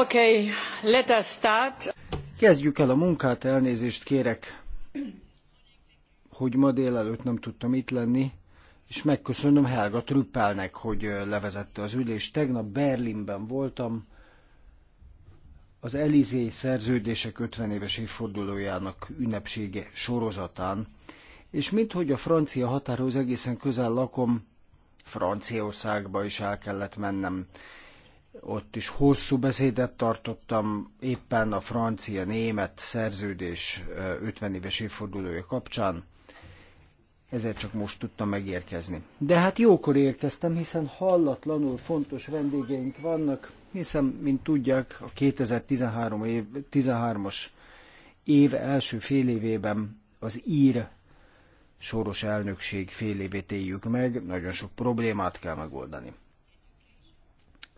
Okay, let us start. Kezdjük el a munkát, elnézést kérek, hogy ma délelőtt nem tudtam itt lenni, és megköszönöm Helga Trüppelnek, hogy levezette az ülést. Tegnap Berlinben voltam, az Elizé szerződések 50 éves évfordulójának ünnepsége sorozatán, és minthogy a francia határhoz egészen közel lakom, Franciaországba is el kellett mennem ott is hosszú beszédet tartottam éppen a francia-német szerződés 50 éves évfordulója kapcsán, ezért csak most tudtam megérkezni. De hát jókor érkeztem, hiszen hallatlanul fontos vendégeink vannak, hiszen, mint tudják, a 2013 év, 13-as év első fél évében az ír soros elnökség fél évét éljük meg, nagyon sok problémát kell megoldani.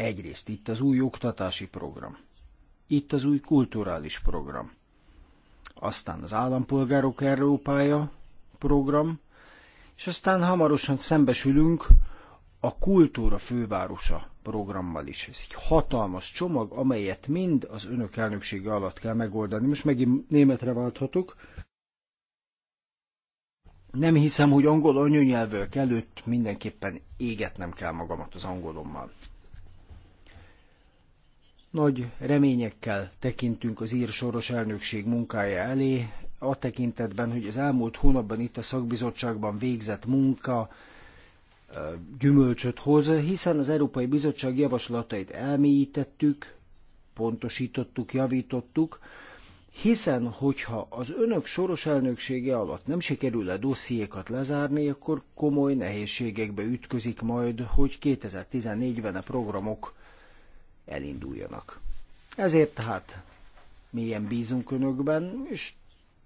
Egyrészt itt az új oktatási program, itt az új kulturális program, aztán az Állampolgárok Európája program, és aztán hamarosan szembesülünk a Kultúra Fővárosa programmal is. Ez egy hatalmas csomag, amelyet mind az önök elnöksége alatt kell megoldani. Most megint németre válthatok. Nem hiszem, hogy angol anyanyelvők előtt mindenképpen égetnem kell magamat az angolommal. Nagy reményekkel tekintünk az ír soros elnökség munkája elé, a tekintetben, hogy az elmúlt hónapban itt a szakbizottságban végzett munka gyümölcsöt hoz, hiszen az Európai Bizottság javaslatait elmélyítettük, pontosítottuk, javítottuk, hiszen hogyha az önök soros elnöksége alatt nem sikerül a dossziékat lezárni, akkor komoly nehézségekbe ütközik majd, hogy 2014-ben a programok elinduljanak. Ezért tehát mélyen bízunk önökben, és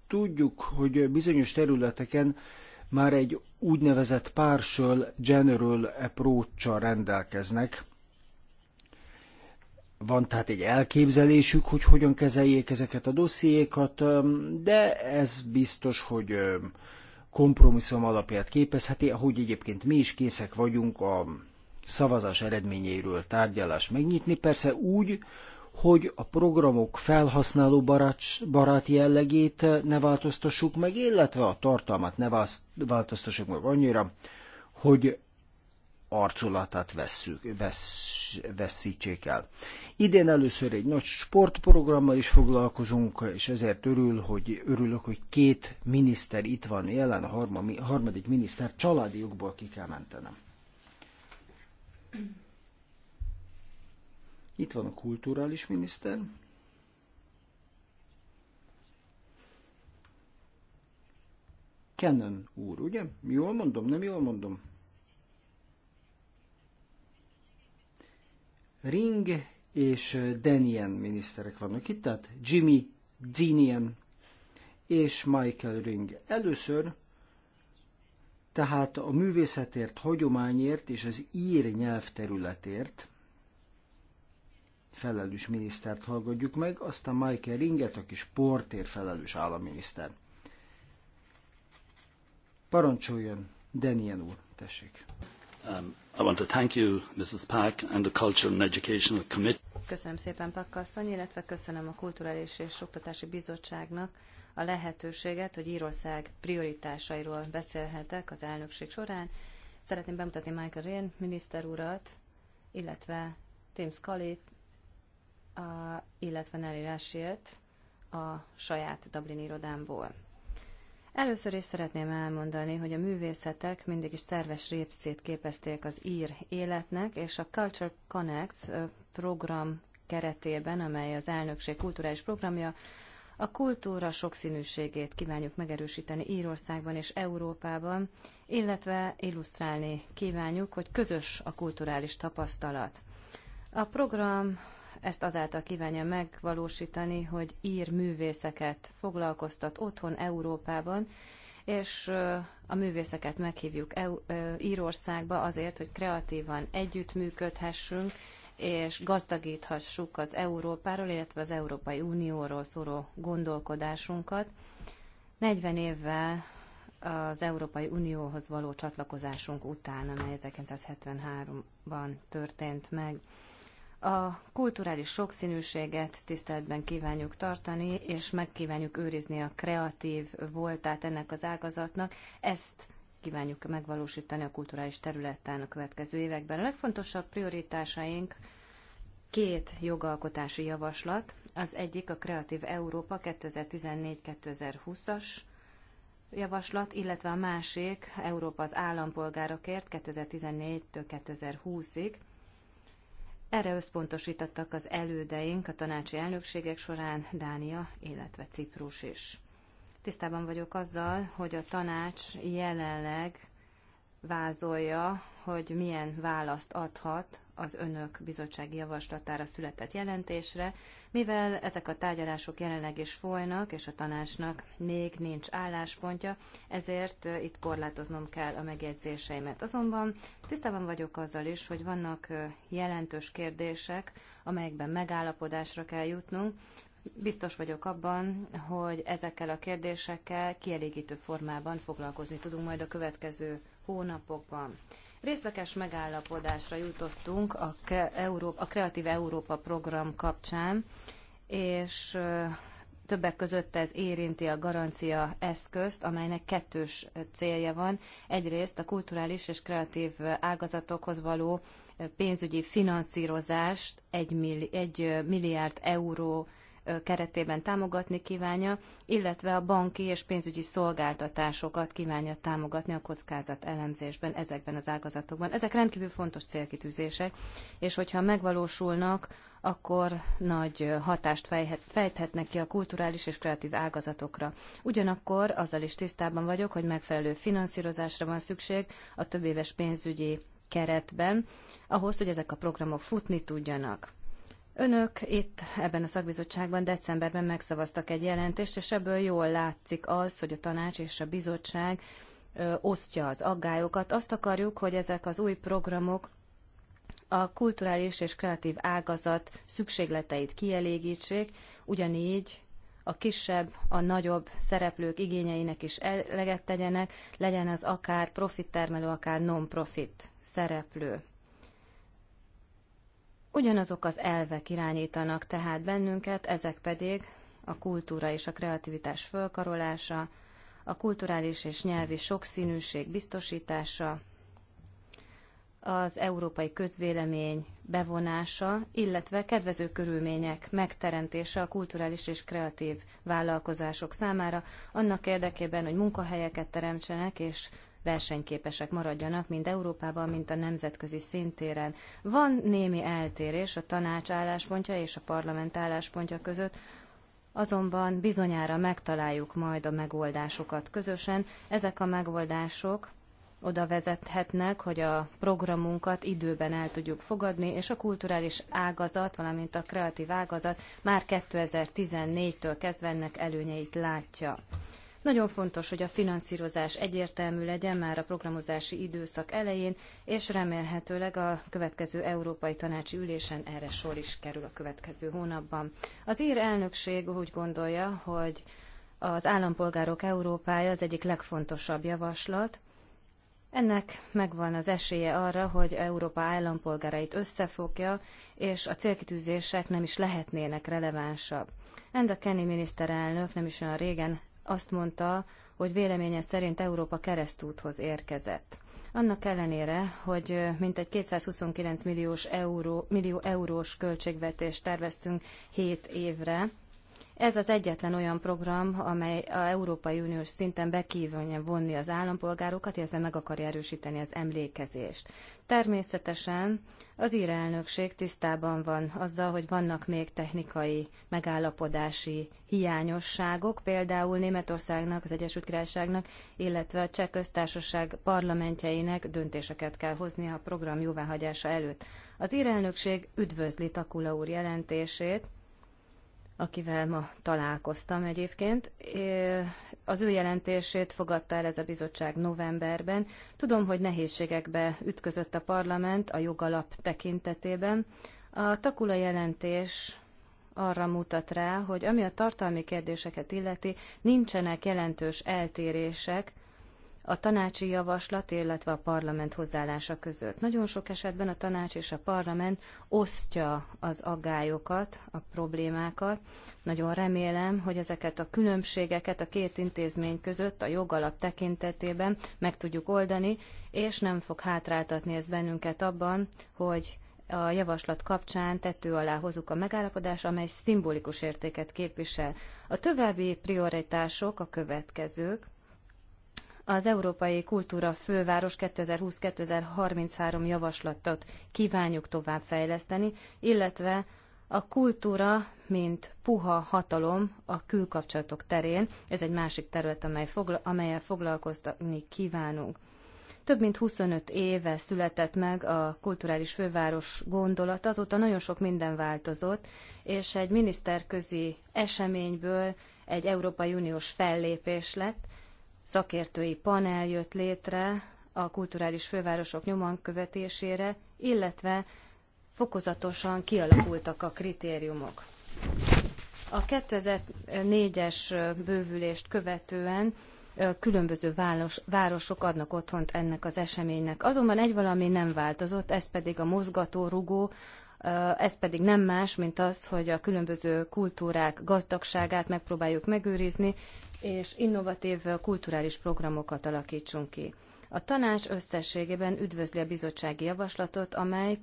tudjuk, hogy bizonyos területeken már egy úgynevezett partial general approach rendelkeznek. Van tehát egy elképzelésük, hogy hogyan kezeljék ezeket a dossziékat, de ez biztos, hogy kompromisszum alapját képezheti, ahogy egyébként mi is készek vagyunk a szavazás eredményéről tárgyalást megnyitni, persze úgy, hogy a programok felhasználó barát, barát jellegét ne változtassuk meg, illetve a tartalmat ne változtassuk meg annyira, hogy arculatát vesszük, vesz, veszítsék el. Idén először egy nagy sportprogrammal is foglalkozunk, és ezért örül, hogy örülök, hogy két miniszter itt van jelen, a harmadik miniszter családi jogból ki kell mentenem. Itt van a kulturális miniszter. Canon úr, ugye? Jól mondom, nem jól mondom? Ring és Denien miniszterek vannak itt, tehát Jimmy Dinien és Michael Ring. Először tehát a művészetért, hagyományért és az ír nyelvterületért felelős minisztert hallgatjuk meg, aztán Michael Ringet, aki sportért felelős államminiszter. Parancsoljon, Daniel úr, tessék. Um, I want to thank you, Mrs. Pack, and the Culture and Educational Committee. Köszönöm szépen, Pakkasszony, illetve köszönöm a Kulturális és Oktatási Bizottságnak, a lehetőséget, hogy Írország prioritásairól beszélhetek az elnökség során. Szeretném bemutatni Michael Rehn miniszter urat, illetve Tim Scully, a, illetve Nelly Rashiert a saját Dublin irodámból. Először is szeretném elmondani, hogy a művészetek mindig is szerves répszét képezték az ír életnek, és a Culture Connects program keretében, amely az elnökség kulturális programja, a kultúra sokszínűségét kívánjuk megerősíteni Írországban és Európában, illetve illusztrálni kívánjuk, hogy közös a kulturális tapasztalat. A program ezt azáltal kívánja megvalósítani, hogy ír művészeket foglalkoztat otthon Európában, és a művészeket meghívjuk Írországba azért, hogy kreatívan együttműködhessünk, és gazdagíthassuk az Európáról, illetve az Európai Unióról szóló gondolkodásunkat. 40 évvel az Európai Unióhoz való csatlakozásunk után, amely 1973-ban történt meg. A kulturális sokszínűséget tiszteletben kívánjuk tartani, és megkívánjuk őrizni a kreatív voltát ennek az ágazatnak. Ezt kívánjuk megvalósítani a kulturális területen a következő években. A legfontosabb prioritásaink két jogalkotási javaslat. Az egyik a Kreatív Európa 2014-2020-as javaslat, illetve a másik Európa az állampolgárokért 2014-től 2020-ig. Erre összpontosítottak az elődeink a tanácsi elnökségek során Dánia, illetve Ciprus is. Tisztában vagyok azzal, hogy a tanács jelenleg vázolja, hogy milyen választ adhat az önök bizottsági javaslatára született jelentésre, mivel ezek a tárgyalások jelenleg is folynak, és a tanácsnak még nincs álláspontja, ezért itt korlátoznom kell a megjegyzéseimet. Azonban tisztában vagyok azzal is, hogy vannak jelentős kérdések, amelyekben megállapodásra kell jutnunk, Biztos vagyok abban, hogy ezekkel a kérdésekkel kielégítő formában foglalkozni tudunk majd a következő hónapokban. Részletes megállapodásra jutottunk a, Európa, a Kreatív Európa program kapcsán, és többek között ez érinti a garancia eszközt, amelynek kettős célja van. Egyrészt a kulturális és kreatív ágazatokhoz való pénzügyi finanszírozást egy milliárd euró keretében támogatni kívánja, illetve a banki és pénzügyi szolgáltatásokat kívánja támogatni a kockázat elemzésben ezekben az ágazatokban. Ezek rendkívül fontos célkitűzések, és hogyha megvalósulnak, akkor nagy hatást fejthetnek ki a kulturális és kreatív ágazatokra. Ugyanakkor azzal is tisztában vagyok, hogy megfelelő finanszírozásra van szükség a többéves pénzügyi keretben, ahhoz, hogy ezek a programok futni tudjanak. Önök itt ebben a szakbizottságban decemberben megszavaztak egy jelentést, és ebből jól látszik az, hogy a tanács és a bizottság osztja az aggályokat. Azt akarjuk, hogy ezek az új programok a kulturális és kreatív ágazat szükségleteit kielégítsék, ugyanígy a kisebb, a nagyobb szereplők igényeinek is eleget tegyenek, legyen az akár profittermelő, akár non-profit szereplő. Ugyanazok az elvek irányítanak tehát bennünket, ezek pedig a kultúra és a kreativitás fölkarolása, a kulturális és nyelvi sokszínűség biztosítása, az európai közvélemény bevonása, illetve kedvező körülmények megteremtése a kulturális és kreatív vállalkozások számára, annak érdekében, hogy munkahelyeket teremtsenek és versenyképesek maradjanak, mind Európában, mind a nemzetközi szintéren. Van némi eltérés a tanács álláspontja és a parlament álláspontja között, azonban bizonyára megtaláljuk majd a megoldásokat közösen. Ezek a megoldások oda vezethetnek, hogy a programunkat időben el tudjuk fogadni, és a kulturális ágazat, valamint a kreatív ágazat már 2014-től kezdve ennek előnyeit látja. Nagyon fontos, hogy a finanszírozás egyértelmű legyen már a programozási időszak elején, és remélhetőleg a következő Európai Tanácsi Ülésen erre sor is kerül a következő hónapban. Az ír elnökség úgy gondolja, hogy az állampolgárok Európája az egyik legfontosabb javaslat, ennek megvan az esélye arra, hogy Európa állampolgárait összefogja, és a célkitűzések nem is lehetnének relevánsabb. Enda Kenny miniszterelnök nem is olyan régen azt mondta, hogy véleménye szerint Európa keresztúthoz érkezett. Annak ellenére, hogy mintegy 229 milliós euró, millió eurós költségvetést terveztünk 7 évre, ez az egyetlen olyan program, amely a Európai Uniós szinten bekívánja vonni az állampolgárokat, illetve meg akarja erősíteni az emlékezést. Természetesen az ír elnökség tisztában van azzal, hogy vannak még technikai megállapodási hiányosságok, például Németországnak, az Egyesült Királyságnak, illetve a Cseh köztársaság parlamentjeinek döntéseket kell hoznia a program jóváhagyása előtt. Az ír elnökség üdvözli Takula úr jelentését, akivel ma találkoztam egyébként. Az ő jelentését fogadta el ez a bizottság novemberben. Tudom, hogy nehézségekbe ütközött a parlament a jogalap tekintetében. A takula jelentés arra mutat rá, hogy ami a tartalmi kérdéseket illeti, nincsenek jelentős eltérések a tanácsi javaslat, illetve a parlament hozzáállása között. Nagyon sok esetben a tanács és a parlament osztja az aggályokat, a problémákat. Nagyon remélem, hogy ezeket a különbségeket a két intézmény között a jogalap tekintetében meg tudjuk oldani, és nem fog hátráltatni ez bennünket abban, hogy a javaslat kapcsán tető alá hozuk a megállapodás, amely szimbolikus értéket képvisel. A további prioritások a következők az Európai Kultúra Főváros 2020-2033 javaslatot kívánjuk továbbfejleszteni, illetve a kultúra, mint puha hatalom a külkapcsolatok terén, ez egy másik terület, amely fogla- amelyel foglalkoztatni kívánunk. Több mint 25 éve született meg a kulturális főváros gondolat, azóta nagyon sok minden változott, és egy miniszterközi eseményből egy Európai Uniós fellépés lett, szakértői panel jött létre a kulturális fővárosok nyomon követésére, illetve fokozatosan kialakultak a kritériumok. A 2004-es bővülést követően különböző város, városok adnak otthont ennek az eseménynek. Azonban egy valami nem változott, ez pedig a mozgató rugó, ez pedig nem más, mint az, hogy a különböző kultúrák gazdagságát megpróbáljuk megőrizni, és innovatív kulturális programokat alakítsunk ki. A tanács összességében üdvözli a bizottsági javaslatot, amely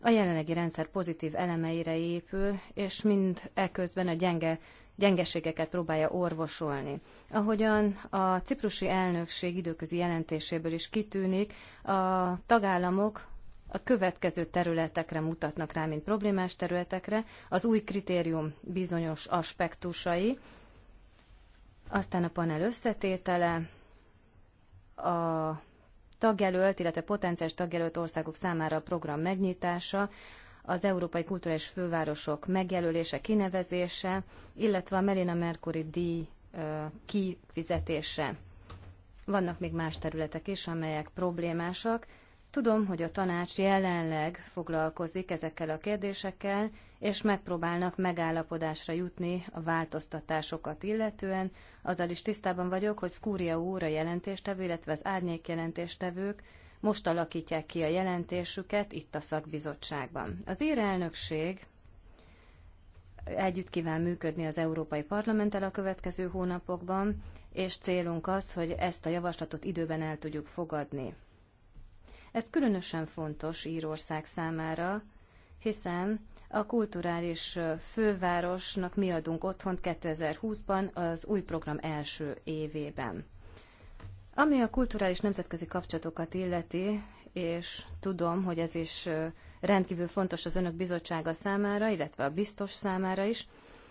a jelenlegi rendszer pozitív elemeire épül, és mind eközben a gyenge, gyengeségeket próbálja orvosolni. Ahogyan a ciprusi elnökség időközi jelentéséből is kitűnik, a tagállamok a következő területekre mutatnak rá, mint problémás területekre, az új kritérium bizonyos aspektusai, aztán a panel összetétele, a tagjelölt, illetve potenciális tagjelölt országok számára a program megnyitása, az Európai Kulturális Fővárosok megjelölése, kinevezése, illetve a Melina Mercury díj kifizetése. Vannak még más területek is, amelyek problémásak, Tudom, hogy a tanács jelenleg foglalkozik ezekkel a kérdésekkel, és megpróbálnak megállapodásra jutni a változtatásokat illetően. Azzal is tisztában vagyok, hogy Skúria úr a jelentéstevő, illetve az árnyék jelentéstevők most alakítják ki a jelentésüket itt a szakbizottságban. Az írelnökség együtt kíván működni az Európai Parlamenttel a következő hónapokban, és célunk az, hogy ezt a javaslatot időben el tudjuk fogadni. Ez különösen fontos Írország számára, hiszen a kulturális fővárosnak mi adunk otthont 2020-ban az új program első évében. Ami a kulturális nemzetközi kapcsolatokat illeti, és tudom, hogy ez is rendkívül fontos az önök bizottsága számára, illetve a biztos számára is,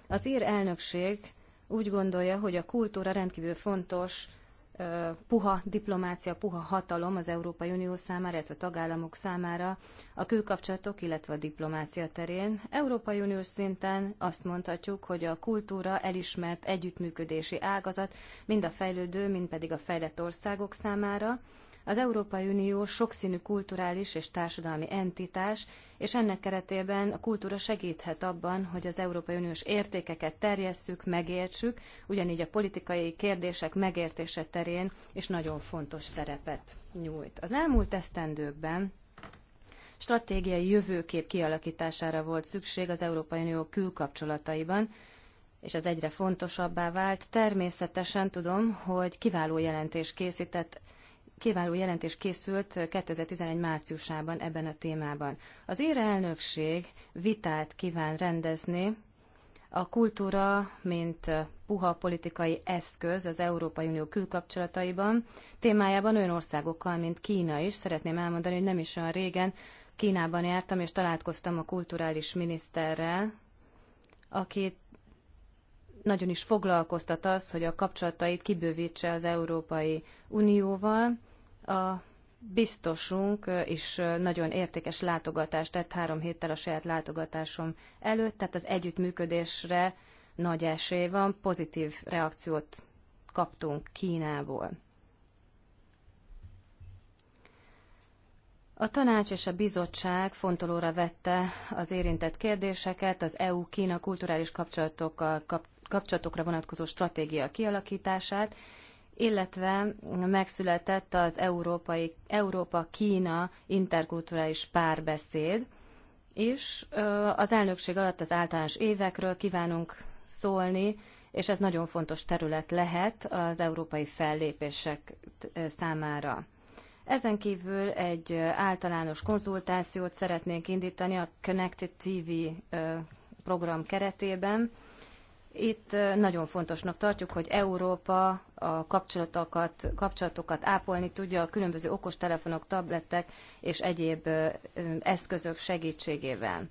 az ír elnökség úgy gondolja, hogy a kultúra rendkívül fontos puha diplomácia, puha hatalom az Európai Unió számára, illetve a tagállamok számára a külkapcsolatok, illetve a diplomácia terén. Európai Unió szinten azt mondhatjuk, hogy a kultúra elismert együttműködési ágazat mind a fejlődő, mind pedig a fejlett országok számára, az Európai Unió sokszínű kulturális és társadalmi entitás, és ennek keretében a kultúra segíthet abban, hogy az Európai Uniós értékeket terjesszük, megértsük, ugyanígy a politikai kérdések megértése terén is nagyon fontos szerepet nyújt. Az elmúlt esztendőkben stratégiai jövőkép kialakítására volt szükség az Európai Unió külkapcsolataiban, és ez egyre fontosabbá vált. Természetesen tudom, hogy kiváló jelentés készített kiváló jelentés készült 2011 márciusában ebben a témában. Az ére elnökség vitát kíván rendezni a kultúra, mint puha politikai eszköz az Európai Unió külkapcsolataiban, témájában olyan országokkal, mint Kína is. Szeretném elmondani, hogy nem is olyan régen Kínában jártam, és találkoztam a kulturális miniszterrel, akit nagyon is foglalkoztat az, hogy a kapcsolatait kibővítse az Európai Unióval, a biztosunk is nagyon értékes látogatást tett három héttel a saját látogatásom előtt, tehát az együttműködésre nagy esély van, pozitív reakciót kaptunk Kínából. A tanács és a bizottság fontolóra vette az érintett kérdéseket, az EU-Kína kulturális kapcsolatokkal kap, kapcsolatokra vonatkozó stratégia kialakítását, illetve megszületett az Európai, Európa-Kína interkulturális párbeszéd, és az elnökség alatt az általános évekről kívánunk szólni, és ez nagyon fontos terület lehet az európai fellépések számára. Ezen kívül egy általános konzultációt szeretnénk indítani a Connected TV program keretében. Itt nagyon fontosnak tartjuk, hogy Európa a kapcsolatokat, kapcsolatokat ápolni tudja a különböző okostelefonok, tablettek és egyéb eszközök segítségével.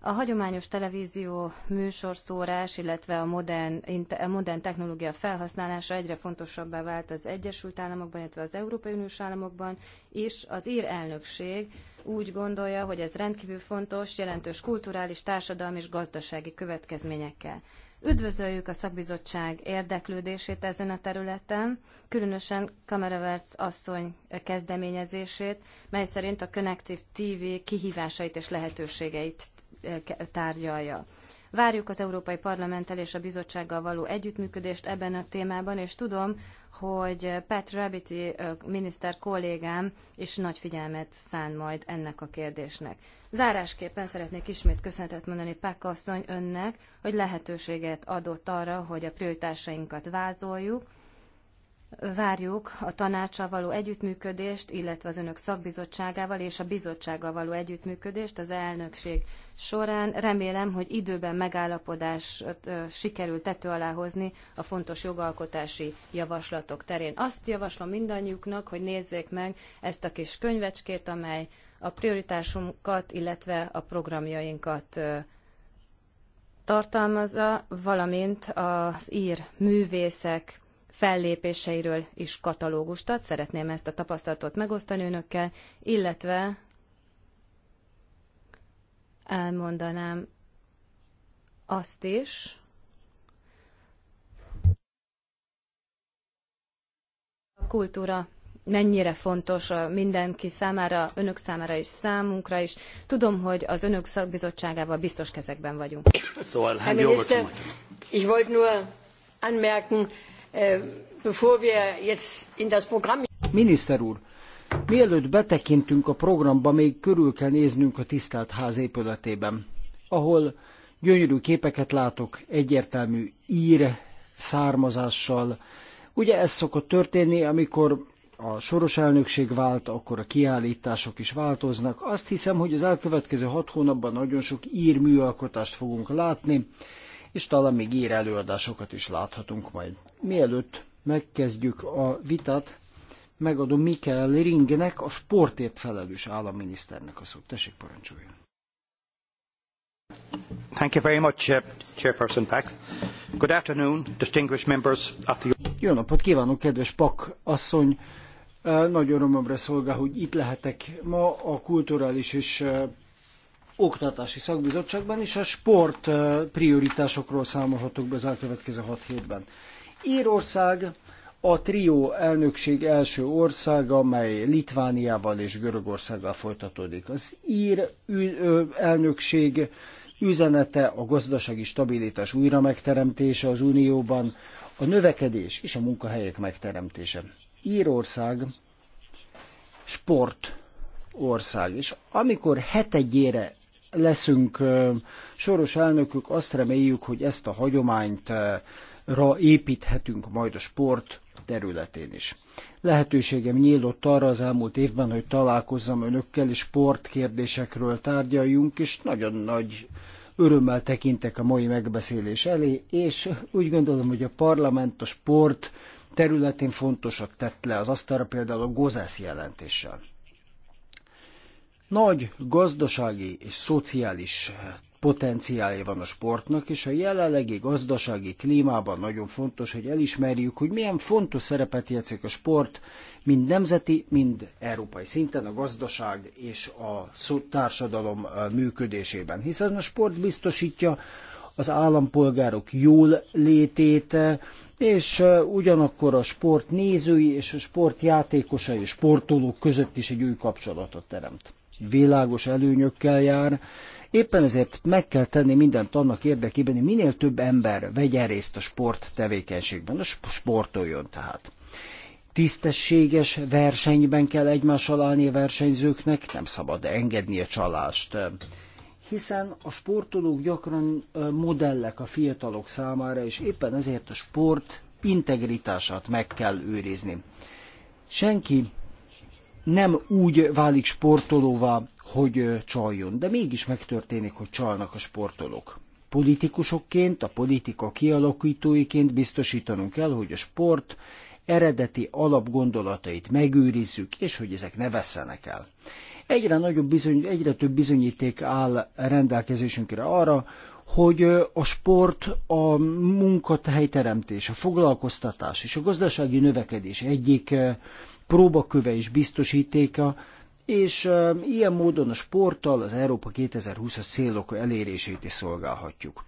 A hagyományos televízió műsorszórás, illetve a modern, a modern technológia felhasználása egyre fontosabbá vált az Egyesült Államokban, illetve az Európai Uniós államokban is. Az ír elnökség úgy gondolja, hogy ez rendkívül fontos, jelentős kulturális, társadalmi és gazdasági következményekkel Üdvözöljük a szakbizottság érdeklődését ezen a területen, különösen Kameraverc asszony kezdeményezését, mely szerint a Connective TV kihívásait és lehetőségeit eh, tárgyalja. Várjuk az Európai Parlamenttel és a bizottsággal való együttműködést ebben a témában, és tudom, hogy Pat Rabiti miniszter kollégám is nagy figyelmet szán majd ennek a kérdésnek. Zárásképpen szeretnék ismét köszönetet mondani Pák asszony önnek, hogy lehetőséget adott arra, hogy a prioritásainkat vázoljuk, Várjuk a tanácssal való együttműködést, illetve az önök szakbizottságával és a bizottsággal való együttműködést az elnökség során. Remélem, hogy időben megállapodást sikerül tető alá hozni a fontos jogalkotási javaslatok terén. Azt javaslom mindannyiuknak, hogy nézzék meg ezt a kis könyvecskét, amely a prioritásunkat, illetve a programjainkat tartalmazza, valamint az ír művészek fellépéseiről is katalógust ad. Szeretném ezt a tapasztalatot megosztani önökkel, illetve elmondanám azt is, a kultúra mennyire fontos mindenki számára, önök számára is, számunkra is. Tudom, hogy az önök szakbizottságával biztos kezekben vagyunk. Szóval, hát Herr Minister, ich wollte nur anmerken, Miniszter úr, mielőtt betekintünk a programba, még körül kell néznünk a tisztelt ház épületében, ahol gyönyörű képeket látok, egyértelmű ír származással. Ugye ez szokott történni, amikor a soros elnökség vált, akkor a kiállítások is változnak. Azt hiszem, hogy az elkövetkező hat hónapban nagyon sok ír műalkotást fogunk látni, és talán még ír előadásokat is láthatunk majd. Mielőtt megkezdjük a vitát, megadom Mikael Ringnek, a sportért felelős államminiszternek a szót. Tessék, parancsoljon! Thank you very much, Chairperson Pack. Good afternoon, distinguished members of the... Jó napot kívánok, kedves Pak asszony! Nagy örömömre szolgál, hogy itt lehetek ma a kulturális és Oktatási Szakbizottságban, és a sport prioritásokról számolhatok be az elkövetkező hat hétben. Írország a trió elnökség első országa, mely Litvániával és Görögországgal folytatódik. Az ír elnökség üzenete a gazdasági stabilitás újra megteremtése az Unióban, a növekedés és a munkahelyek megteremtése. Írország sport ország, és amikor hetegyére leszünk soros elnökök, azt reméljük, hogy ezt a hagyományt ra építhetünk majd a sport területén is. Lehetőségem nyílott arra az elmúlt évben, hogy találkozzam önökkel, és sportkérdésekről tárgyaljunk, és nagyon nagy örömmel tekintek a mai megbeszélés elé, és úgy gondolom, hogy a parlament a sport területén fontosat tett le az asztalra például a Gozesz jelentéssel. Nagy gazdasági és szociális potenciálja van a sportnak, és a jelenlegi gazdasági klímában nagyon fontos, hogy elismerjük, hogy milyen fontos szerepet játszik a sport, mind nemzeti, mind európai szinten a gazdaság és a társadalom működésében. Hiszen a sport biztosítja az állampolgárok jól létét, és ugyanakkor a sport nézői és a sport játékosai és sportolók között is egy új kapcsolatot teremt világos előnyökkel jár. Éppen ezért meg kell tenni mindent annak érdekében, hogy minél több ember vegye részt a sport tevékenységben, a sportoljon tehát. Tisztességes versenyben kell egymással állni a versenyzőknek, nem szabad engedni a csalást hiszen a sportolók gyakran modellek a fiatalok számára, és éppen ezért a sport integritását meg kell őrizni. Senki nem úgy válik sportolóvá, hogy csaljon, de mégis megtörténik, hogy csalnak a sportolók. Politikusokként, a politika kialakítóiként biztosítanunk kell, hogy a sport eredeti alapgondolatait megőrizzük, és hogy ezek ne vesszenek el. Egyre, nagyobb bizony, egyre több bizonyíték áll rendelkezésünkre arra, hogy a sport, a munkahelyteremtés, a foglalkoztatás és a gazdasági növekedés egyik próbaköve és biztosítéka, és ilyen módon a sporttal az Európa 2020-as célok elérését is szolgálhatjuk.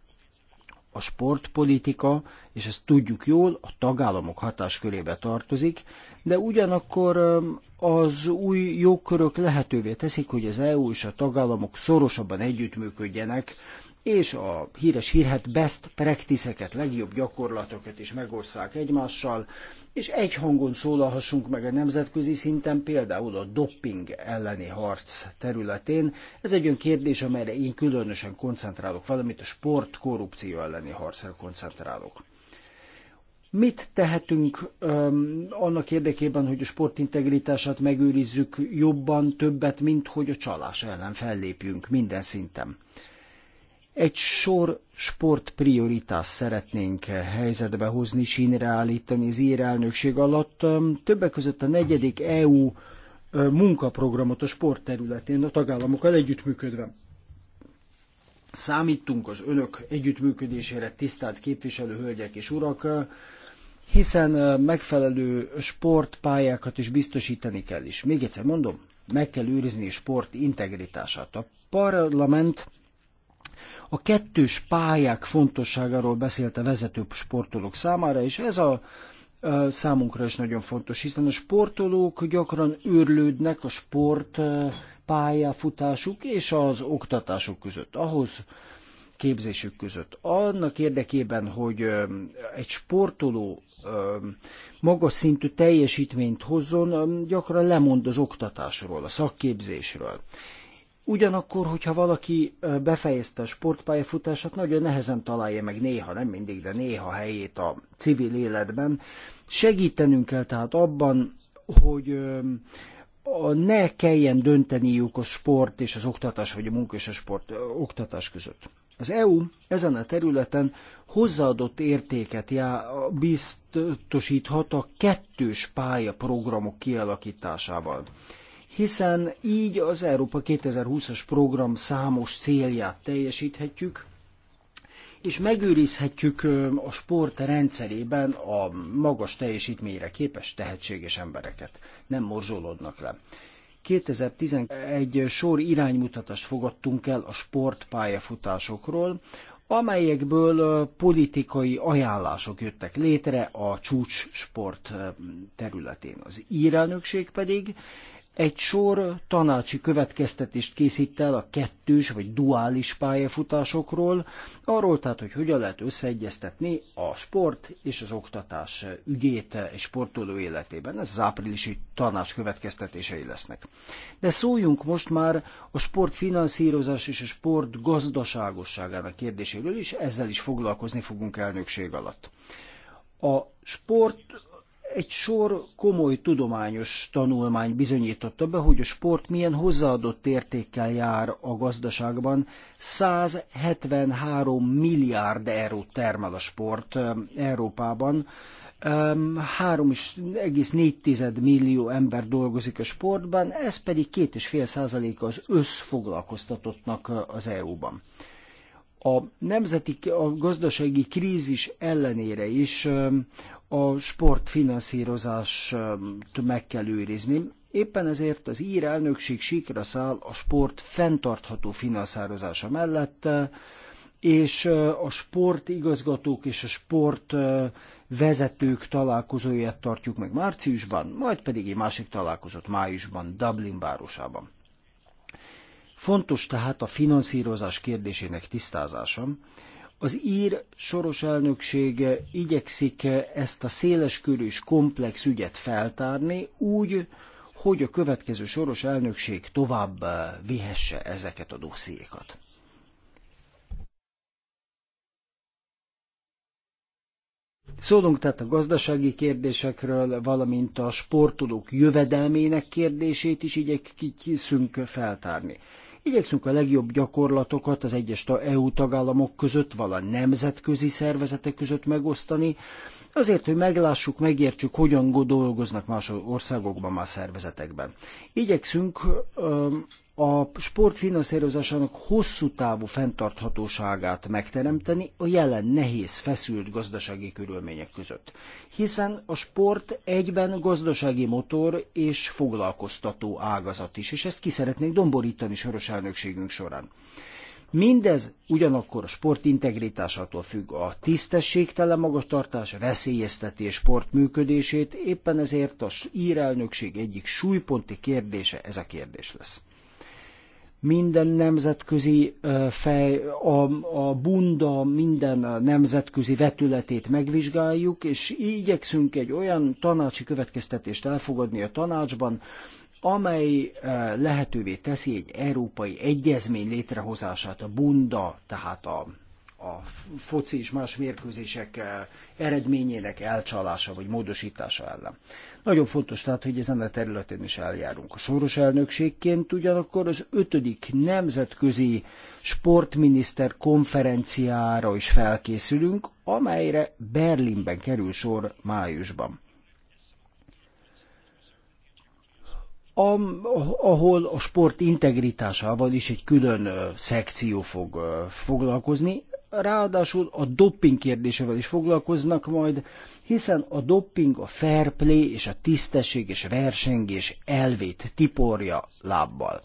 A sportpolitika, és ezt tudjuk jól, a tagállamok hatáskörébe tartozik, de ugyanakkor az új jogkörök lehetővé teszik, hogy az EU és a tagállamok szorosabban együttműködjenek és a híres hírhet best practice-eket, legjobb gyakorlatokat is megország egymással, és egy hangon szólalhassunk meg a nemzetközi szinten, például a dopping elleni harc területén. Ez egy olyan kérdés, amelyre én különösen koncentrálok, valamint a sport korrupció elleni harcra koncentrálok. Mit tehetünk um, annak érdekében, hogy a sport integritását megőrizzük jobban, többet, mint hogy a csalás ellen fellépjünk minden szinten? Egy sor sport prioritás szeretnénk helyzetbe hozni, és állítani az ír elnökség alatt. Többek között a negyedik EU munkaprogramot a sport területén a tagállamokkal együttműködve. Számítunk az önök együttműködésére, tisztelt képviselő hölgyek és urak, hiszen megfelelő sportpályákat is biztosítani kell is. Még egyszer mondom, meg kell őrizni a sport integritását. A parlament a kettős pályák fontosságáról beszélt a vezető sportolók számára, és ez a számunkra is nagyon fontos, hiszen a sportolók gyakran őrlődnek a sport pályafutásuk és az oktatásuk között, ahhoz képzésük között. Annak érdekében, hogy egy sportoló magas szintű teljesítményt hozzon, gyakran lemond az oktatásról, a szakképzésről. Ugyanakkor, hogyha valaki befejezte a sportpályafutását, nagyon nehezen találja meg néha, nem mindig, de néha helyét a civil életben. Segítenünk kell tehát abban, hogy ne kelljen dönteniük a sport és az oktatás, vagy a munka és a sport oktatás között. Az EU ezen a területen hozzáadott értéket já, biztosíthat a kettős pálya programok kialakításával hiszen így az Európa 2020-as program számos célját teljesíthetjük, és megőrizhetjük a sport rendszerében a magas teljesítményre képes tehetséges embereket. Nem morzsolódnak le. 2011 sor iránymutatást fogadtunk el a sportpályafutásokról, amelyekből politikai ajánlások jöttek létre a csúcs sport területén. Az írelnökség pedig egy sor tanácsi következtetést készít el a kettős vagy duális pályafutásokról, arról tehát, hogy hogyan lehet összeegyeztetni a sport és az oktatás ügyét egy sportoló életében. Ez az áprilisi tanács következtetései lesznek. De szóljunk most már a sport finanszírozás és a sport gazdaságosságának kérdéséről is, ezzel is foglalkozni fogunk elnökség alatt. A sport egy sor komoly tudományos tanulmány bizonyította be, hogy a sport milyen hozzáadott értékkel jár a gazdaságban. 173 milliárd eurót termel a sport Európában. 3,4 millió ember dolgozik a sportban, ez pedig 2,5 százaléka az összfoglalkoztatottnak az EU-ban. A nemzeti a gazdasági krízis ellenére is a sportfinanszírozást um, meg kell őrizni. Éppen ezért az ír elnökség sikra száll a sport fenntartható finanszírozása mellett, uh, és uh, a sportigazgatók és a sport uh, vezetők találkozóját tartjuk meg márciusban, majd pedig egy másik találkozót májusban Dublin városában. Fontos tehát a finanszírozás kérdésének tisztázása, az ír soros elnöksége igyekszik ezt a széleskörű és komplex ügyet feltárni úgy, hogy a következő soros elnökség tovább vihesse ezeket a dossziékat. Szólunk tehát a gazdasági kérdésekről, valamint a sportolók jövedelmének kérdését is igyekszünk feltárni. Igyekszünk a legjobb gyakorlatokat az egyes EU tagállamok között, vala nemzetközi szervezetek között megosztani, azért, hogy meglássuk, megértsük, hogyan dolgoznak más országokban, más szervezetekben. Igyekszünk a sport finanszírozásának hosszú távú fenntarthatóságát megteremteni a jelen nehéz, feszült gazdasági körülmények között. Hiszen a sport egyben gazdasági motor és foglalkoztató ágazat is, és ezt ki szeretnénk domborítani soros elnökségünk során. Mindez ugyanakkor a sport integritásától függ. A tisztességtelen magatartás veszélyezteti a sport működését, éppen ezért az ír elnökség egyik súlyponti kérdése ez a kérdés lesz minden nemzetközi fej, a, a bunda minden nemzetközi vetületét megvizsgáljuk, és igyekszünk egy olyan tanácsi következtetést elfogadni a tanácsban, amely lehetővé teszi egy európai egyezmény létrehozását, a bunda, tehát a a foci és más mérkőzések eh, eredményének elcsalása vagy módosítása ellen. Nagyon fontos tehát, hogy ezen a területen is eljárunk. A soros elnökségként ugyanakkor az ötödik nemzetközi sportminiszter konferenciára is felkészülünk, amelyre Berlinben kerül sor májusban. ahol a sport integritásával is egy külön szekció fog foglalkozni, ráadásul a dopping kérdésével is foglalkoznak majd, hiszen a dopping a fair play és a tisztesség és versengés elvét tiporja lábbal.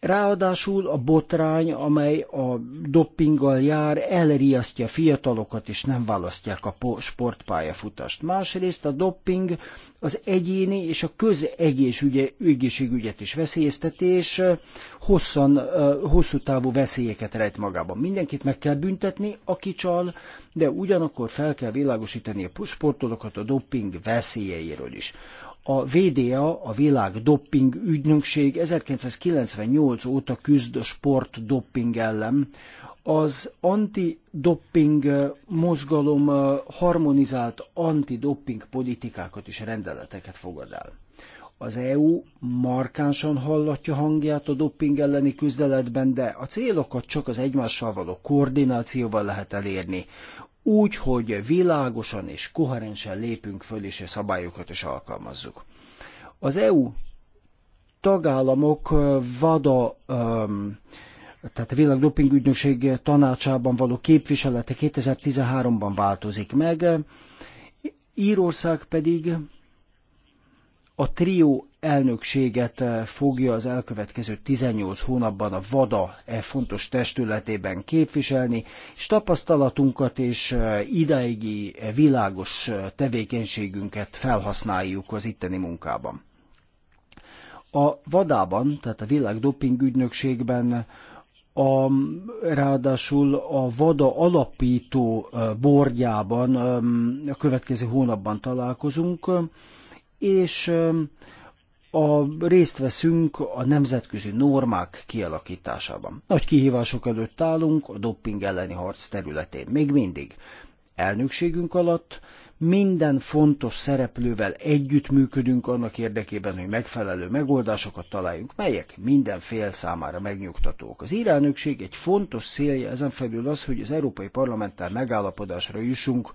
Ráadásul a botrány, amely a doppinggal jár, elriasztja fiatalokat, és nem választják a sportpályafutást. Másrészt a dopping az egyéni és a közegészségügyet is veszélyezteti, és hosszan, hosszú távú veszélyeket rejt magában. Mindenkit meg kell büntetni, aki csal, de ugyanakkor fel kell világosítani a sportolókat a dopping veszélyeiről is. A VDA, a Világ Dopping Ügynökség 1998 óta küzd a sport dopping ellen. Az anti-dopping eh, mozgalom eh, harmonizált anti-dopping politikákat és rendeleteket fogad el. Az EU markánsan hallatja hangját a dopping elleni küzdeletben, de a célokat csak az egymással való koordinációval lehet elérni úgy, hogy világosan és koherensen lépünk föl, és a szabályokat is alkalmazzuk. Az EU tagállamok vada, tehát a Világdoping Ügynökség tanácsában való képviselete 2013-ban változik meg, Írország pedig a trió elnökséget eh, fogja az elkövetkező 18 hónapban a VADA -e fontos testületében képviselni, és tapasztalatunkat és eh, ideigi eh, világos tevékenységünket felhasználjuk az itteni munkában. A vadában, tehát a világ dopingügynökségben a, ráadásul a VADA alapító bordjában a következő hónapban találkozunk, és a, részt veszünk a nemzetközi normák kialakításában. Nagy kihívások előtt állunk a dopping elleni harc területén. Még mindig. Elnökségünk alatt minden fontos szereplővel együttműködünk annak érdekében, hogy megfelelő megoldásokat találjunk, melyek minden fél számára megnyugtatók. Az írelnökség egy fontos célja ezen felül az, hogy az Európai Parlamenttel megállapodásra jussunk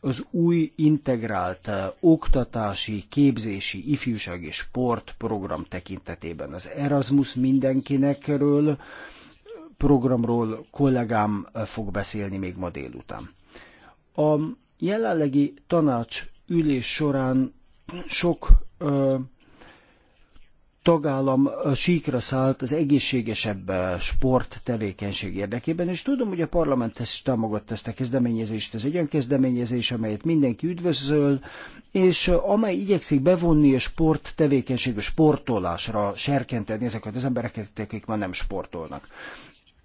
az új integrált eh, oktatási, képzési, ifjúság és sport program tekintetében. Az Erasmus mindenkinekről eh, programról kollégám eh, fog beszélni még ma délután. A jelenlegi tanács ülés során sok ö, tagállam síkra szállt az egészségesebb sport tevékenység érdekében, és tudom, hogy a parlament ezt támogatta ezt a kezdeményezést. Ez egy olyan kezdeményezés, amelyet mindenki üdvözöl, és amely igyekszik bevonni a sport tevékenységbe, sportolásra serkenteni ezeket az embereket, akik már nem sportolnak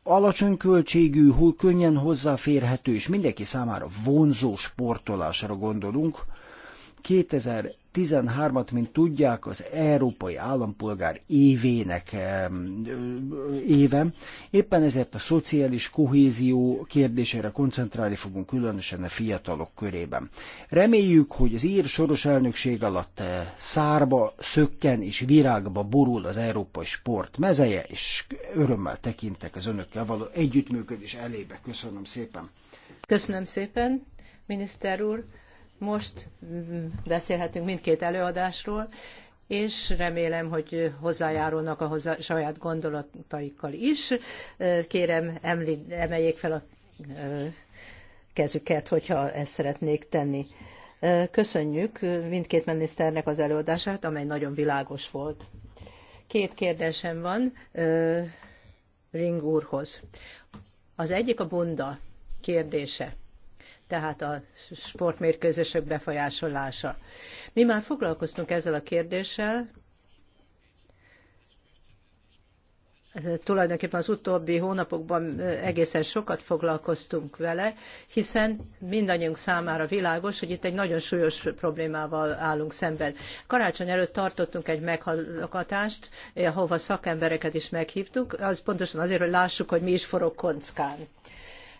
alacsony költségű, könnyen hozzáférhető és mindenki számára vonzó sportolásra gondolunk. 2000 13-at, mint tudják, az Európai Állampolgár évének éve. Éppen ezért a szociális kohézió kérdésére koncentrálni fogunk különösen a fiatalok körében. Reméljük, hogy az ír soros elnökség alatt eh, szárba, szökken és virágba borul az európai sport mezeje, és örömmel tekintek az önökkel való együttműködés elébe. Köszönöm szépen! Köszönöm szépen, miniszter úr! Most beszélhetünk mindkét előadásról, és remélem, hogy hozzájárulnak a hozzá, saját gondolataikkal is. Kérem, emli, emeljék fel a kezüket, hogyha ezt szeretnék tenni. Köszönjük mindkét miniszternek az előadását, amely nagyon világos volt. Két kérdésem van Ring úrhoz. Az egyik a bunda kérdése tehát a sportmérkőzések befolyásolása. Mi már foglalkoztunk ezzel a kérdéssel, tulajdonképpen az utóbbi hónapokban egészen sokat foglalkoztunk vele, hiszen mindannyiunk számára világos, hogy itt egy nagyon súlyos problémával állunk szemben. Karácsony előtt tartottunk egy meghallgatást, ahova szakembereket is meghívtuk, az pontosan azért, hogy lássuk, hogy mi is forog kockán.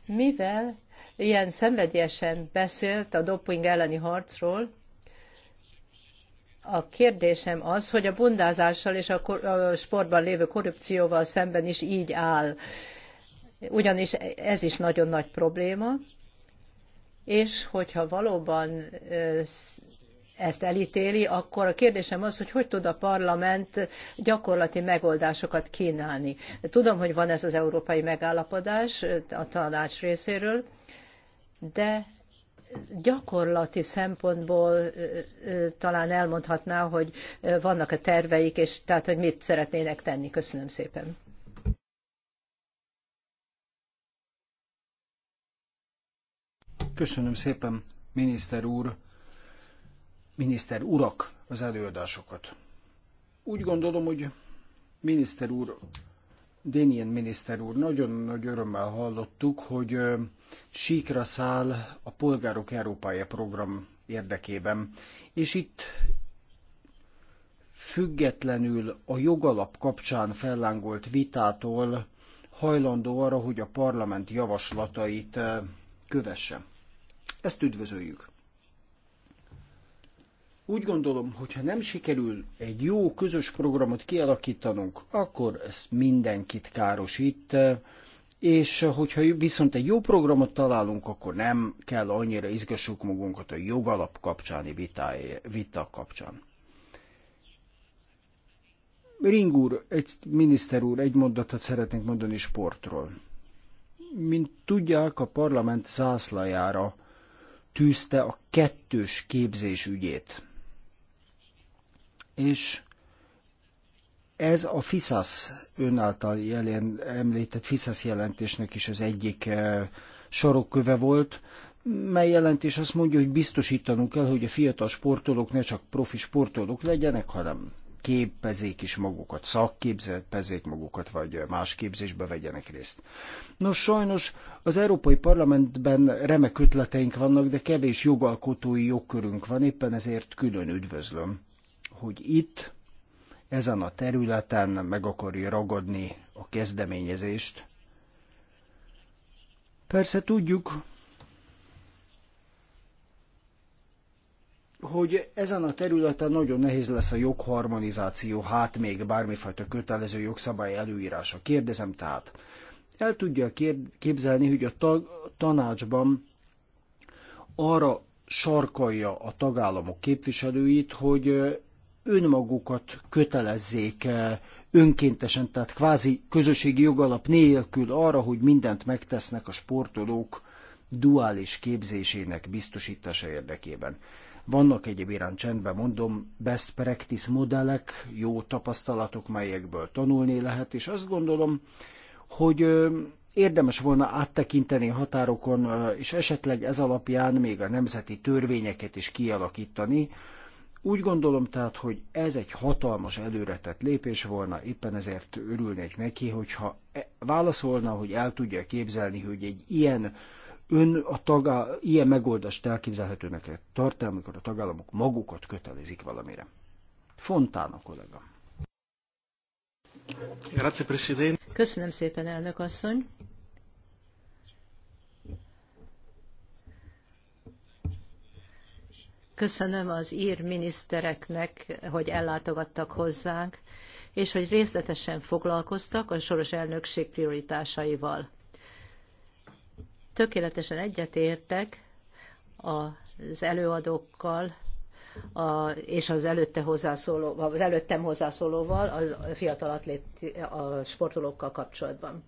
Mivel ilyen szenvedélyesen beszélt a doping elleni harcról, a kérdésem az, hogy a bundázással és a, sportban lévő korrupcióval szemben is így áll. Ugyanis ez is nagyon nagy probléma, és hogyha valóban ezt elítéli, akkor a kérdésem az, hogy hogy tud a parlament gyakorlati megoldásokat kínálni. Tudom, hogy van ez az európai megállapodás a tanács részéről, de gyakorlati szempontból talán elmondhatná, hogy vannak a terveik, és tehát, hogy mit szeretnének tenni. Köszönöm szépen. Köszönöm szépen, miniszter úr, miniszter urak az előadásokat. Úgy gondolom, hogy miniszter úr Dénien miniszter úr, nagyon nagy örömmel hallottuk, hogy síkra száll a Polgárok Európája program érdekében, és itt függetlenül a jogalap kapcsán fellángolt vitától hajlandó arra, hogy a parlament javaslatait kövesse. Ezt üdvözöljük. Úgy gondolom, hogy ha nem sikerül egy jó közös programot kialakítanunk, akkor ez mindenkit károsít, és hogyha viszont egy jó programot találunk, akkor nem kell annyira izgassuk magunkat a jogalap kapcsáni vita kapcsán. Ring úr, egy miniszter úr, egy mondatot szeretnék mondani sportról. Mint tudják, a parlament zászlajára tűzte a kettős képzés ügyét és ez a FISAS önáltal jelen, említett FISAS jelentésnek is az egyik eh, sarokköve volt, mely jelentés azt mondja, hogy biztosítanunk kell, hogy a fiatal sportolók ne csak profi sportolók legyenek, hanem képezék is magukat, szakképzezzék magukat, vagy más képzésbe vegyenek részt. Nos, sajnos az Európai Parlamentben remek ötleteink vannak, de kevés jogalkotói jogkörünk van, éppen ezért külön üdvözlöm hogy itt, ezen a területen meg akarja ragadni a kezdeményezést. Persze tudjuk, hogy ezen a területen nagyon nehéz lesz a jogharmonizáció, hát még bármifajta kötelező jogszabály előírása. Kérdezem tehát, el tudja képzelni, hogy a tag, tanácsban arra sarkalja a tagállamok képviselőit, hogy önmagukat kötelezzék eh, önkéntesen, tehát kvázi közösségi jogalap nélkül arra, hogy mindent megtesznek a sportolók duális képzésének biztosítása érdekében. Vannak egyéb iránt csendben mondom best practice modellek, jó tapasztalatok, melyekből tanulni lehet, és azt gondolom, hogy eh, érdemes volna áttekinteni határokon, eh, és esetleg ez alapján még a nemzeti törvényeket is kialakítani, úgy gondolom tehát, hogy ez egy hatalmas előretett lépés volna, éppen ezért örülnék neki, hogyha e- válaszolna, hogy el tudja képzelni, hogy egy ilyen ön a tagá, ilyen megoldást elképzelhetőnek tart el, amikor a tagállamok magukat kötelezik valamire. Fontán a kollega. Köszönöm szépen, elnök asszony. Köszönöm az ír minisztereknek, hogy ellátogattak hozzánk, és hogy részletesen foglalkoztak a soros elnökség prioritásaival. Tökéletesen egyetértek az előadókkal, a, és az előtte hozzászóló, az előttem hozzászólóval, a fiatal a sportolókkal kapcsolatban.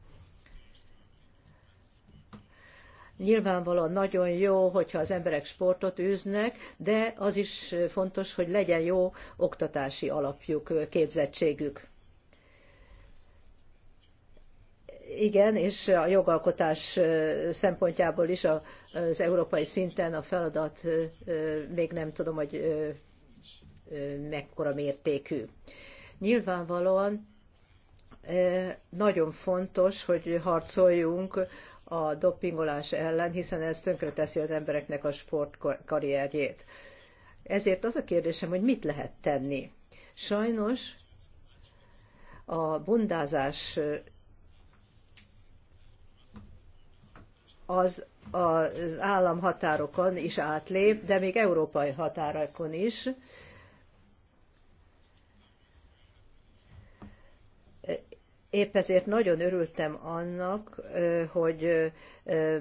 Nyilvánvalóan nagyon jó, hogyha az emberek sportot űznek, de az is fontos, hogy legyen jó oktatási alapjuk, képzettségük. Igen, és a jogalkotás szempontjából is az európai szinten a feladat még nem tudom, hogy mekkora mértékű. Nyilvánvalóan eh, nagyon fontos, hogy harcoljunk a dopingolás ellen, hiszen ez tönkreteszi az embereknek a sportkarrierjét. Ezért az a kérdésem, hogy mit lehet tenni. Sajnos a bundázás az az államhatárokon is átlép, de még európai határokon is, Épp ezért nagyon örültem annak, hogy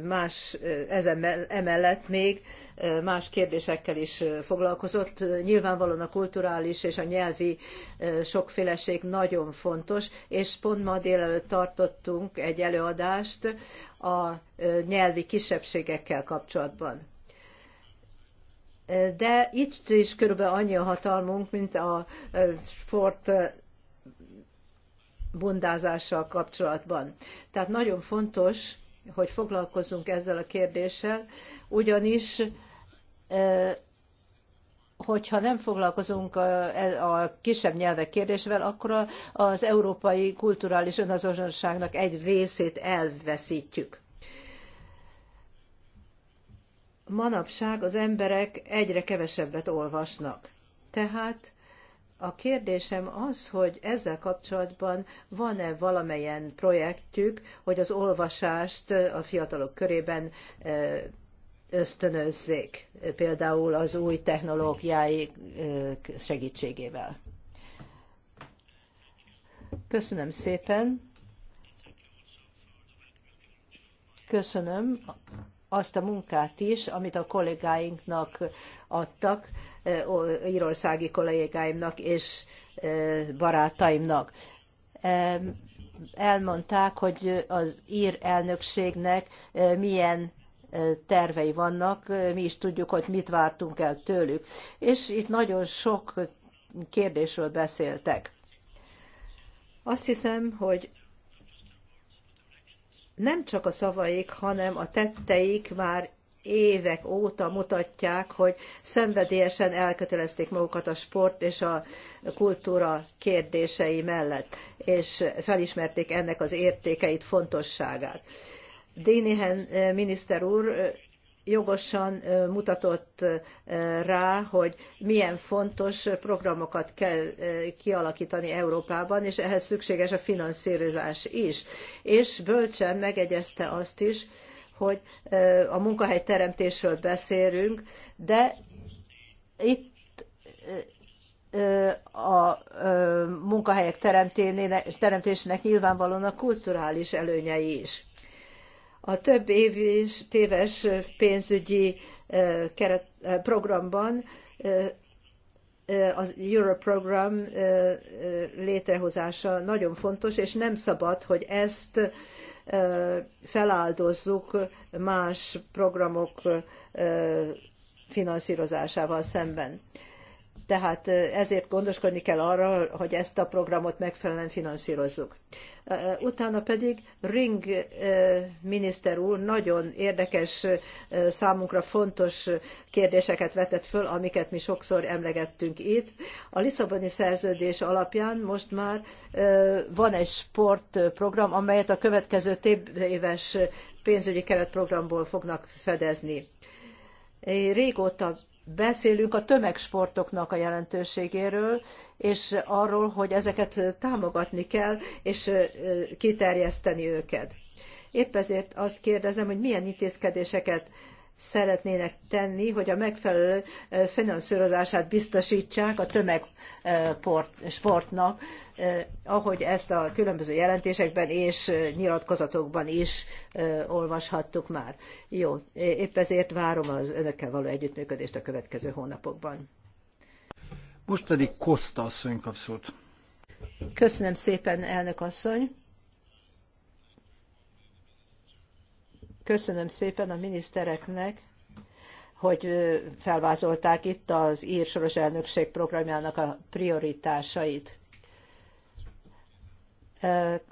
más, ezen emellett még más kérdésekkel is foglalkozott. Nyilvánvalóan a kulturális és a nyelvi sokféleség nagyon fontos, és pont ma délelőtt tartottunk egy előadást a nyelvi kisebbségekkel kapcsolatban. De itt is körülbelül annyi a hatalmunk, mint a sport bundázással kapcsolatban. Tehát nagyon fontos, hogy foglalkozzunk ezzel a kérdéssel, ugyanis e, hogyha nem foglalkozunk a, kisebb nyelvek kérdésével, akkor az európai kulturális önazonosságnak egy részét elveszítjük. Manapság az emberek egyre kevesebbet olvasnak. Tehát a kérdésem az, hogy ezzel kapcsolatban van-e valamelyen projektjük, hogy az olvasást a fiatalok körében e, ösztönözzék, például az új technológiái e, segítségével. Köszönöm szépen. Köszönöm azt a munkát is, amit a kollégáinknak adtak írországi kollégáimnak és barátaimnak. Elmondták, hogy az ír elnökségnek milyen tervei vannak, mi is tudjuk, hogy mit vártunk el tőlük. És itt nagyon sok kérdésről beszéltek. Azt hiszem, hogy nem csak a szavaik, hanem a tetteik már évek óta mutatják, hogy szenvedélyesen elkötelezték magukat a sport és a kultúra kérdései mellett, és felismerték ennek az értékeit, fontosságát. Dénihen eh, miniszter úr eh, jogosan eh, mutatott rá, hogy milyen fontos programokat kell kialakítani Európában, és ehhez szükséges a finanszírozás is. És bölcsen megegyezte azt is, hogy a munkahely teremtésről beszélünk, de itt a munkahelyek teremtésének nyilvánvalóan a kulturális előnyei is. A több éves téves pénzügyi keret, programban az Euro program létrehozása nagyon fontos, és nem szabad, hogy ezt feláldozzuk más programok finanszírozásával szemben. Tehát ezért gondoskodni kell arra, hogy ezt a programot megfelelően finanszírozzuk. Utána pedig Ring miniszter úr nagyon érdekes, számunkra fontos kérdéseket vetett föl, amiket mi sokszor emlegettünk itt. A Lisszaboni szerződés alapján most már van egy sportprogram, amelyet a következő több éves pénzügyi keretprogramból fognak fedezni. Régóta beszélünk a tömegsportoknak a jelentőségéről, és arról, hogy ezeket támogatni kell, és kiterjeszteni őket. Épp ezért azt kérdezem, hogy milyen intézkedéseket szeretnének tenni, hogy a megfelelő eh, finanszírozását biztosítsák a tömegsportnak, eh, eh, ahogy ezt a különböző jelentésekben és nyilatkozatokban is olvashattuk már. Jó, épp ezért várom az önökkel való együttműködést a következő hónapokban. Most pedig Koszta asszony kap Köszönöm szépen, elnök asszony. Köszönöm szépen a minisztereknek, hogy felvázolták itt az ír soros elnökség programjának a prioritásait.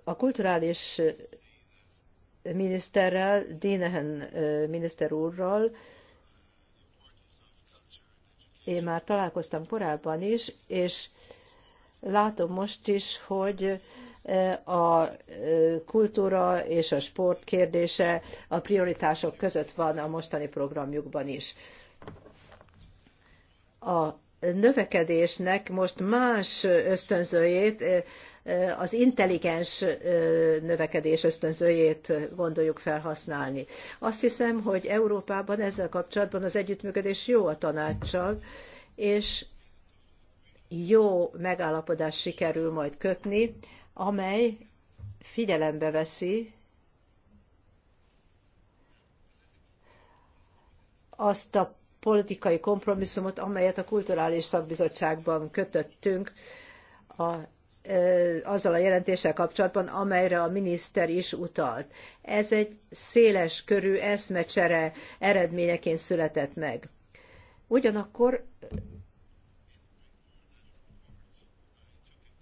A kulturális miniszterrel, Dínehen miniszter úrral én már találkoztam korábban is, és látom most is, hogy a kultúra és a sport kérdése a prioritások között van a mostani programjukban is. A növekedésnek most más ösztönzőjét, az intelligens növekedés ösztönzőjét gondoljuk felhasználni. Azt hiszem, hogy Európában ezzel kapcsolatban az együttműködés jó a tanácssal, és jó megállapodás sikerül majd kötni amely figyelembe veszi azt a politikai kompromisszumot, amelyet a Kulturális Szakbizottságban kötöttünk a, azzal a jelentéssel kapcsolatban, amelyre a miniszter is utalt. Ez egy széles körű eszmecsere eredményeként született meg. Ugyanakkor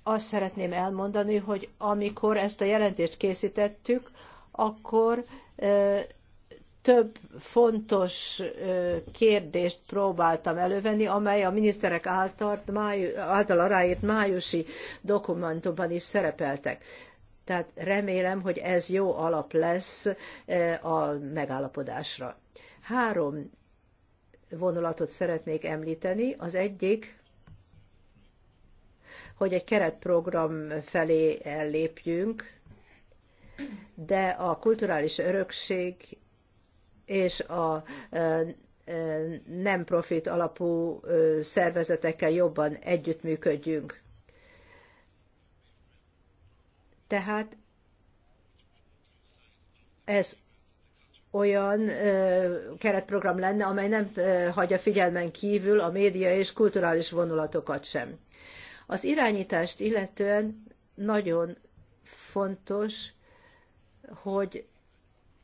azt szeretném elmondani, hogy amikor ezt a jelentést készítettük, akkor több fontos kérdést próbáltam elővenni, amely a miniszterek által, által aláírt májusi dokumentumban is szerepeltek. Tehát remélem, hogy ez jó alap lesz a megállapodásra. Három vonulatot szeretnék említeni. Az egyik hogy egy keretprogram felé ellépjünk, de a kulturális örökség és a nem profit alapú szervezetekkel jobban együttműködjünk. Tehát ez olyan keretprogram lenne, amely nem hagyja figyelmen kívül a média és kulturális vonulatokat sem. Az irányítást illetően nagyon fontos, hogy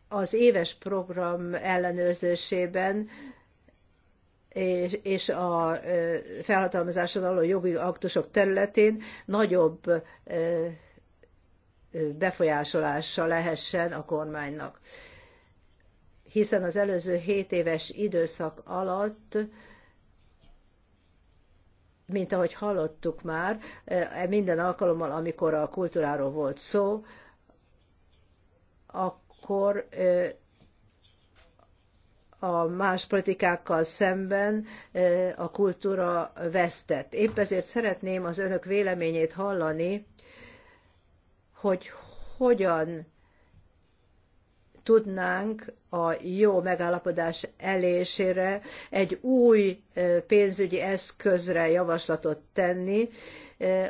az éves program ellenőrzésében és a felhatalmazáson aló jogi aktusok területén nagyobb befolyásolása lehessen a kormánynak. Hiszen az előző 7 éves időszak alatt mint ahogy hallottuk már, eh, minden alkalommal, amikor a kultúráról volt szó, akkor eh, a más politikákkal szemben eh, a kultúra vesztett. Épp ezért szeretném az önök véleményét hallani, hogy hogyan tudnánk a jó megállapodás elésére egy új pénzügyi eszközre javaslatot tenni,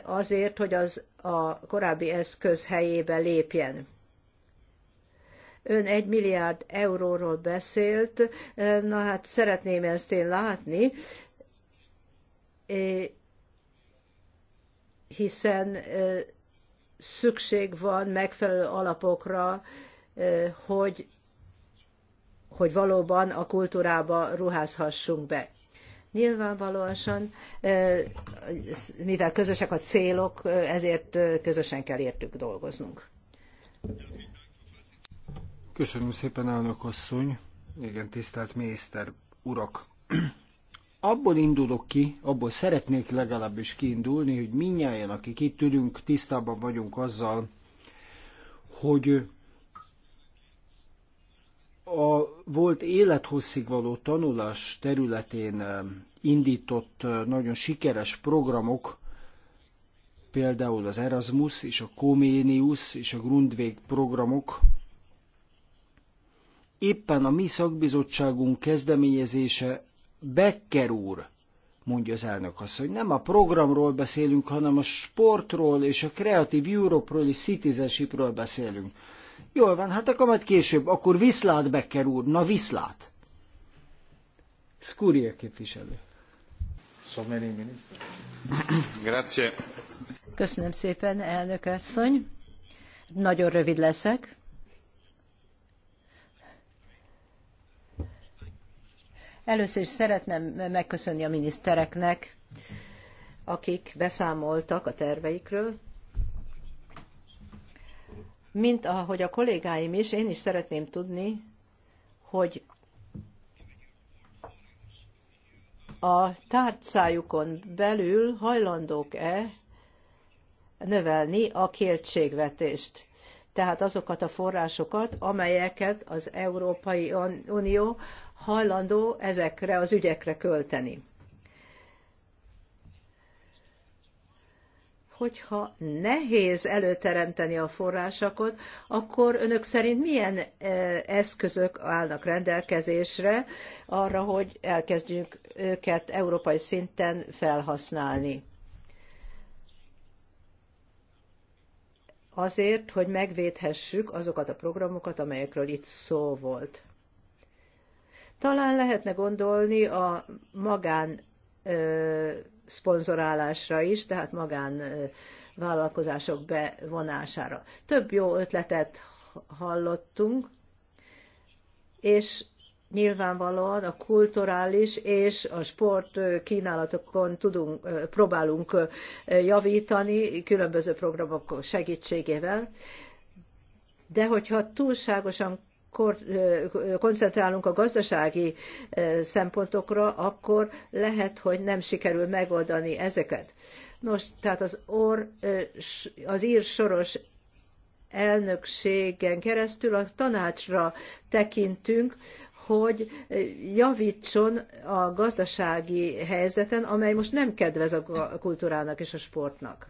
azért, hogy az a korábbi eszköz helyébe lépjen. Ön egy milliárd euróról beszélt, na hát szeretném ezt én látni, hiszen szükség van megfelelő alapokra, hogy, hogy valóban a kultúrába ruházhassunk be. Nyilvánvalóan, mivel közösek a célok, ezért közösen kell értük dolgoznunk. Köszönöm szépen, elnök asszony. Igen, tisztelt miniszter urak. Abból indulok ki, abból szeretnék legalábbis kiindulni, hogy minnyáján, akik itt ülünk, tisztában vagyunk azzal, hogy a volt élethosszig való tanulás területén eh, indított eh, nagyon sikeres programok, például az Erasmus és a Comenius és a Grundvég programok, éppen a mi szakbizottságunk kezdeményezése Becker úr, mondja az elnök asszony, nem a programról beszélünk, hanem a sportról és a Creative Europe-ról és Citizenship-ről beszélünk. Jól van, hát akkor majd később, akkor viszlát, Becker úr, na viszlát. Skúria képviselő. Grazie. Köszönöm szépen, elnök asszony. Nagyon rövid leszek. Először is szeretném megköszönni a minisztereknek, akik beszámoltak a terveikről, mint ahogy a kollégáim is, én is szeretném tudni, hogy a tárcájukon belül hajlandók-e növelni a költségvetést. Tehát azokat a forrásokat, amelyeket az Európai Unió hajlandó ezekre az ügyekre költeni. hogyha nehéz előteremteni a forrásokat, akkor önök szerint milyen e, eszközök állnak rendelkezésre arra, hogy elkezdjünk őket európai szinten felhasználni? Azért, hogy megvédhessük azokat a programokat, amelyekről itt szó volt. Talán lehetne gondolni a magán e, szponzorálásra is, tehát magán vállalkozások bevonására. Több jó ötletet hallottunk, és nyilvánvalóan a kulturális és a sport kínálatokon tudunk, próbálunk javítani különböző programok segítségével, de hogyha túlságosan koncentrálunk a gazdasági szempontokra, akkor lehet, hogy nem sikerül megoldani ezeket. Nos, tehát az, or, az ír soros elnökségen keresztül a tanácsra tekintünk, hogy javítson a gazdasági helyzeten, amely most nem kedvez a kultúrának és a sportnak.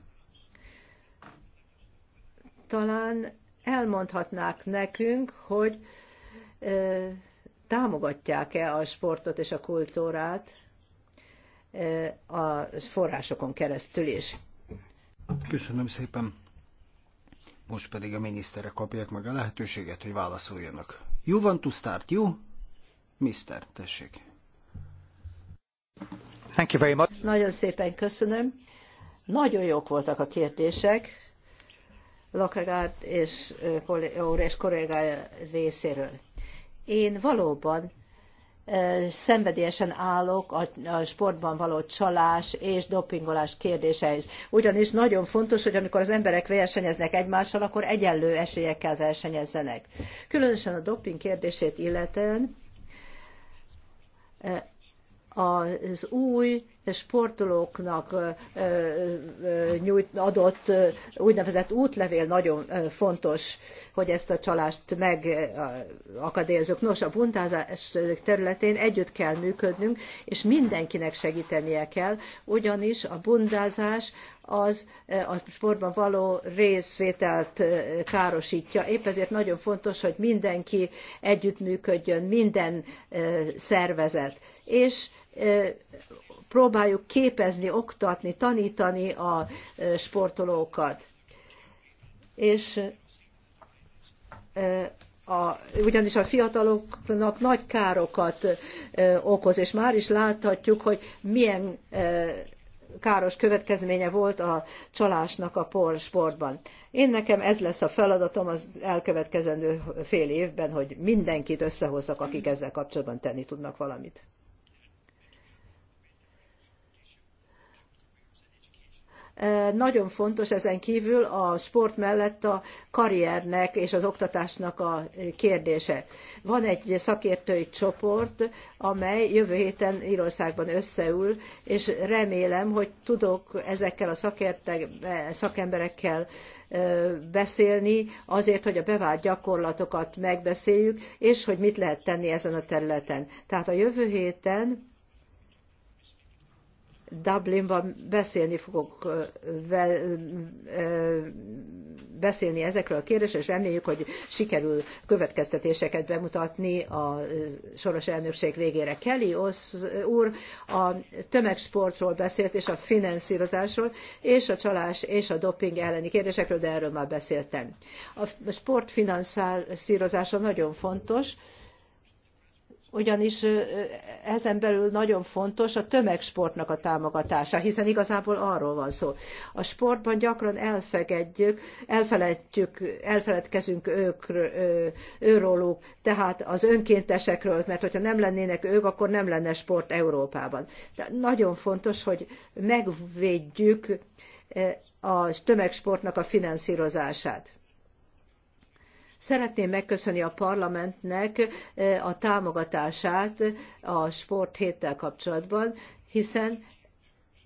Talán elmondhatnák nekünk, hogy támogatják-e a sportot és a kultúrát a forrásokon keresztül is. Köszönöm szépen. Most pedig a miniszterek kapják meg a lehetőséget, hogy válaszoljanak. You want to start, you? Mister, tessék. Thank you very much. Nagyon szépen köszönöm. Nagyon jók voltak a kérdések. Lakegárd és, és kollégája részéről. Én valóban szenvedélyesen állok a, sportban való csalás és dopingolás kérdéseihez. Ugyanis nagyon fontos, hogy amikor az emberek versenyeznek egymással, akkor egyenlő esélyekkel versenyezzenek. Különösen a doping kérdését illetően az új sportolóknak nyújt, adott úgynevezett útlevél nagyon fontos, hogy ezt a csalást megakadélyozzuk. Nos, a bundázás területén együtt kell működnünk, és mindenkinek segítenie kell, ugyanis a bundázás az a sportban való részvételt károsítja. Épp ezért nagyon fontos, hogy mindenki együttműködjön, minden szervezet. És próbáljuk képezni, oktatni, tanítani a sportolókat. És a, ugyanis a fiataloknak nagy károkat ö, okoz, és már is láthatjuk, hogy milyen ö, káros következménye volt a csalásnak a por sportban. Én nekem ez lesz a feladatom az elkövetkezendő fél évben, hogy mindenkit összehozzak, akik ezzel kapcsolatban tenni tudnak valamit. Nagyon fontos ezen kívül a sport mellett a karriernek és az oktatásnak a kérdése. Van egy szakértői csoport, amely jövő héten Írországban összeül, és remélem, hogy tudok ezekkel a szakemberekkel beszélni azért, hogy a bevált gyakorlatokat megbeszéljük, és hogy mit lehet tenni ezen a területen. Tehát a jövő héten Dublinban beszélni fogok beszélni ezekről a kérdésről, és reméljük, hogy sikerül következtetéseket bemutatni a soros elnökség végére. Kelly Osz úr a tömegsportról beszélt, és a finanszírozásról, és a csalás és a doping elleni kérdésekről, de erről már beszéltem. A sportfinanszírozása nagyon fontos, ugyanis ezen belül nagyon fontos a tömegsportnak a támogatása, hiszen igazából arról van szó. A sportban gyakran elfegedjük, elfeledjük, elfeledkezünk ők, őrólók, tehát az önkéntesekről, mert hogyha nem lennének ők, akkor nem lenne sport Európában. De nagyon fontos, hogy megvédjük a tömegsportnak a finanszírozását Szeretném megköszönni a parlamentnek eh, a támogatását a sport héttel kapcsolatban, hiszen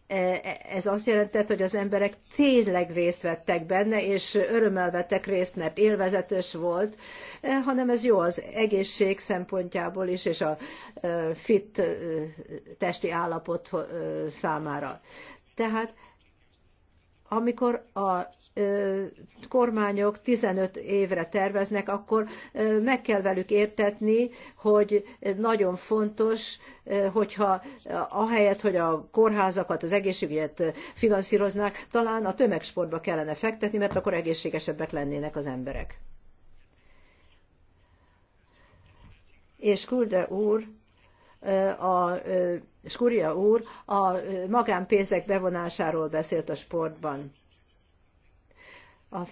eh, ez azt jelentett, hogy az emberek tényleg részt vettek benne, és örömmel vettek részt, mert élvezetes volt, eh, hanem ez jó az egészség szempontjából is, és a fit testi állapot számára. Tehát amikor a kormányok 15 évre terveznek, akkor meg kell velük értetni, hogy nagyon fontos, hogyha ahelyett, hogy a kórházakat, az egészségügyet finanszíroznák, talán a tömegsportba kellene fektetni, mert akkor egészségesebbek lennének az emberek. És Kulde úr, a Skuria úr a magánpénzek bevonásáról beszélt a sportban a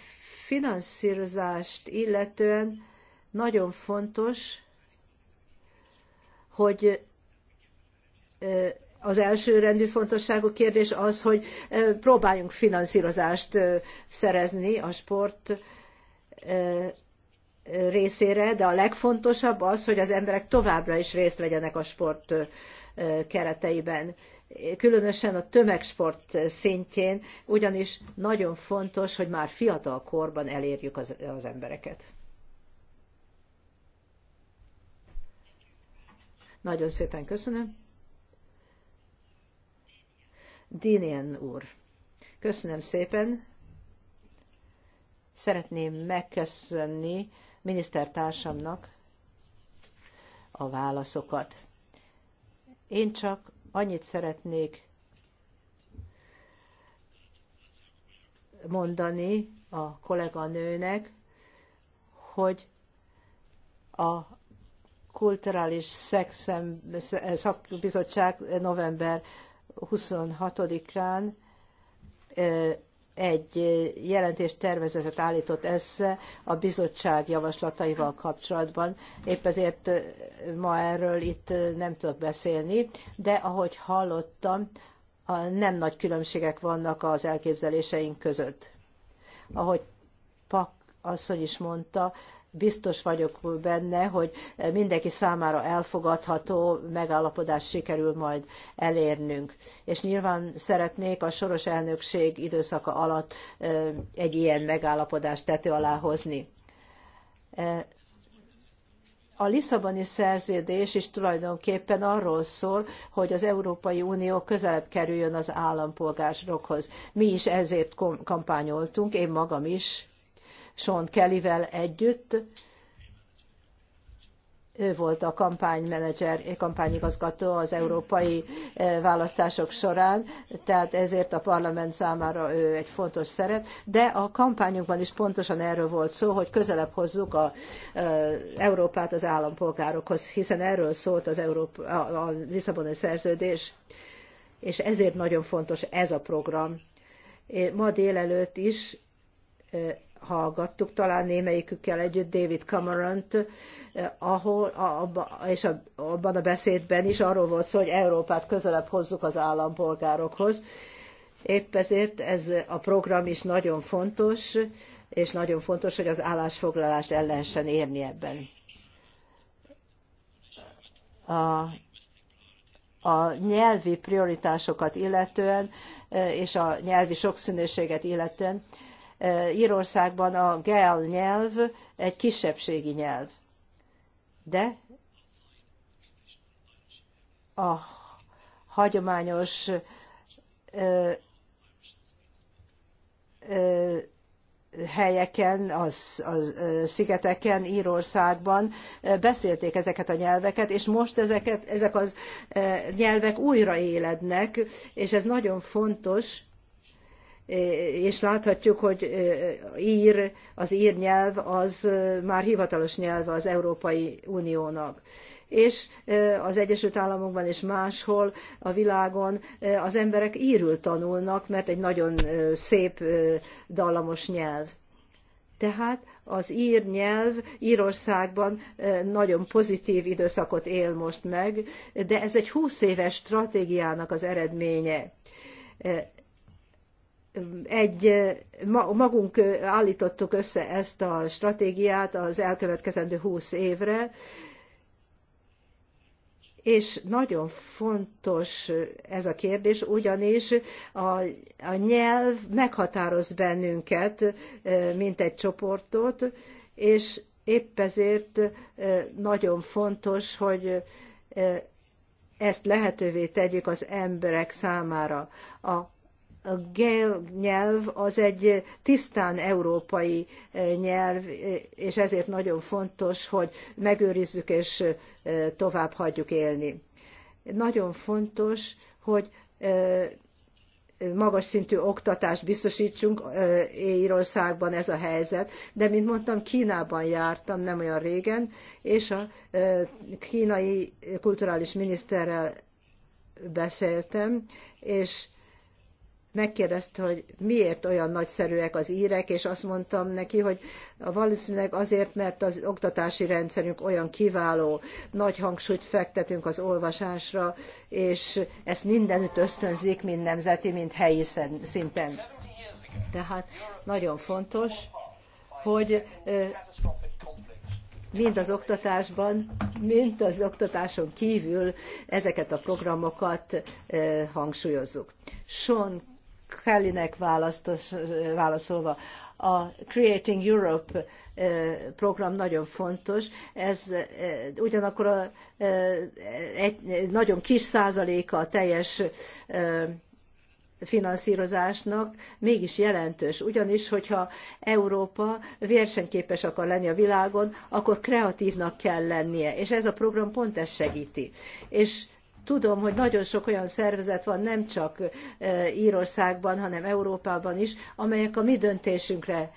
finanszírozást illetően nagyon fontos, hogy az első rendű fontosságú kérdés az, hogy próbáljunk finanszírozást szerezni a sport részére, de a legfontosabb az, hogy az emberek továbbra is részt vegyenek a sport kereteiben különösen a tömegsport szintjén, ugyanis nagyon fontos, hogy már fiatal korban elérjük az, az embereket. Nagyon szépen köszönöm. Dinien úr, köszönöm szépen. Szeretném megköszönni minisztertársamnak a válaszokat. Én csak Annyit szeretnék mondani a kolléganőnek, hogy a Kulturális Szexem, Szakbizottság november 26-án egy jelentés tervezetet állított össze a bizottság javaslataival kapcsolatban. Épp ezért ma erről itt nem tudok beszélni, de ahogy hallottam, nem nagy különbségek vannak az elképzeléseink között. Ahogy Pak asszony is mondta, biztos vagyok benne, hogy mindenki számára elfogadható megállapodást sikerül majd elérnünk. És nyilván szeretnék a soros elnökség időszaka alatt egy ilyen megállapodást tető alá hozni. A Lisszaboni szerződés is tulajdonképpen arról szól, hogy az Európai Unió közelebb kerüljön az állampolgárokhoz. Mi is ezért kampányoltunk, én magam is Sean Kellyvel együtt. Ő volt a kampánymenedzser, kampányigazgató az európai e, választások során, tehát ezért a parlament számára ő egy fontos szerep, de a kampányunkban is pontosan erről volt szó, hogy közelebb hozzuk a, a e, Európát az állampolgárokhoz, hiszen erről szólt az Európa, a, a Lisszaboni szerződés, és ezért nagyon fontos ez a program. Ma délelőtt is e, hallgattuk talán némelyikükkel együtt David Cameron-t, eh, ahol, abba, és a, abban a beszédben is arról volt szó, hogy Európát közelebb hozzuk az állampolgárokhoz. Épp ezért ez a program is nagyon fontos, és nagyon fontos, hogy az állásfoglalást el lehessen érni ebben. A, a nyelvi prioritásokat illetően, eh, és a nyelvi sokszínűséget illetően Írországban a gel nyelv egy kisebbségi nyelv. De a hagyományos helyeken, az, az szigeteken, Írországban beszélték ezeket a nyelveket, és most ezeket, ezek az nyelvek újra élednek, és ez nagyon fontos, Eh, és láthatjuk, hogy eh, ír, az ír nyelv az eh, már hivatalos nyelve az Európai Uniónak. És az Egyesült Államokban és máshol a világon az emberek írül tanulnak, mert egy nagyon szép, dallamos nyelv. Tehát az ír nyelv Írországban nagyon pozitív időszakot él most meg, de ez egy 20 éves stratégiának az eredménye egy, magunk állítottuk össze ezt a stratégiát az elkövetkezendő húsz évre, és nagyon fontos ez a kérdés, ugyanis a, a nyelv meghatároz bennünket, mint egy csoportot, és épp ezért nagyon fontos, hogy ezt lehetővé tegyük az emberek számára. A a gél nyelv az egy tisztán európai eh, nyelv, eh, és ezért nagyon fontos, hogy megőrizzük és eh, tovább hagyjuk élni. Nagyon fontos, hogy magas szintű oktatást biztosítsunk, Írországban ez a helyzet, de mint mondtam, Kínában jártam nem olyan régen, és a kínai kulturális miniszterrel beszéltem, és megkérdezte, hogy miért olyan nagyszerűek az írek, és azt mondtam neki, hogy valószínűleg azért, mert az oktatási rendszerünk olyan kiváló, nagy hangsúlyt fektetünk az olvasásra, és ezt mindenütt ösztönzik, mind nemzeti, mind helyi szinten. Tehát nagyon fontos, hogy mind az oktatásban, mind az oktatáson kívül ezeket a programokat hangsúlyozzuk. Sean Kellynek válaszolva, a Creating Europe eh, program nagyon fontos. Ez eh, ugyanakkor a, eh, egy nagyon kis százaléka a teljes finanszírozásnak mégis jelentős. Ugyanis, hogyha Európa versenyképes akar lenni a világon, akkor kreatívnak kell lennie, és ez a program pont ezt segíti. És Tudom, hogy nagyon sok olyan szervezet van, nem csak Írországban, hanem Európában is, amelyek a mi döntésünkre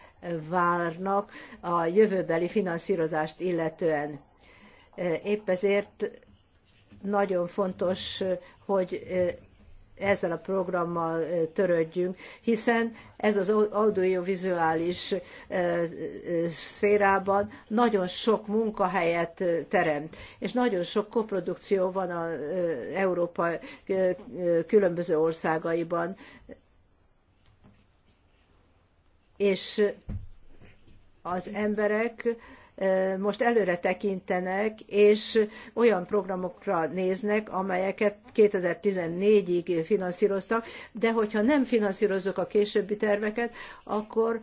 várnak a jövőbeli finanszírozást illetően. Épp ezért nagyon fontos, hogy ezzel a programmal törődjünk, hiszen ez az audiovizuális szférában nagyon sok munkahelyet teremt, és nagyon sok koprodukció van a Európa különböző országaiban. És az emberek most előre tekintenek, és olyan programokra néznek, amelyeket 2014-ig finanszíroztak, de hogyha nem finanszírozzuk a későbbi terveket, akkor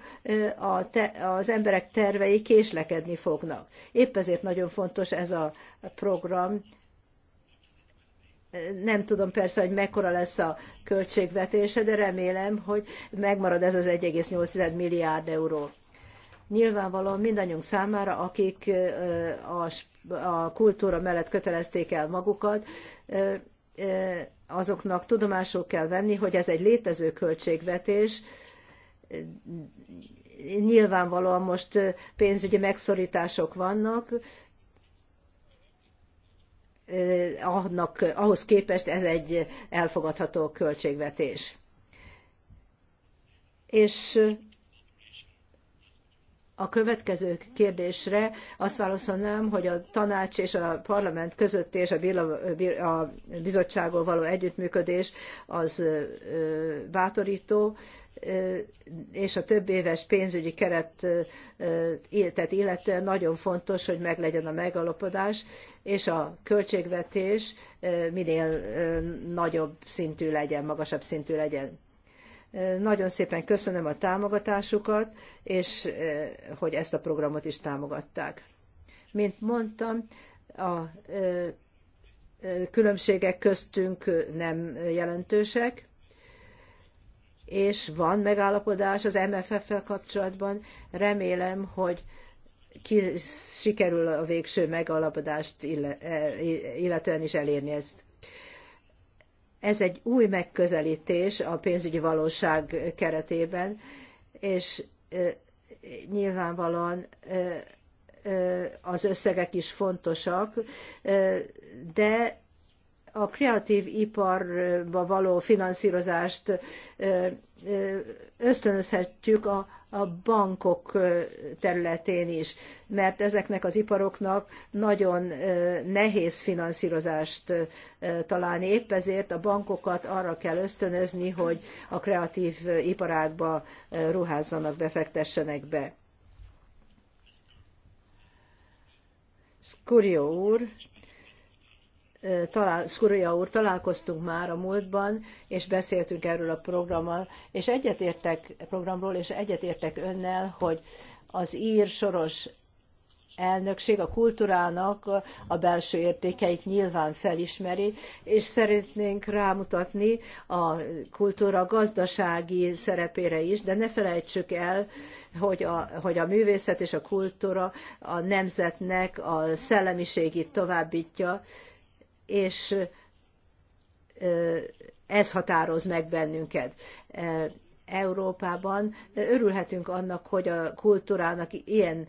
a te, az emberek tervei késlekedni fognak. Épp ezért nagyon fontos ez a program, nem tudom persze, hogy mekkora lesz a költségvetése, de remélem, hogy megmarad ez az 1,8 milliárd euró nyilvánvalóan mindannyiunk számára, akik a, a kultúra mellett kötelezték el magukat, azoknak tudomásul kell venni, hogy ez egy létező költségvetés, nyilvánvalóan most pénzügyi megszorítások vannak, annak, ahhoz képest ez egy elfogadható költségvetés. És a következő kérdésre azt válaszolnám, hogy a tanács és a parlament közötti és a bizottsággal való együttműködés az bátorító, és a több éves pénzügyi keretet illetően nagyon fontos, hogy meglegyen a megalapodás, és a költségvetés minél nagyobb szintű legyen, magasabb szintű legyen nagyon szépen köszönöm a támogatásukat, és eh, hogy ezt a programot is támogatták. Mint mondtam, a eh, eh, különbségek köztünk nem jelentősek, és van megállapodás az MFF-fel kapcsolatban. Remélem, hogy ki sikerül a végső megállapodást illetően is elérni ezt. Ez egy új megközelítés a pénzügyi valóság keretében, és nyilvánvalóan az összegek is fontosak, de a kreatív iparba való finanszírozást ösztönözhetjük a, a bankok területén is, mert ezeknek az iparoknak nagyon nehéz finanszírozást találni. Épp ezért a bankokat arra kell ösztönözni, hogy a kreatív iparákba ruházzanak, befektessenek be. Skurió úr talál, Szkuria úr, találkoztunk már a múltban, és beszéltünk erről a programról és egyetértek programról, és egyetértek önnel, hogy az ír soros elnökség a kultúrának a belső értékeit nyilván felismeri, és szeretnénk rámutatni a kultúra gazdasági szerepére is, de ne felejtsük el, hogy a, hogy a művészet és a kultúra a nemzetnek a szellemiségét továbbítja, és ez határoz meg bennünket. Európában örülhetünk annak, hogy a kultúrának ilyen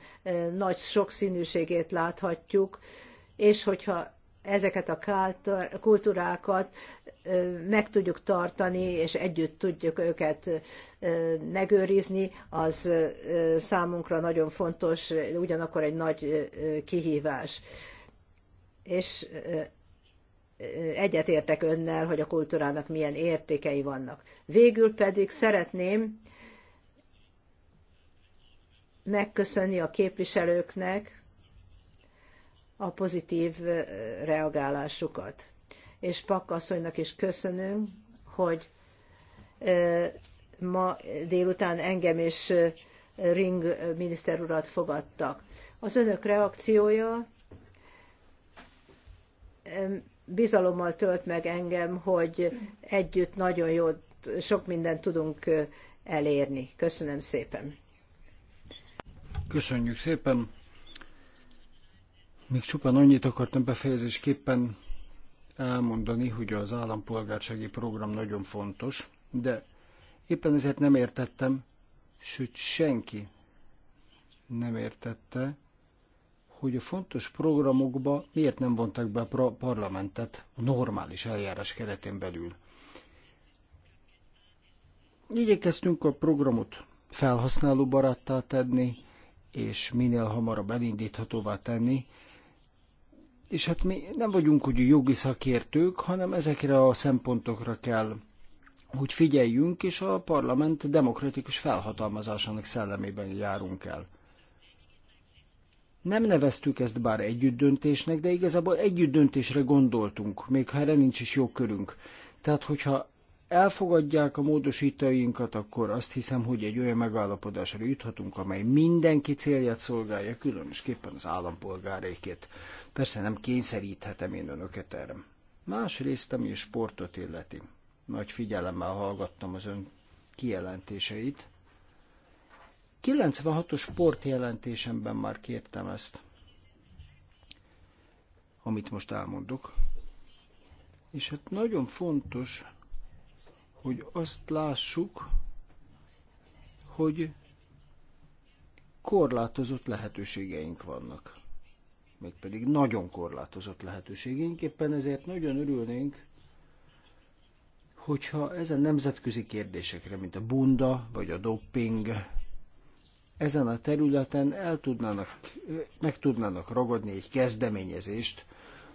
nagy sokszínűségét láthatjuk, és hogyha ezeket a kultúrákat meg tudjuk tartani, és együtt tudjuk őket megőrizni, az számunkra nagyon fontos, ugyanakkor egy nagy kihívás. És egyetértek önnel, hogy a kultúrának milyen értékei vannak. Végül pedig szeretném megköszönni a képviselőknek a pozitív reagálásukat. És Pakkasszonynak is köszönöm, hogy ma délután engem és Ring miniszter urat fogadtak. Az önök reakciója bizalommal tölt meg engem, hogy együtt nagyon jó, sok mindent tudunk elérni. Köszönöm szépen. Köszönjük szépen. Még csupán annyit akartam befejezésképpen elmondani, hogy az állampolgársági program nagyon fontos, de éppen ezért nem értettem, sőt senki nem értette, hogy a fontos programokba miért nem vontak be a parlamentet a normális eljárás keretén belül. Igyekeztünk a programot felhasználó baráttá tenni, és minél hamarabb elindíthatóvá tenni, és hát mi nem vagyunk úgy jogi szakértők, hanem ezekre a szempontokra kell hogy figyeljünk, és a parlament demokratikus felhatalmazásának szellemében járunk el. Nem neveztük ezt bár együtt döntésnek, de igazából együtt döntésre gondoltunk, még ha erre nincs is jogkörünk. Tehát, hogyha elfogadják a módosítainkat, akkor azt hiszem, hogy egy olyan megállapodásra juthatunk, amely mindenki célját szolgálja, különösképpen az állampolgárékét. Persze nem kényszeríthetem én önöket erre. Másrészt, ami a sportot illeti. Nagy figyelemmel hallgattam az ön kijelentéseit, 96-os sportjelentésemben már kértem ezt, amit most elmondok. És hát nagyon fontos, hogy azt lássuk, hogy korlátozott lehetőségeink vannak. Mégpedig nagyon korlátozott lehetőségeink, éppen ezért nagyon örülnénk, hogyha ezen nemzetközi kérdésekre, mint a bunda vagy a doping ezen a területen el tudnának, meg tudnának ragadni egy kezdeményezést,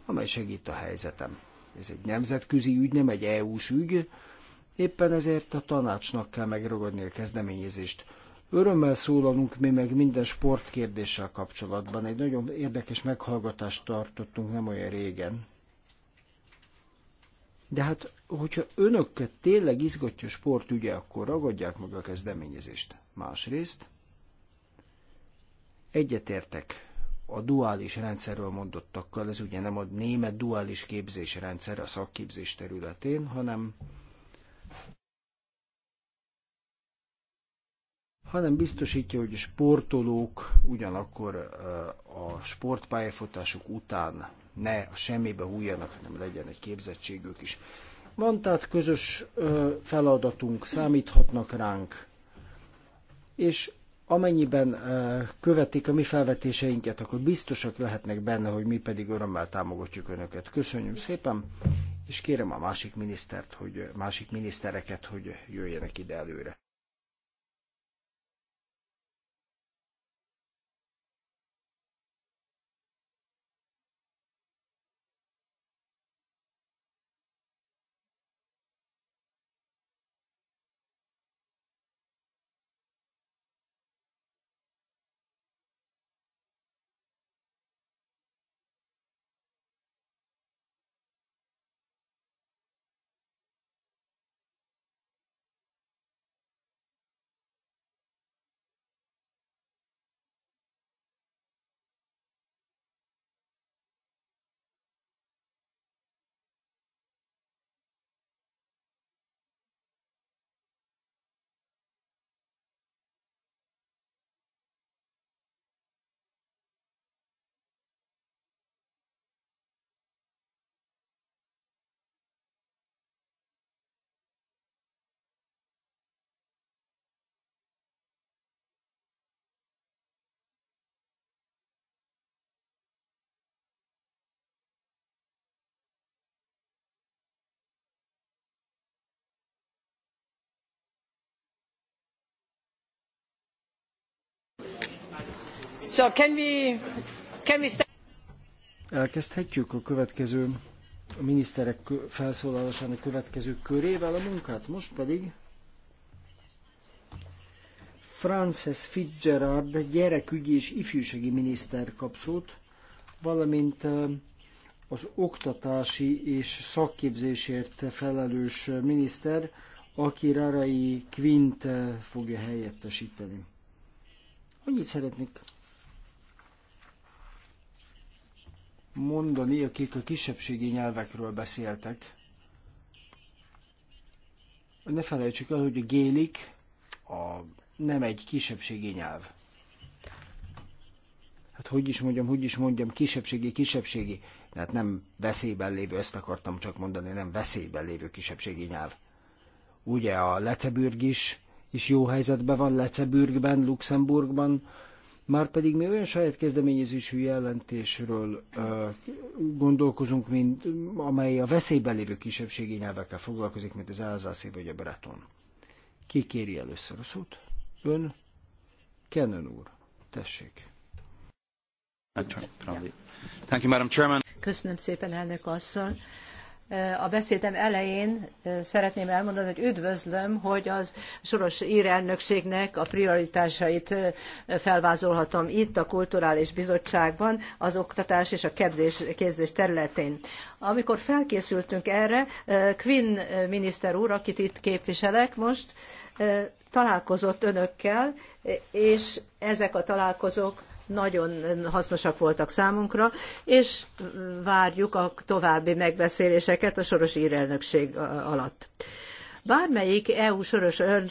amely segít a helyzetem. Ez egy nemzetközi ügy, nem egy EU-s ügy, éppen ezért a tanácsnak kell megragadni a kezdeményezést. Örömmel szólalunk mi meg minden sportkérdéssel kapcsolatban. Egy nagyon érdekes meghallgatást tartottunk nem olyan régen. De hát, hogyha önöket tényleg izgatja sportügye, akkor ragadják meg a kezdeményezést. Másrészt, Egyetértek a duális rendszerről mondottakkal, ez ugye nem a német duális képzés rendszer a szakképzés területén, hanem hanem biztosítja, hogy a sportolók ugyanakkor a sportpályafutásuk után ne a semmibe hújjanak, hanem legyen egy képzettségük is. Van tehát közös feladatunk, számíthatnak ránk, és Amennyiben eh, követik a mi felvetéseinket, akkor biztosak lehetnek benne, hogy mi pedig örömmel támogatjuk Önöket. Köszönjük szépen, és kérem a másik minisztert, hogy másik minisztereket, hogy jöjjenek ide előre. Elkezdhetjük a következő a miniszterek felszólalásának következő körével a munkát, most pedig Frances Fitzgerald gyerekügyi és ifjúsági miniszter kap szót, valamint eh, az oktatási és szakképzésért felelős miniszter, aki Rarai Quint eh, fogja helyettesíteni. Annyit szeretnék mondani, akik a kisebbségi nyelvekről beszéltek. Ne felejtsük el, hogy a gélik a, nem egy kisebbségi nyelv. Hát hogy is mondjam, hogy is mondjam, kisebbségi, kisebbségi. Tehát nem veszélyben lévő, ezt akartam csak mondani, nem veszélyben lévő kisebbségi nyelv. Ugye a Lecebürg is, is jó helyzetben van Lecebürgben, Luxemburgban, Márpedig mi olyan saját kezdeményezésű jelentésről gondolkozunk, mint amely a veszélyben lévő kisebbségi nyelvekkel foglalkozik, mint az elzászi vagy a breton. Ki kéri először a szót? Ön? Kenen úr. Tessék. Köszönöm szépen, elnök asszony. Eh, a beszédem elején eh, szeretném elmondani, hogy üdvözlöm, hogy az soros ír elnökségnek a prioritásait eh, felvázolhatom itt a Kulturális Bizottságban, az oktatás és a képzés, képzés területén. Amikor felkészültünk erre, Quinn miniszter úr, akit itt képviselek most, találkozott önökkel, és ezek a találkozók nagyon hasznosak voltak számunkra, és várjuk a további megbeszéléseket a soros írelnökség alatt. Bármelyik EU soros e,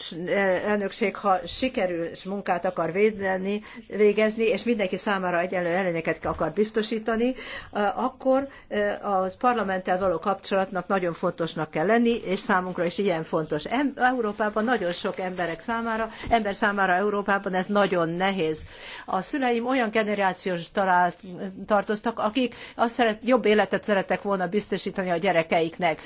elnökség, ha sikerülős munkát akar védeni, végezni, és mindenki számára egyenlő előnyeket akar biztosítani, e, akkor e, a parlamenttel való kapcsolatnak nagyon fontosnak kell lenni, és számunkra is ilyen fontos. Európában nagyon sok emberek számára, ember számára Európában ez nagyon nehéz. A szüleim olyan generációs talált, tartoztak, akik azt szeret, jobb életet szerettek volna biztosítani a gyerekeiknek.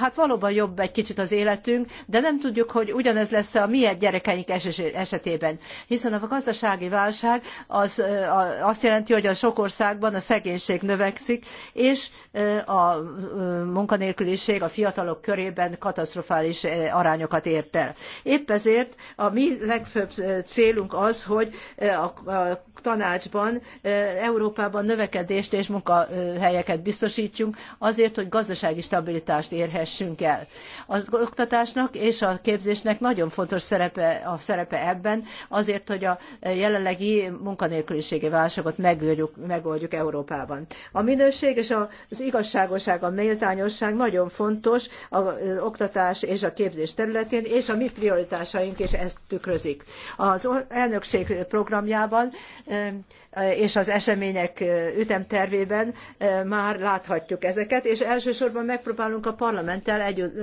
Hát valóban jobb egy kicsit az élet, szeretünk, de nem tudjuk, hogy ugyanez lesz a mi gyerekeink esetében. Hiszen a gazdasági válság az azt jelenti, hogy a sok országban a szegénység növekszik, és a munkanélküliség a fiatalok körében katasztrofális arányokat ért el. Épp ezért a mi legfőbb célunk az, hogy a tanácsban Európában növekedést és munkahelyeket biztosítsunk azért, hogy gazdasági stabilitást érhessünk el. Az oktatásnak és a képzésnek nagyon fontos szerepe, a szerepe ebben, azért, hogy a jelenlegi munkanélküliségi válságot megoldjuk, megoldjuk Európában. A minőség és az igazságosság a méltányosság nagyon fontos az oktatás és a képzés területén, és a mi prioritásaink is ezt tükrözik. Az elnökség programjában és az események ütemtervében már láthatjuk ezeket, és elsősorban megpróbálunk a parlamenttel együtt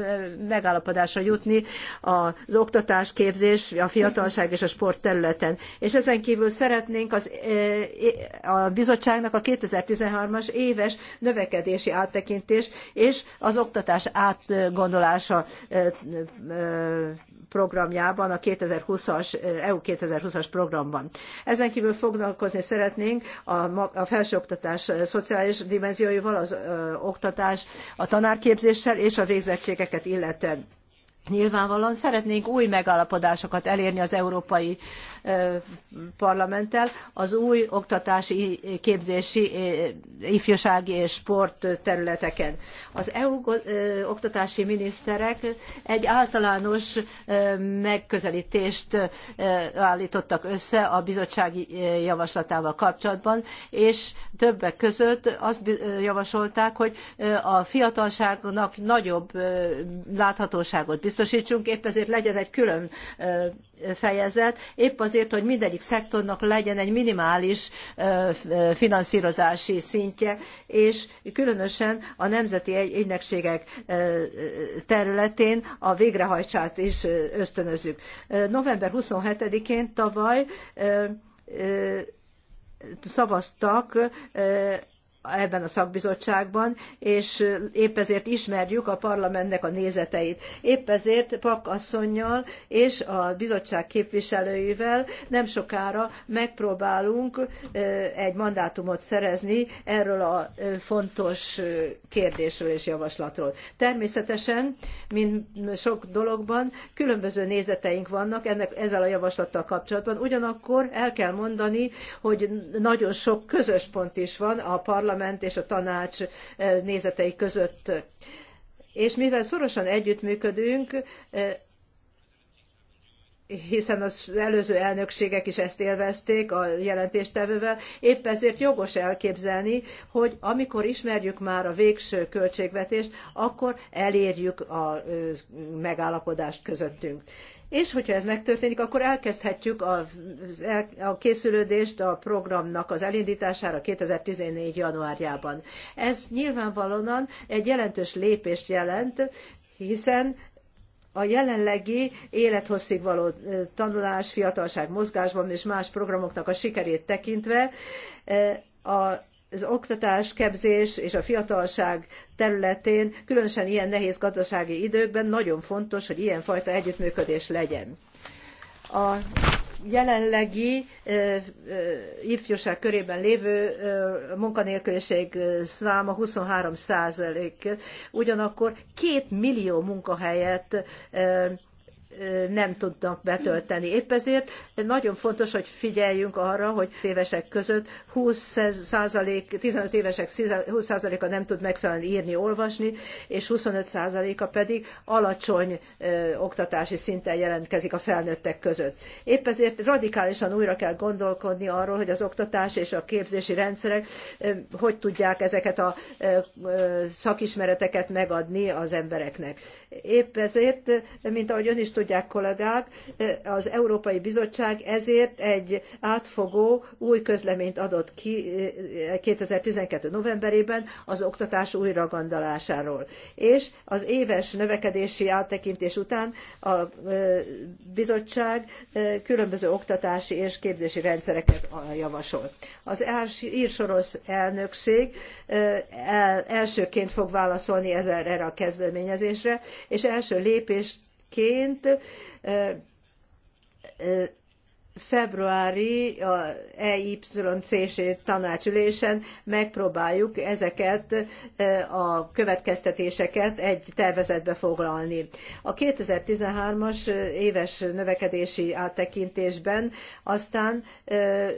megállapodásra jutni az oktatás, képzés, a fiatalság és a sport területen. És ezen kívül szeretnénk az, a bizottságnak a 2013-as éves növekedési áttekintés és az oktatás átgondolása programjában, a 2020-as, eh, EU 2020-as programban. Ezen kívül foglalkozni szeretnénk a, felsőoktatás eh, szociális dimenzióival, az eh, oktatás, a tanárképzéssel és a végzettségeket illetően. Nyilvánvalóan szeretnénk új megállapodásokat elérni az Európai parlamenttel az új oktatási, képzési, ifjúsági és sport területeken. Az EU oktatási miniszterek egy általános megközelítést állítottak össze a bizottsági javaslatával kapcsolatban, és többek között azt javasolták, hogy a fiatalságnak nagyobb láthatóságot biztosítsunk, épp ezért legyen egy külön fejezet, épp azért, hogy mindegyik szektornak legyen egy minimális finanszírozási szintje, és különösen a nemzeti ügynökségek területén a végrehajtást is ösztönözzük. November 27-én tavaly szavaztak ebben a szakbizottságban, és épp ezért ismerjük a parlamentnek a nézeteit. Épp ezért Pak asszonynal és a bizottság képviselőivel nem sokára megpróbálunk egy mandátumot szerezni erről a fontos kérdésről és javaslatról. Természetesen, mint sok dologban, különböző nézeteink vannak ennek, ezzel a javaslattal kapcsolatban. Ugyanakkor el kell mondani, hogy nagyon sok közös pont is van a parlament parlament és a tanács eh, nézetei között. És mivel szorosan együttműködünk, eh, hiszen az előző elnökségek is ezt élvezték a jelentéstevővel, épp ezért jogos elképzelni, hogy amikor ismerjük már a végső költségvetést, akkor elérjük a eh, megállapodást közöttünk. És hogyha ez megtörténik, akkor elkezdhetjük a, a készülődést a programnak az elindítására 2014. januárjában. Ez nyilvánvalóan egy jelentős lépést jelent, hiszen a jelenlegi élethosszig való tanulás, fiatalság mozgásban és más programoknak a sikerét tekintve a az oktatás, képzés és a fiatalság területén, különösen ilyen nehéz gazdasági időkben nagyon fontos, hogy ilyen fajta együttműködés legyen. A jelenlegi ifjúság körében lévő munkanélküliség száma 23 százalék. Ugyanakkor két millió munkahelyet nem tudnak betölteni. Épp ezért nagyon fontos, hogy figyeljünk arra, hogy évesek között 20%, 15 évesek 20%-a nem tud megfelelően írni, olvasni, és 25%-a pedig alacsony oktatási szinten jelentkezik a felnőttek között. Épp ezért radikálisan újra kell gondolkodni arról, hogy az oktatás és a képzési rendszerek hogy tudják ezeket a szakismereteket megadni az embereknek. Épp ezért, mint ahogy ön is tudják kollégák, az Európai Bizottság ezért egy átfogó új közleményt adott ki 2012. Eh, novemberében az oktatás újragondolásáról. És az éves növekedési áttekintés után a eh, bizottság eh, különböző oktatási és képzési rendszereket javasol. Az írsoros elnökség elsőként fog válaszolni erre a kezdeményezésre, és első lépést ként februári a EYCS tanácsülésen megpróbáljuk ezeket e, a következtetéseket egy tervezetbe foglalni. A 2013-as éves növekedési áttekintésben aztán e,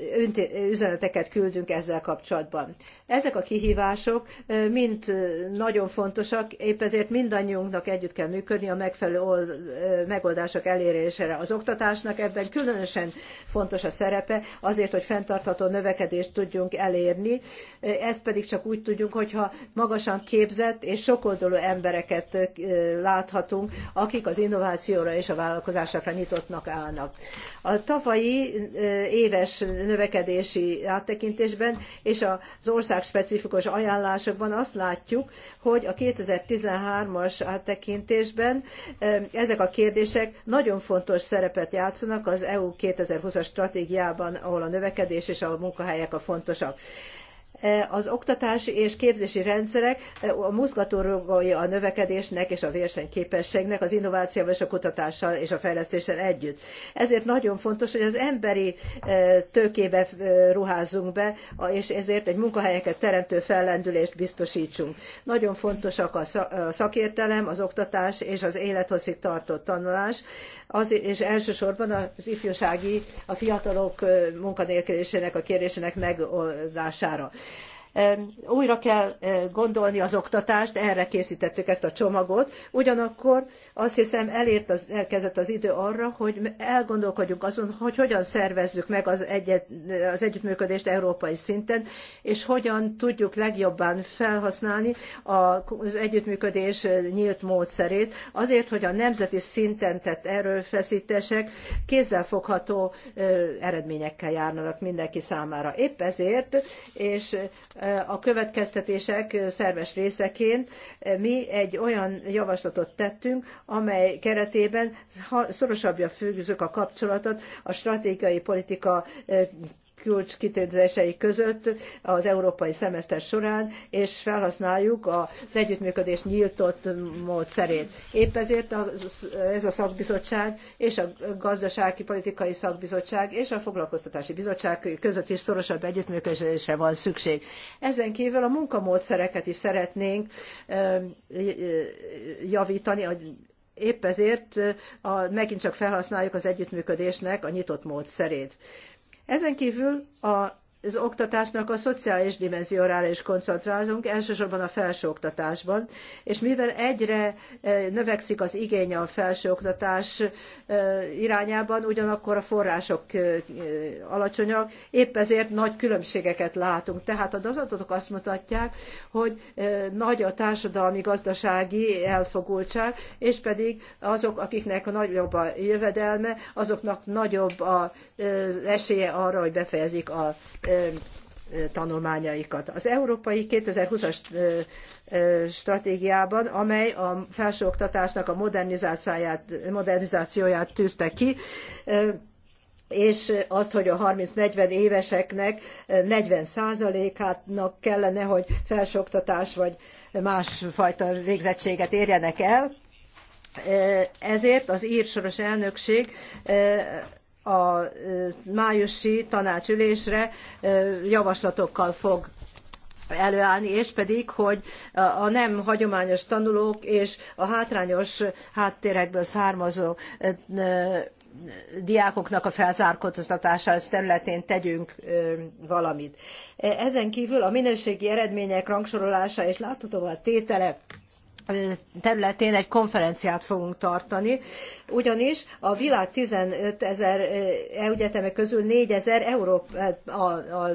üzeneteket küldünk ezzel kapcsolatban. Ezek a kihívások e, mind nagyon fontosak, épp ezért mindannyiunknak együtt kell működni a megfelelő megoldások elérésére. Az oktatásnak ebben különösen fontos a szerepe, azért, hogy fenntartható növekedést tudjunk elérni. Ezt pedig csak úgy tudjunk, hogyha magasan képzett és sokoldalú embereket láthatunk, akik az innovációra és a vállalkozásra nyitottnak állnak. A tavalyi éves növekedési áttekintésben és az ország specifikus ajánlásokban azt látjuk, hogy a 2013-as áttekintésben ezek a kérdések nagyon fontos szerepet játszanak az EU 2020 twenty as stratégiában, ahol a növekedés és a munkahelyek a fontosak. Eh, az oktatási és képzési rendszerek eh, a mozgatórugója a növekedésnek és a versenyképességnek, az innovációval és a kutatással és a fejlesztéssel együtt. Ezért nagyon fontos, hogy az emberi eh, tőkébe ruházzunk be, és ezért egy munkahelyeket teremtő fellendülést biztosítsunk. Nagyon fontosak a szakértelem, az oktatás és az élethosszig tartó tanulás, az, és elsősorban az ifjúsági, a fiatalok munkanélkülésének a kérdésének megoldására. Újra kell gondolni az oktatást, erre készítettük ezt a csomagot. Ugyanakkor azt hiszem elért az, elkezdett az idő arra, hogy elgondolkodjunk azon, hogy hogyan szervezzük meg az, egyet, az együttműködést európai szinten, és hogyan tudjuk legjobban felhasználni az együttműködés nyílt módszerét, azért, hogy a nemzeti szinten tett erőfeszítések kézzelfogható eredményekkel járnak mindenki számára. Épp ezért, és a következtetések szerves részeként mi egy olyan javaslatot tettünk, amely keretében szorosabbra fűzzük a kapcsolatot a stratégiai politika kulcs kitézései között az európai szemeszter során, és felhasználjuk az együttműködés nyíltott módszerét. Épp ezért ez a szakbizottság és a gazdasági politikai szakbizottság és a foglalkoztatási bizottság között is szorosabb együttműködésre van szükség. Ezen kívül a munkamódszereket is szeretnénk javítani, épp ezért a, megint csak felhasználjuk az együttműködésnek a nyitott módszerét. Ezen kívül a az oktatásnak a szociális dimenziórára is koncentrálunk, elsősorban a felsőoktatásban, és mivel egyre e, növekszik az igény a felsőoktatás e, irányában, ugyanakkor a források e, alacsonyak, épp ezért nagy különbségeket látunk. Tehát a adatok azt mutatják, hogy nagy a társadalmi-gazdasági elfogultság, és pedig azok, akiknek nagyobb a jövedelme, azoknak nagyobb az esélye arra, hogy befejezik a tanulmányaikat. Az Európai 2020-as stratégiában, amely a felsőoktatásnak a modernizációját, modernizációját tűzte ki, és azt, hogy a 30-40 éveseknek 40 százalékátnak kellene, hogy felsőoktatás vagy másfajta végzettséget érjenek el. Ezért az ír elnökség a májusi tanácsülésre javaslatokkal fog előállni, és pedig, hogy a nem hagyományos tanulók és a hátrányos háttérekből származó diákoknak a felzárkóztatása területén tegyünk valamit. Ezen kívül a minőségi eredmények rangsorolása és láthatóvá tétele területén egy konferenciát fogunk tartani, ugyanis a világ 15 ezer eh, egyeteme közül 4 ezer Európa, eh, a, a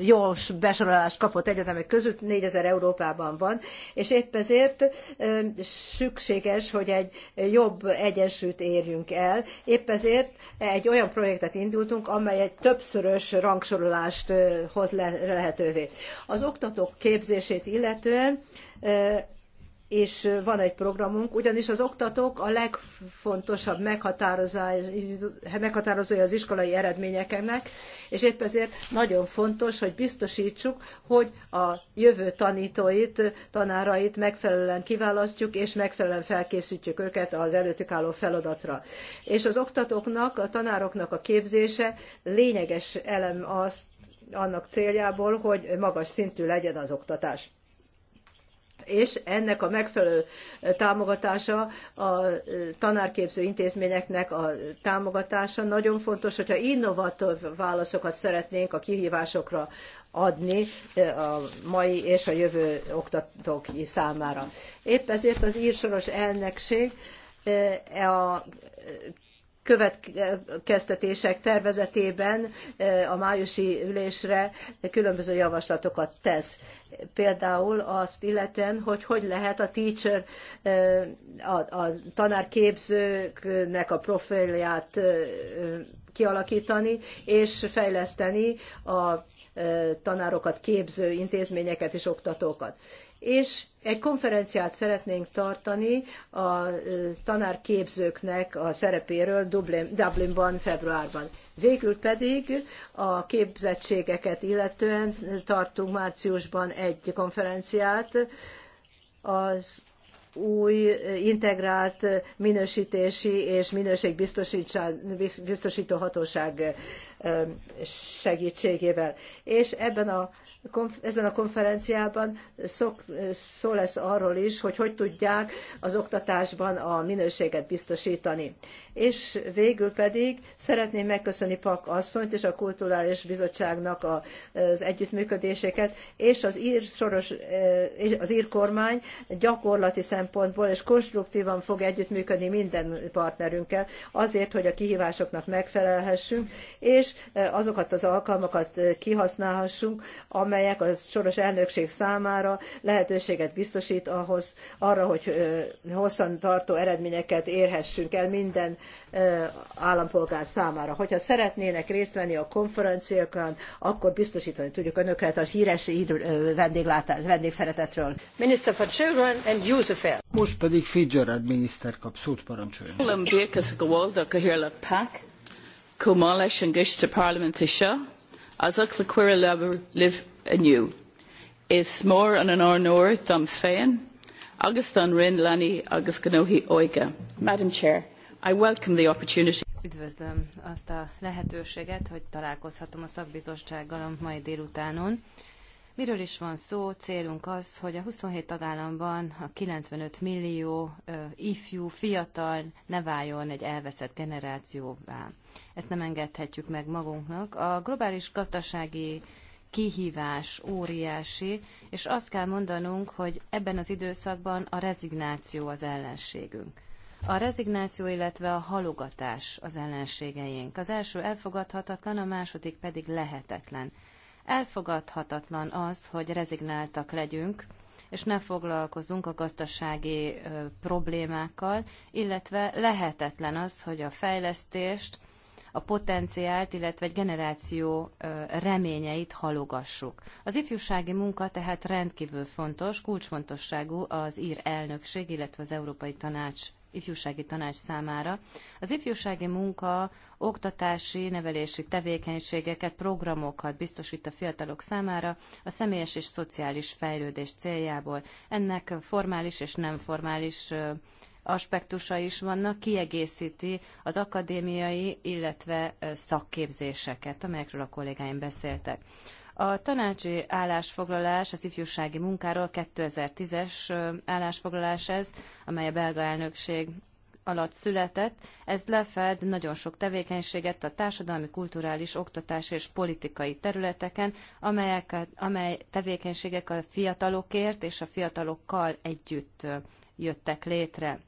jós besorolást kapott egyetemek közül 4 ezer Európában van, és épp ezért eh, szükséges, hogy egy jobb egyensúlyt érjünk el. Épp ezért egy olyan projektet indultunk, amely egy többszörös rangsorolást hoz lehetővé. Az oktatók képzését illetően és van egy programunk, ugyanis az oktatók a legfontosabb meghatározója az iskolai eredményeknek, és épp ezért nagyon fontos, hogy biztosítsuk, hogy a jövő tanítóit, tanárait megfelelően kiválasztjuk, és megfelelően felkészítjük őket az előttük álló feladatra. És az oktatóknak, a tanároknak a képzése lényeges elem az, annak céljából, hogy magas szintű legyen az oktatás és ennek a megfelelő támogatása a tanárképző intézményeknek a támogatása nagyon fontos, hogyha innovatív válaszokat szeretnénk a kihívásokra adni a mai és a jövő oktatók számára. Épp ezért az írsoros elnökség a következtetések tervezetében eh, a májusi ülésre különböző javaslatokat tesz. Például azt illetően, hogy hogy lehet a teacher, eh, a, a tanárképzőknek a profilját eh, kialakítani és fejleszteni a tanárokat képző intézményeket és oktatókat és egy konferenciát szeretnénk tartani a tanárképzőknek a szerepéről Dublin, Dublinban, februárban. Végül pedig a képzettségeket illetően tartunk márciusban egy konferenciát az új integrált minősítési és minőségbiztosító hatóság segítségével. És ebben a ezen a konferenciában szok, szó lesz arról is, hogy hogy tudják az oktatásban a minőséget biztosítani. És végül pedig szeretném megköszönni Pak asszonyt és a Kulturális Bizottságnak az együttműködéseket, és az ír, soros, eh, az ír kormány gyakorlati szempontból és konstruktívan fog együttműködni minden partnerünkkel azért, hogy a kihívásoknak megfelelhessünk, és eh, azokat az alkalmakat eh, kihasználhassunk, amely amelyek a soros elnökség számára lehetőséget biztosít ahhoz, arra, hogy hosszan tartó eredményeket érhessünk el minden állampolgár számára. Hogyha szeretnének részt venni a konferenciákon, akkor biztosítani tudjuk önöket a híres vendéglátás, vendégszeretetről. Minister for Children and Youth Affairs. Most pedig Fitzgerald miniszter kap szót parancsoljon. Cumá leis an gceiste parlamenta seo, as a le inniu is mór an an airnúir don féin agus don rin leanaí agus gnóthaí óige. Madam Chair, I welcome the opportunity. Üdvözlöm azt a lehetőséget, hogy találkozhatom a szakbizottsággal a mai délutánon. Miről is van szó? Célunk az, hogy a 27 tagállamban a 95 millió ifjú, fiatal ne váljon egy elveszett generációvá. Ezt nem engedhetjük meg magunknak. A globális gazdasági kihívás óriási, és azt kell mondanunk, hogy ebben az időszakban a rezignáció az ellenségünk. A rezignáció, illetve a halogatás az ellenségeink. Az első elfogadhatatlan, a második pedig lehetetlen. Elfogadhatatlan az, hogy rezignáltak legyünk, és ne foglalkozunk a gazdasági ö, problémákkal, illetve lehetetlen az, hogy a fejlesztést a potenciált, illetve egy generáció reményeit halogassuk. Az ifjúsági munka tehát rendkívül fontos, kulcsfontosságú az ír elnökség, illetve az Európai Tanács ifjúsági tanács számára. Az ifjúsági munka oktatási, nevelési tevékenységeket, programokat biztosít a fiatalok számára a személyes és szociális fejlődés céljából. Ennek formális és nem formális aspektusa is vannak, kiegészíti az akadémiai, illetve szakképzéseket, amelyekről a kollégáim beszéltek. A tanácsi állásfoglalás az ifjúsági munkáról 2010-es állásfoglalás ez, amely a belga elnökség alatt született, ez lefed nagyon sok tevékenységet a társadalmi, kulturális, oktatási és politikai területeken, amelyek, amely tevékenységek a fiatalokért és a fiatalokkal együtt jöttek létre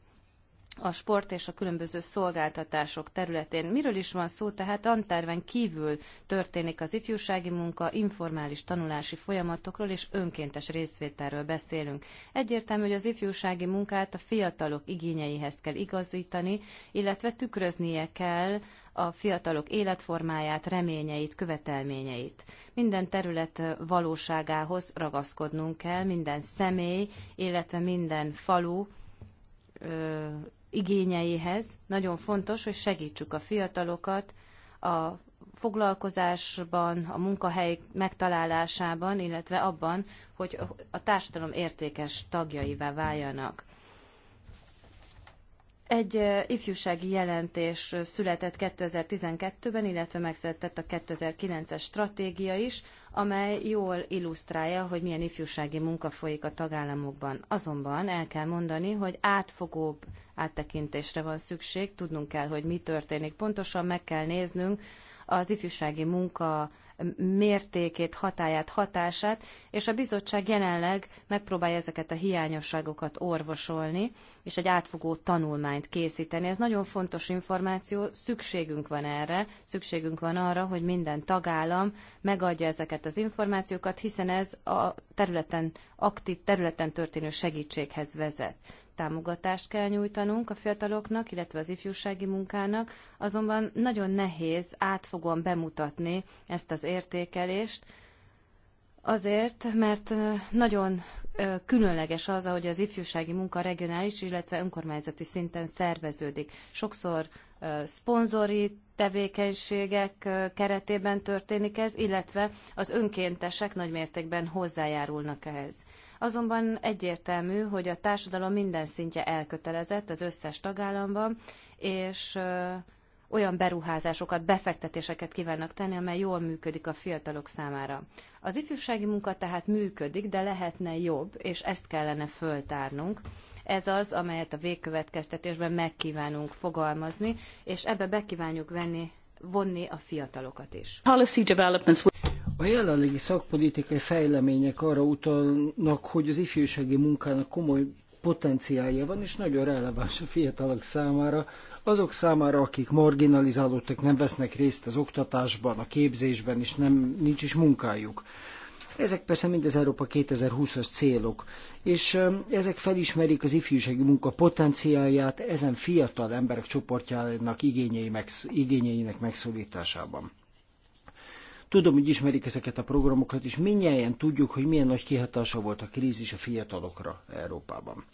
a sport és a különböző szolgáltatások területén. Miről is van szó? Tehát Antárven kívül történik az ifjúsági munka, informális tanulási folyamatokról és önkéntes részvételről beszélünk. Egyértelmű, hogy az ifjúsági munkát a fiatalok igényeihez kell igazítani, illetve tükröznie kell a fiatalok életformáját, reményeit, követelményeit. Minden terület valóságához ragaszkodnunk kell, minden személy, illetve minden falu, igényeihez. Nagyon fontos, hogy segítsük a fiatalokat a foglalkozásban, a munkahely megtalálásában, illetve abban, hogy a társadalom értékes tagjaivá váljanak. Egy ifjúsági jelentés született 2012-ben, illetve megszületett a 2009-es stratégia is, amely jól illusztrálja, hogy milyen ifjúsági munka folyik a tagállamokban. Azonban el kell mondani, hogy átfogóbb áttekintésre van szükség, tudnunk kell, hogy mi történik. Pontosan meg kell néznünk az ifjúsági munka mértékét, hatáját, hatását, és a bizottság jelenleg megpróbálja ezeket a hiányosságokat orvosolni, és egy átfogó tanulmányt készíteni. Ez nagyon fontos információ, szükségünk van erre, szükségünk van arra, hogy minden tagállam megadja ezeket az információkat, hiszen ez a területen, aktív területen történő segítséghez vezet támogatást kell nyújtanunk a fiataloknak, illetve az ifjúsági munkának, azonban nagyon nehéz átfogóan bemutatni ezt az értékelést, azért, mert nagyon különleges az, ahogy az ifjúsági munka regionális, illetve önkormányzati szinten szerveződik. Sokszor szponzori tevékenységek keretében történik ez, illetve az önkéntesek nagymértékben hozzájárulnak ehhez. Azonban egyértelmű, hogy a társadalom minden szintje elkötelezett az összes tagállamban, és olyan beruházásokat, befektetéseket kívánnak tenni, amely jól működik a fiatalok számára. Az ifjúsági munka tehát működik, de lehetne jobb, és ezt kellene föltárnunk. Ez az, amelyet a végkövetkeztetésben megkívánunk fogalmazni, és ebbe bekívánjuk venni, vonni a fiatalokat is. Policy developments a jelenlegi szakpolitikai fejlemények arra utalnak, hogy az ifjúsági munkának komoly potenciálja van, és nagyon releváns a fiatalok számára, azok számára, akik marginalizálódtak, nem vesznek részt az oktatásban, a képzésben, és nem, nincs is munkájuk. Ezek persze mind az Európa 2020-as célok, és um, ezek felismerik az ifjúsági munka potenciálját ezen fiatal emberek csoportjának igényeinek megszólításában. Tudom, hogy ismerik ezeket a programokat, és minnyáján tudjuk, hogy milyen nagy kihatása volt a krízis a fiatalokra Európában.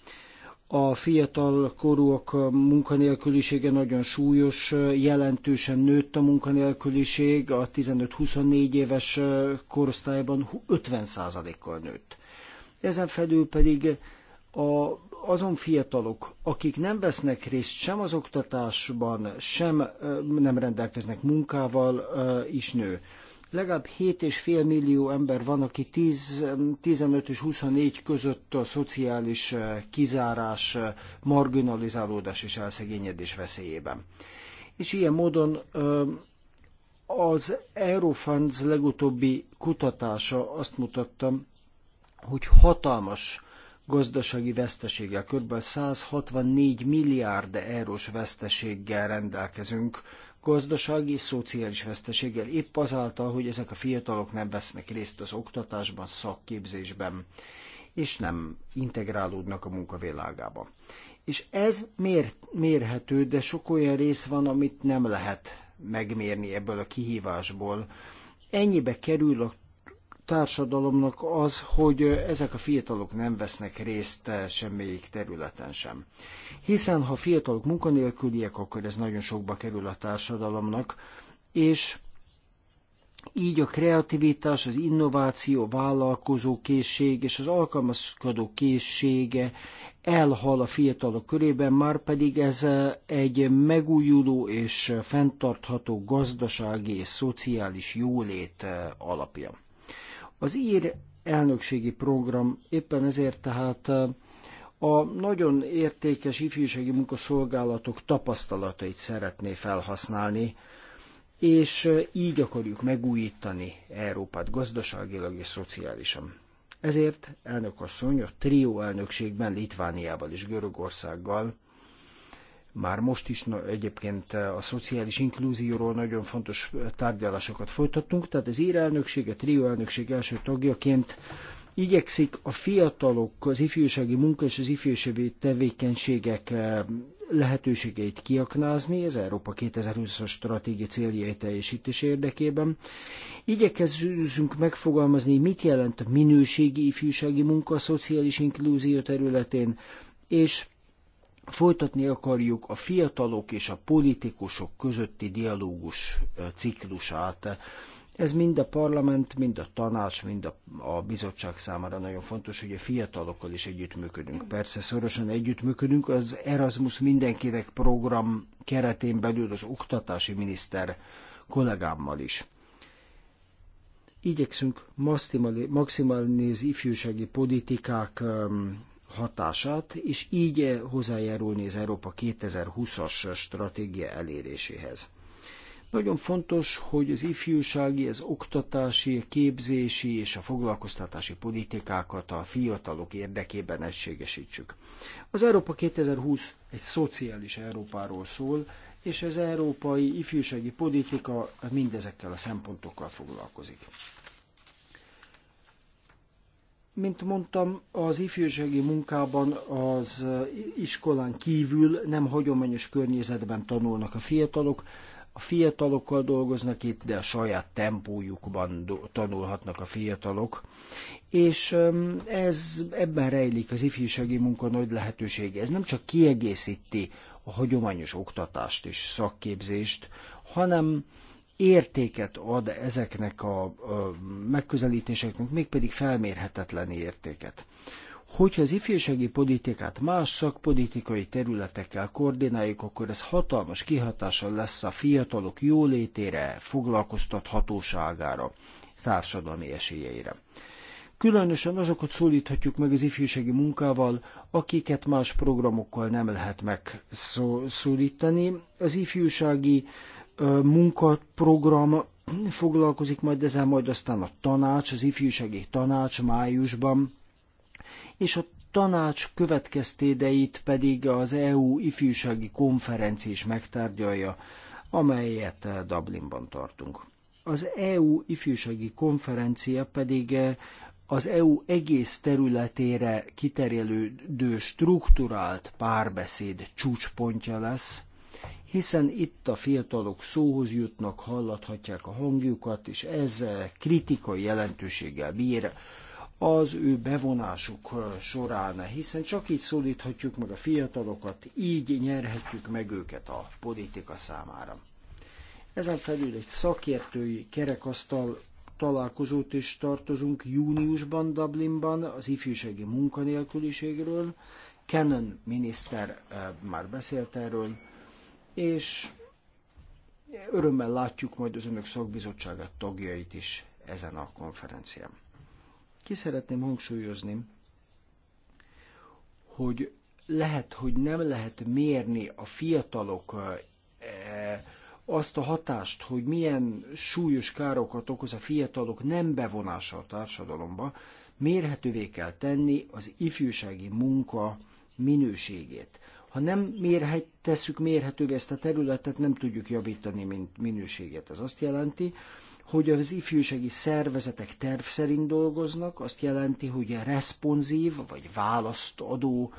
A fiatal korúak munkanélkülisége nagyon súlyos, jelentősen nőtt a munkanélküliség, a 15-24 éves korosztályban 50%-kal nőtt. Ezen felül pedig a, azon fiatalok, akik nem vesznek részt sem az oktatásban, sem nem rendelkeznek munkával, is nő. Legalább 7,5 millió ember van, aki 10, 15 és 24 között a szociális eh, kizárás, eh, marginalizálódás és elszegényedés veszélyében. És ilyen módon eh, az Eurofunds legutóbbi kutatása azt mutatta, hogy hatalmas gazdasági veszteséggel, kb. 164 milliárd eurós veszteséggel rendelkezünk gazdasági és szociális veszteséggel épp azáltal, hogy ezek a fiatalok nem vesznek részt az oktatásban, szakképzésben, és nem integrálódnak a munkavilágába. És ez mér, mérhető, de sok olyan rész van, amit nem lehet megmérni ebből a kihívásból. Ennyibe kerül a társadalomnak az, hogy ezek a fiatalok nem vesznek részt semmelyik területen sem. Hiszen ha fiatalok munkanélküliek, akkor ez nagyon sokba kerül a társadalomnak, és így a kreativitás, az innováció, vállalkozó készség és az alkalmazkodó készsége elhal a fiatalok körében, már pedig ez egy megújuló és fenntartható gazdasági és szociális jólét alapja. Az ír elnökségi program éppen ezért tehát eh, a nagyon értékes ifjúsági munkaszolgálatok tapasztalatait szeretné felhasználni, és eh, így akarjuk megújítani Európát gazdaságilag és szociálisan. Ezért elnök asszony a trió elnökségben Litvániával és Görögországgal már most is egyébként eh, a szociális inklúzióról nagyon fontos eh, tárgyalásokat folytattunk, tehát az írelnökség, a trió elnökség első tagjaként igyekszik a fiatalok, az ifjúsági munka és az ifjúsági tevékenységek eh, lehetőségeit kiaknázni, az Európa 2020-as stratégia céljai teljesítés érdekében. Igyekezzünk megfogalmazni, mit jelent a minőségi ifjúsági munka a szociális inklúzió területén, és folytatni akarjuk a fiatalok és a politikusok közötti dialógus ciklusát. Ez mind a parlament, mind a tanács, mind a, a bizottság számára nagyon fontos, hogy a fiatalokkal is együttműködünk. Persze szorosan együttműködünk, az Erasmus mindenkinek program keretén belül az oktatási miniszter kollégámmal is. Igyekszünk maximálni az ifjúsági politikák um, hatását, és így hozzájárulni az Európa 2020-as stratégia eléréséhez. Nagyon fontos, hogy az ifjúsági, az oktatási, a képzési és a foglalkoztatási politikákat a fiatalok érdekében egységesítsük. Az Európa 2020 egy szociális Európáról szól, és az európai ifjúsági politika mindezekkel a szempontokkal foglalkozik. Mint mondtam, az ifjúsági munkában az iskolán kívül nem hagyományos környezetben tanulnak a fiatalok, a fiatalokkal dolgoznak itt, de a saját tempójukban tanulhatnak a fiatalok. És ez ebben rejlik az ifjúsági munka nagy lehetősége. Ez nem csak kiegészíti a hagyományos oktatást és szakképzést, hanem értéket ad ezeknek a, a megközelítéseknek, mégpedig felmérhetetlen értéket. Hogyha az ifjúsági politikát más szakpolitikai területekkel koordináljuk, akkor ez hatalmas kihatással lesz a fiatalok jólétére, foglalkoztathatóságára, társadalmi esélyeire. Különösen azokat szólíthatjuk meg az ifjúsági munkával, akiket más programokkal nem lehet megszólítani. Az ifjúsági munkaprogram foglalkozik majd ezzel, majd aztán a tanács, az ifjúsági tanács májusban, és a tanács következtédeit pedig az EU ifjúsági konferencia is megtárgyalja, amelyet Dublinban tartunk. Az EU ifjúsági konferencia pedig az EU egész területére kiterjedő strukturált párbeszéd csúcspontja lesz, hiszen itt a fiatalok szóhoz jutnak, hallathatják a hangjukat, és ez kritikai jelentőséggel bír az ő bevonásuk során, hiszen csak így szólíthatjuk meg a fiatalokat, így nyerhetjük meg őket a politika számára. Ezen felül egy szakértői kerekasztal találkozót is tartozunk júniusban Dublinban az ifjúsági munkanélküliségről. Kennan miniszter eh, már beszélt erről, és örömmel látjuk majd az önök szakbizottságát tagjait is ezen a konferencián. Ki szeretném hangsúlyozni, hogy lehet, hogy nem lehet mérni a fiatalok eh, azt a hatást, hogy milyen súlyos károkat okoz a fiatalok nem bevonása a társadalomba, mérhetővé kell tenni az ifjúsági munka minőségét. Ha nem mérhet, tesszük mérhetővé ezt a területet, nem tudjuk javítani mint minőséget. Ez azt jelenti, hogy az ifjúsági szervezetek terv szerint dolgoznak, azt jelenti, hogy a responsív vagy választ adó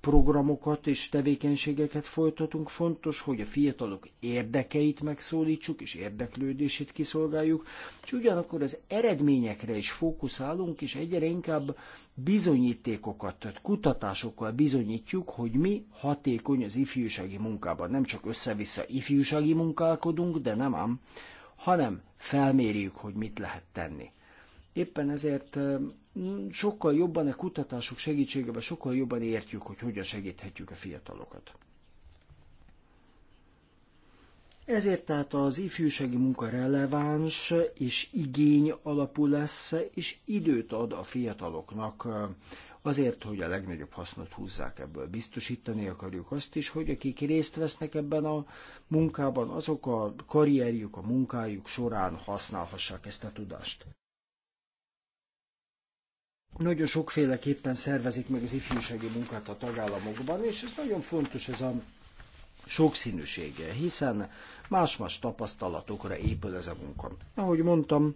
programokat és tevékenységeket folytatunk, fontos, hogy a fiatalok érdekeit megszólítsuk és érdeklődését kiszolgáljuk, és ugyanakkor az eredményekre is fókuszálunk, és egyre inkább bizonyítékokat, tehát kutatásokkal bizonyítjuk, hogy mi hatékony az ifjúsági munkában. Nem csak össze-vissza ifjúsági munkálkodunk, de nem ám, hanem felmérjük, hogy mit lehet tenni. Éppen ezért sokkal jobban a kutatások segítségével sokkal jobban értjük, hogy hogyan segíthetjük a fiatalokat. Ezért tehát az ifjúsági munka releváns és igény alapú lesz, és időt ad a fiataloknak azért, hogy a legnagyobb hasznot húzzák ebből. Biztosítani akarjuk azt is, hogy akik részt vesznek ebben a munkában, azok a karrierjük, a munkájuk során használhassák ezt a tudást nagyon sokféleképpen szervezik meg az ifjúsági munkát a tagállamokban, és ez nagyon fontos ez a sokszínűsége, hiszen más-más tapasztalatokra épül ez a munka. Ahogy mondtam,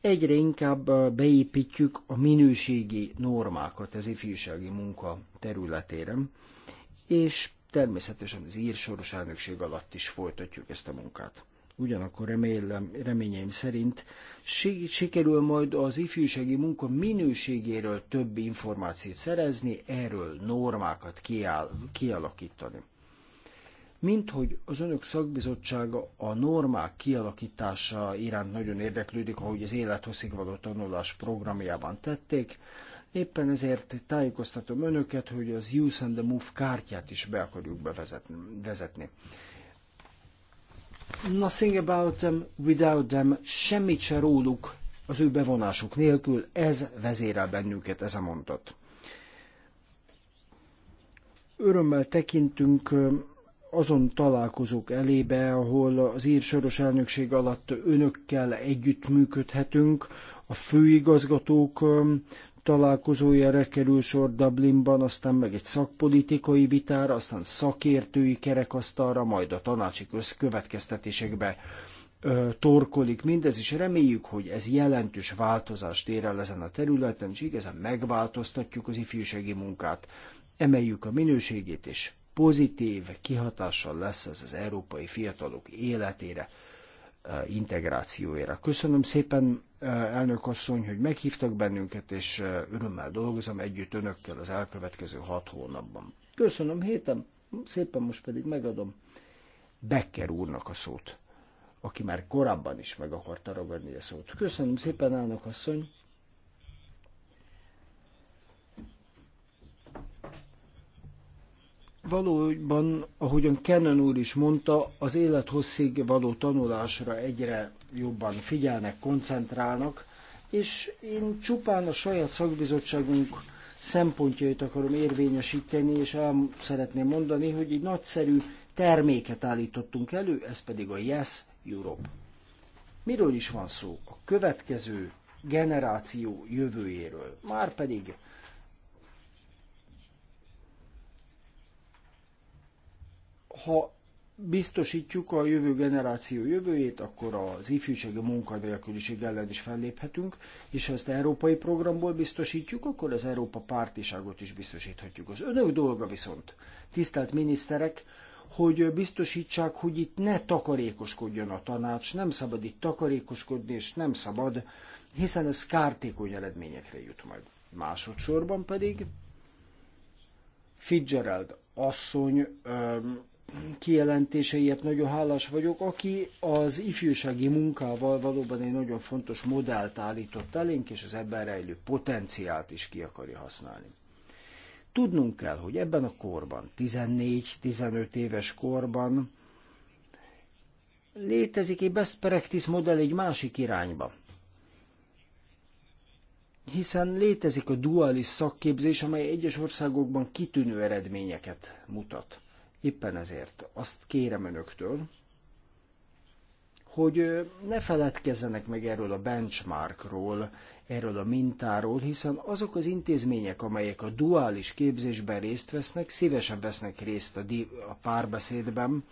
egyre inkább beépítjük a minőségi normákat az ifjúsági munka területére, és természetesen az ír soros elnökség alatt is folytatjuk ezt a munkát. Ugyanakkor remélem, reményeim szerint sikerül majd az ifjúsági munka minőségéről több információt szerezni, erről normákat kiáll, kialakítani. Mint hogy az önök szakbizottsága a normák kialakítása iránt nagyon érdeklődik, ahogy az élethosszig való tanulás programjában tették, Éppen ezért tájékoztatom önöket, hogy az Use and the Move kártyát is be akarjuk bevezetni. Nothing about them, without them, semmit se róluk, az ő bevonásuk nélkül, ez vezérel bennünket, ez a mondat. Örömmel tekintünk azon találkozók elébe, ahol az ír soros elnökség alatt önökkel együttműködhetünk, a főigazgatók találkozójára kerül sor Dublinban, aztán meg egy szakpolitikai vitára, aztán szakértői kerekasztalra, majd a tanácsi következtetésekbe ö, torkolik mindez, és reméljük, hogy ez jelentős változást ér el ezen a területen, és igazán megváltoztatjuk az ifjúsági munkát, emeljük a minőségét, és pozitív kihatással lesz ez az európai fiatalok életére integrációjára. Köszönöm szépen, elnök asszony, hogy meghívtak bennünket, és örömmel dolgozom együtt önökkel az elkövetkező hat hónapban. Köszönöm hétem szépen most pedig megadom Becker úrnak a szót, aki már korábban is meg akarta ragadni a szót. Köszönöm szépen, elnök asszony! valójában, ahogyan Kennan úr is mondta, az élethosszig való tanulásra egyre jobban figyelnek, koncentrálnak, és én csupán a saját szakbizottságunk szempontjait akarom érvényesíteni, és el szeretném mondani, hogy egy nagyszerű terméket állítottunk elő, ez pedig a Yes Europe. Miről is van szó? A következő generáció jövőjéről. Márpedig ha biztosítjuk a jövő generáció jövőjét, akkor az ifjúsági munkanélküliség ellen is felléphetünk, és ha ezt európai programból biztosítjuk, akkor az Európa pártiságot is biztosíthatjuk. Az önök dolga viszont, tisztelt miniszterek, hogy biztosítsák, hogy itt ne takarékoskodjon a tanács, nem szabad itt takarékoskodni, és nem szabad, hiszen ez kártékony eredményekre jut majd. Másodszorban pedig Fitzgerald asszony öm, kijelentéseiért nagyon hálás vagyok, aki az ifjúsági munkával valóban egy nagyon fontos modellt állított elénk, és az ebben rejlő potenciált is ki akarja használni. Tudnunk kell, hogy ebben a korban, 14-15 éves korban létezik egy best practice modell egy másik irányba. Hiszen létezik a dualis szakképzés, amely egyes országokban kitűnő eredményeket mutat. Éppen ezért azt kérem önöktől, hogy ne feledkezzenek meg erről a benchmarkról, erről a mintáról, hiszen azok az intézmények, amelyek a duális képzésben részt vesznek, szívesen vesznek részt a, a párbeszédben.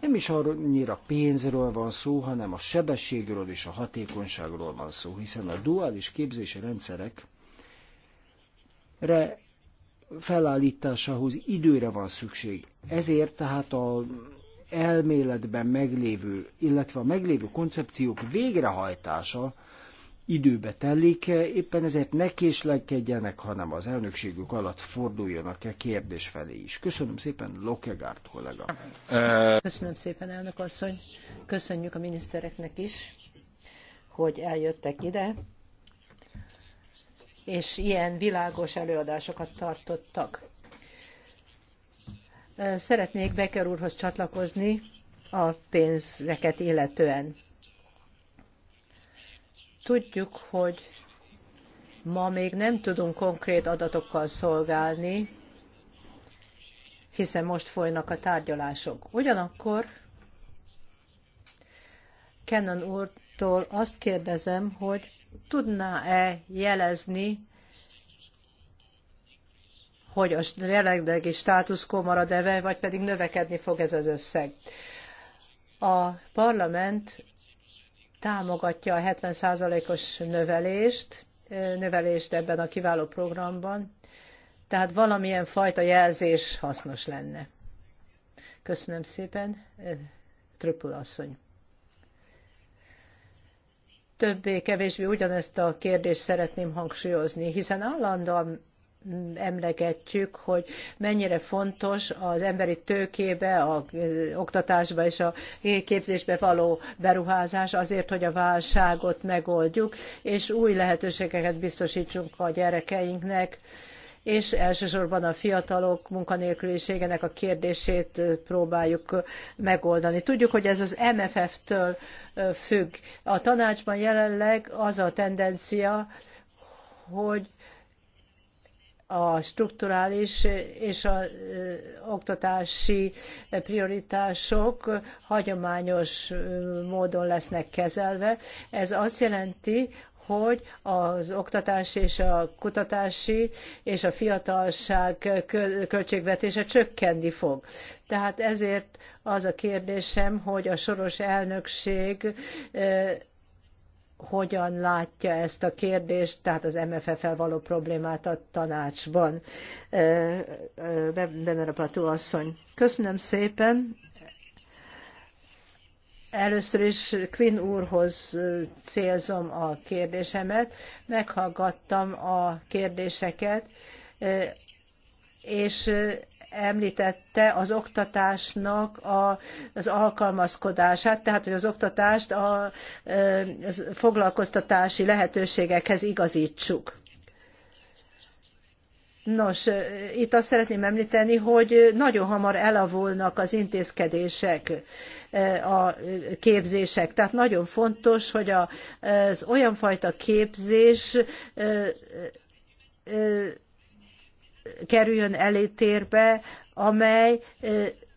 Nem is annyira pénzről van szó, hanem a sebességről és a hatékonyságról van szó, hiszen a duális képzési rendszerekre felállításához időre van szükség. Ezért tehát a elméletben meglévő, illetve a meglévő koncepciók végrehajtása időbe telik, éppen ezért ne késlekedjenek, hanem az elnökségük alatt forduljanak e kérdés felé is. Köszönöm szépen, Lokegárt kollega. Köszönöm szépen, elnök asszony. Köszönjük a minisztereknek is, hogy eljöttek ide, és ilyen világos előadásokat tartottak. Szeretnék Becker úrhoz csatlakozni a pénzeket illetően. Tudjuk, hogy ma még nem tudunk konkrét adatokkal szolgálni, hiszen most folynak a tárgyalások. Ugyanakkor Kennan úrtól azt kérdezem, hogy tudná-e jelezni, hogy a jelenlegi státusz marad eve, vagy pedig növekedni fog ez az összeg. A parlament támogatja a 70%-os növelést, növelést ebben a kiváló programban, tehát valamilyen fajta jelzés hasznos lenne. Köszönöm szépen, Trüppel asszony. Többé-kevésbé ugyanezt a kérdést szeretném hangsúlyozni, hiszen állandóan emlegetjük, hogy mennyire fontos az emberi tőkébe, a oktatásba és a képzésbe való beruházás azért, hogy a válságot megoldjuk, és új lehetőségeket biztosítsunk a gyerekeinknek és elsősorban a fiatalok munkanélküliségének a kérdését próbáljuk megoldani. Tudjuk, hogy ez az MFF-től függ. A tanácsban jelenleg az a tendencia, hogy a strukturális és a oktatási prioritások hagyományos módon lesznek kezelve. Ez azt jelenti, hogy az oktatási és a kutatási és a fiatalság költségvetése csökkenni fog. Tehát ezért az a kérdésem, hogy a soros elnökség hogyan látja ezt a kérdést, tehát az MFF-el való problémát a tanácsban. a asszony. Köszönöm szépen. Először is Quinn úrhoz célzom a kérdésemet. Meghallgattam a kérdéseket, és említette az oktatásnak a, az alkalmazkodását, tehát hogy az oktatást a, a foglalkoztatási lehetőségekhez igazítsuk. Nos, itt azt szeretném említeni, hogy nagyon hamar elavulnak az intézkedések, a képzések. Tehát nagyon fontos, hogy az olyan fajta képzés kerüljön elétérbe, amely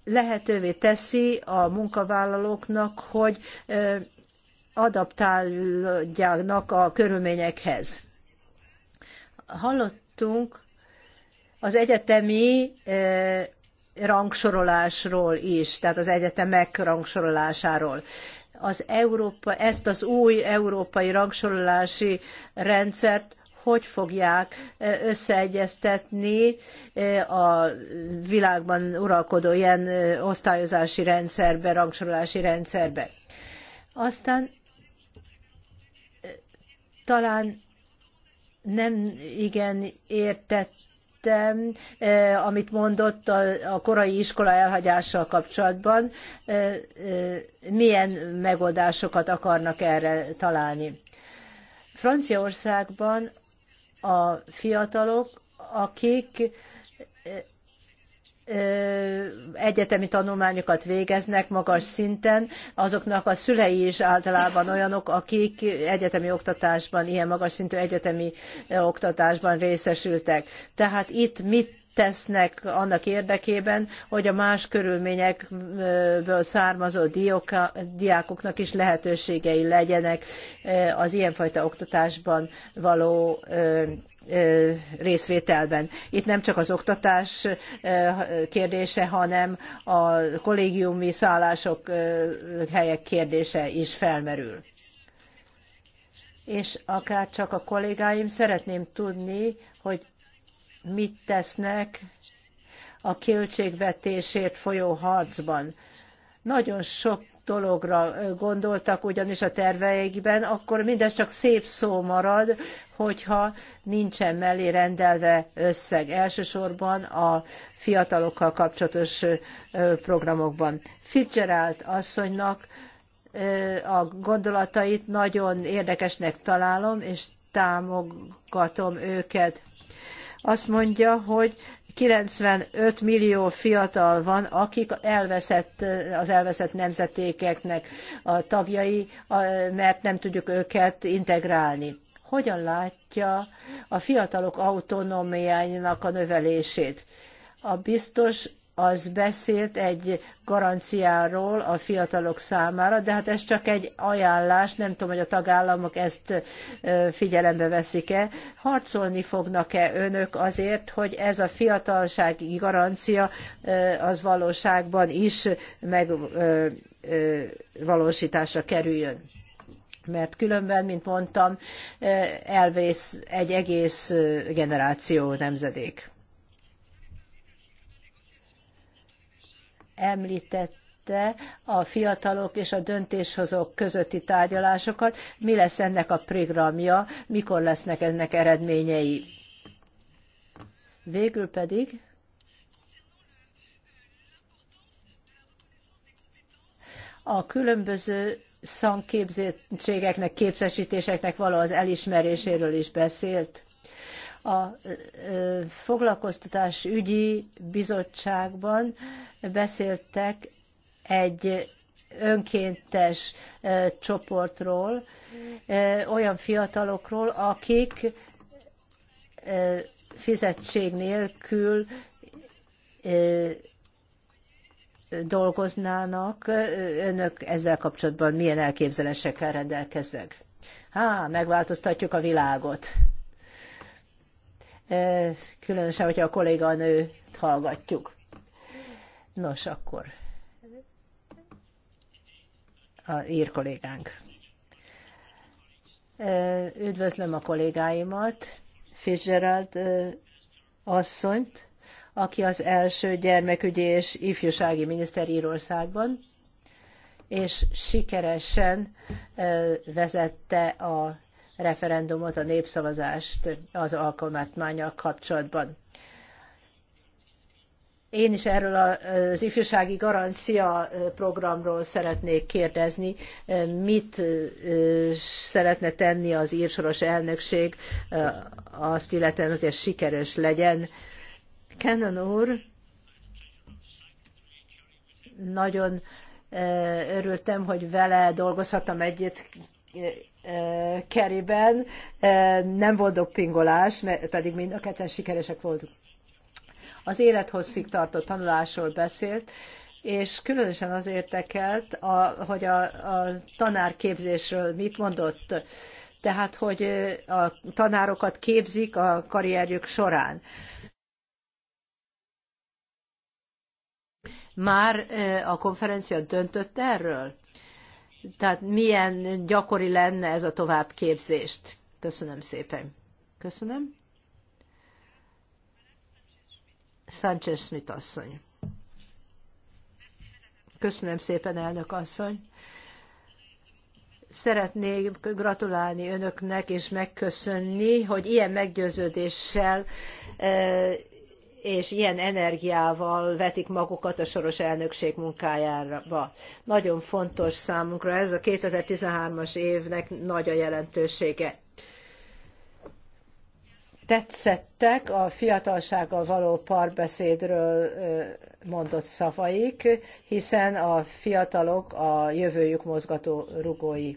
lehetővé teszi a munkavállalóknak, hogy adaptálódjanak a körülményekhez. Hallottunk az egyetemi rangsorolásról is, tehát az egyetemek rangsorolásáról. Az Európa, ezt az új európai rangsorolási rendszert hogy fogják összeegyeztetni a világban uralkodó ilyen osztályozási rendszerbe, rangsorolási rendszerbe. Aztán talán nem igen értettem, amit mondott a, korai iskola elhagyással kapcsolatban, milyen megoldásokat akarnak erre találni. Franciaországban a fiatalok, akik e, e, egyetemi tanulmányokat végeznek magas szinten, azoknak a szülei is általában olyanok, akik egyetemi oktatásban, ilyen magas szintű egyetemi e, oktatásban részesültek. Tehát itt mit tesznek annak érdekében, hogy a más körülményekből származó dióka, diákoknak is lehetőségei legyenek az ilyenfajta oktatásban való részvételben. Itt nem csak az oktatás kérdése, hanem a kollégiumi szállások helyek kérdése is felmerül. És akár csak a kollégáim szeretném tudni, hogy mit tesznek a költségvetésért folyó harcban. Nagyon sok dologra gondoltak ugyanis a terveikben, akkor mindez csak szép szó marad, hogyha nincsen mellé rendelve összeg. Elsősorban a fiatalokkal kapcsolatos programokban. Fitzgerald asszonynak a gondolatait nagyon érdekesnek találom, és támogatom őket azt mondja, hogy 95 millió fiatal van, akik elveszett, az elveszett nemzetékeknek a tagjai, mert nem tudjuk őket integrálni. Hogyan látja a fiatalok autonómiájának a növelését? A biztos az beszélt egy garanciáról a fiatalok számára, de hát ez csak egy ajánlás, nem tudom, hogy a tagállamok ezt figyelembe veszik-e. Harcolni fognak-e önök azért, hogy ez a fiatalsági garancia az valóságban is megvalósításra kerüljön? mert különben, mint mondtam, elvész egy egész generáció nemzedék. említette a fiatalok és a döntéshozók közötti tárgyalásokat. Mi lesz ennek a programja, mikor lesznek ennek eredményei? Végül pedig a különböző szanképzettségeknek, képzesítéseknek való az elismeréséről is beszélt. A foglalkoztatás ügyi bizottságban beszéltek egy önkéntes csoportról, olyan fiatalokról, akik fizetség nélkül dolgoznának. Önök ezzel kapcsolatban milyen elképzelésekkel rendelkeznek? Há, megváltoztatjuk a világot. Különösen, hogyha a kolléganőt hallgatjuk. Nos, akkor a ír kollégánk. Üdvözlöm a kollégáimat, Fitzgerald asszonyt, aki az első gyermekügyi és ifjúsági miniszter Írországban, és sikeresen vezette a referendumot, a népszavazást az alkotmányal kapcsolatban. Én is erről az ifjúsági garancia programról szeretnék kérdezni, mit szeretne tenni az írsoros elnökség azt illetően, hogy ez sikeres legyen. Kennan úr nagyon örültem, hogy vele dolgozhattam együtt Keriben. Nem volt doppingolás, pedig mind a ketten sikeresek voltunk. Az élethosszig tartó tanulásról beszélt, és különösen az érdekelt, a, hogy a, a tanárképzésről mit mondott, tehát hogy a tanárokat képzik a karrierjük során. Már a konferencia döntött erről? Tehát milyen gyakori lenne ez a továbbképzést? Köszönöm szépen. Köszönöm. Sánchez Smith asszony. Köszönöm szépen, elnök asszony. Szeretnék gratulálni önöknek, és megköszönni, hogy ilyen meggyőződéssel e, és ilyen energiával vetik magukat a soros elnökség munkájába. Nagyon fontos számunkra ez a 2013-as évnek nagy a jelentősége tetszettek a fiatalsággal való párbeszédről mondott szavaik, hiszen a fiatalok a jövőjük mozgató rugói.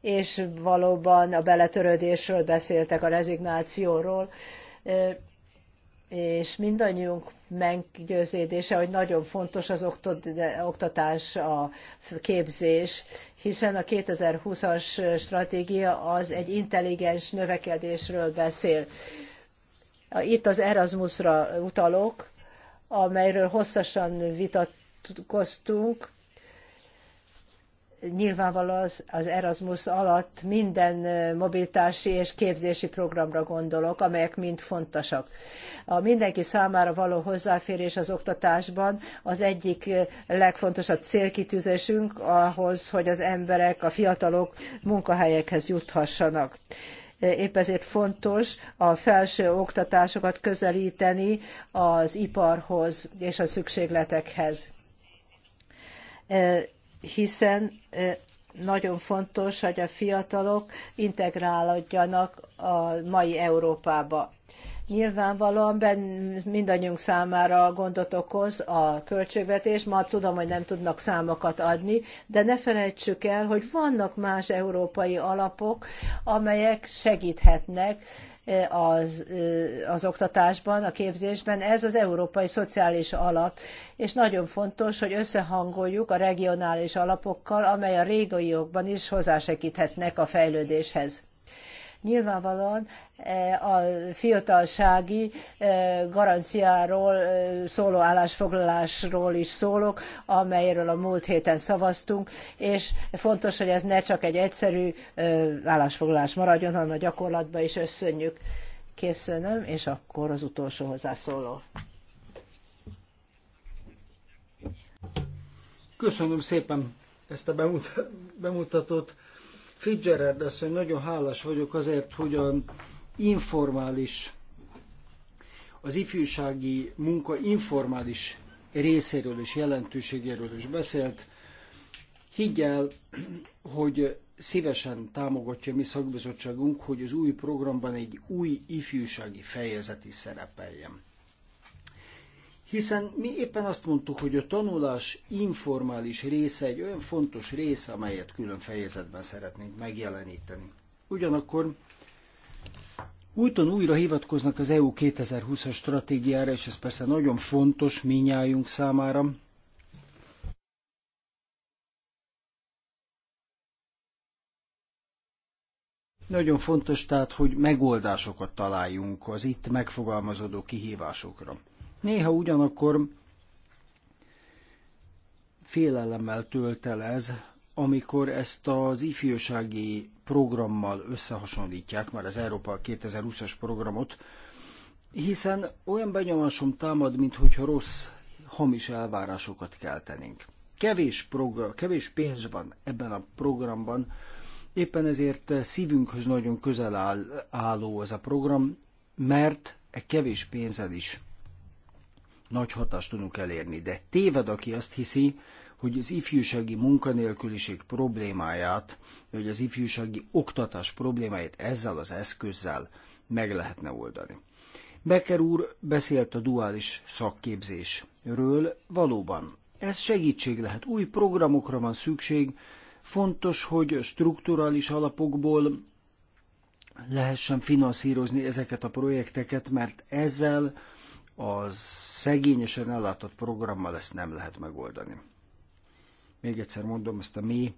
És valóban a beletörődésről beszéltek, a rezignációról, és mindannyiunk meggyőződése, hogy nagyon fontos az oktatás, a képzés, hiszen a 2020-as stratégia az egy intelligens növekedésről beszél. Itt az Erasmusra utalok, amelyről hosszasan vitatkoztunk, nyilvánvalóan az, az Erasmus alatt minden mobilitási és képzési programra gondolok, amelyek mind fontosak. A mindenki számára való hozzáférés az oktatásban az egyik legfontosabb célkitűzésünk ahhoz, hogy az emberek, a fiatalok munkahelyekhez juthassanak épp ezért fontos a felső oktatásokat közelíteni az iparhoz és a szükségletekhez hiszen nagyon fontos, hogy a fiatalok integrálódjanak a mai Európába. Nyilvánvalóan ben, mindannyiunk számára gondot okoz a költségvetés, ma tudom, hogy nem tudnak számokat adni, de ne felejtsük el, hogy vannak más európai alapok, amelyek segíthetnek Eh, az, eh, az oktatásban, a képzésben, ez az európai szociális alap, és nagyon fontos, hogy összehangoljuk a regionális alapokkal, amely a régiókban is hozzásegíthetnek a fejlődéshez. Nyilvánvalóan e, a fiatalsági e, garanciáról e, szóló állásfoglalásról is szólok, amelyről a múlt héten szavaztunk, és fontos, hogy ez ne csak egy egyszerű állásfoglalás maradjon, hanem a gyakorlatban is összönjük. Köszönöm, és akkor az utolsó hozzászóló. Köszönöm szépen ezt a bemutatót. Fitzgerald asszony, nagyon hálás vagyok azért, hogy a informális, az ifjúsági munka informális részéről és jelentőségéről is beszélt. Higgyel, hogy szívesen támogatja mi szakbizottságunk, hogy az új programban egy új ifjúsági fejezet is szerepeljen hiszen mi éppen azt mondtuk, hogy a tanulás informális része egy olyan fontos része, amelyet külön fejezetben szeretnénk megjeleníteni. Ugyanakkor úton újra hivatkoznak az EU 2020-as stratégiára, és ez persze nagyon fontos minnyájunk számára, Nagyon fontos tehát, hogy megoldásokat találjunk az itt megfogalmazódó kihívásokra. Néha ugyanakkor félelemmel tölt el ez, amikor ezt az ifjúsági programmal összehasonlítják, már az Európa 2020-as programot, hiszen olyan benyomásom támad, mintha rossz, hamis elvárásokat keltenénk. Kevés, program, kevés pénz van ebben a programban, éppen ezért szívünkhöz nagyon közel áll, álló ez a program, mert e kevés pénzzel is nagy hatást tudunk elérni. De téved, aki azt hiszi, hogy az ifjúsági munkanélküliség problémáját, vagy az ifjúsági oktatás problémáját ezzel az eszközzel meg lehetne oldani. Becker úr beszélt a duális szakképzésről, valóban. Ez segítség lehet, új programokra van szükség, fontos, hogy strukturális alapokból lehessen finanszírozni ezeket a projekteket, mert ezzel az szegényesen ellátott programmal ezt nem lehet megoldani. Még egyszer mondom, ezt a mi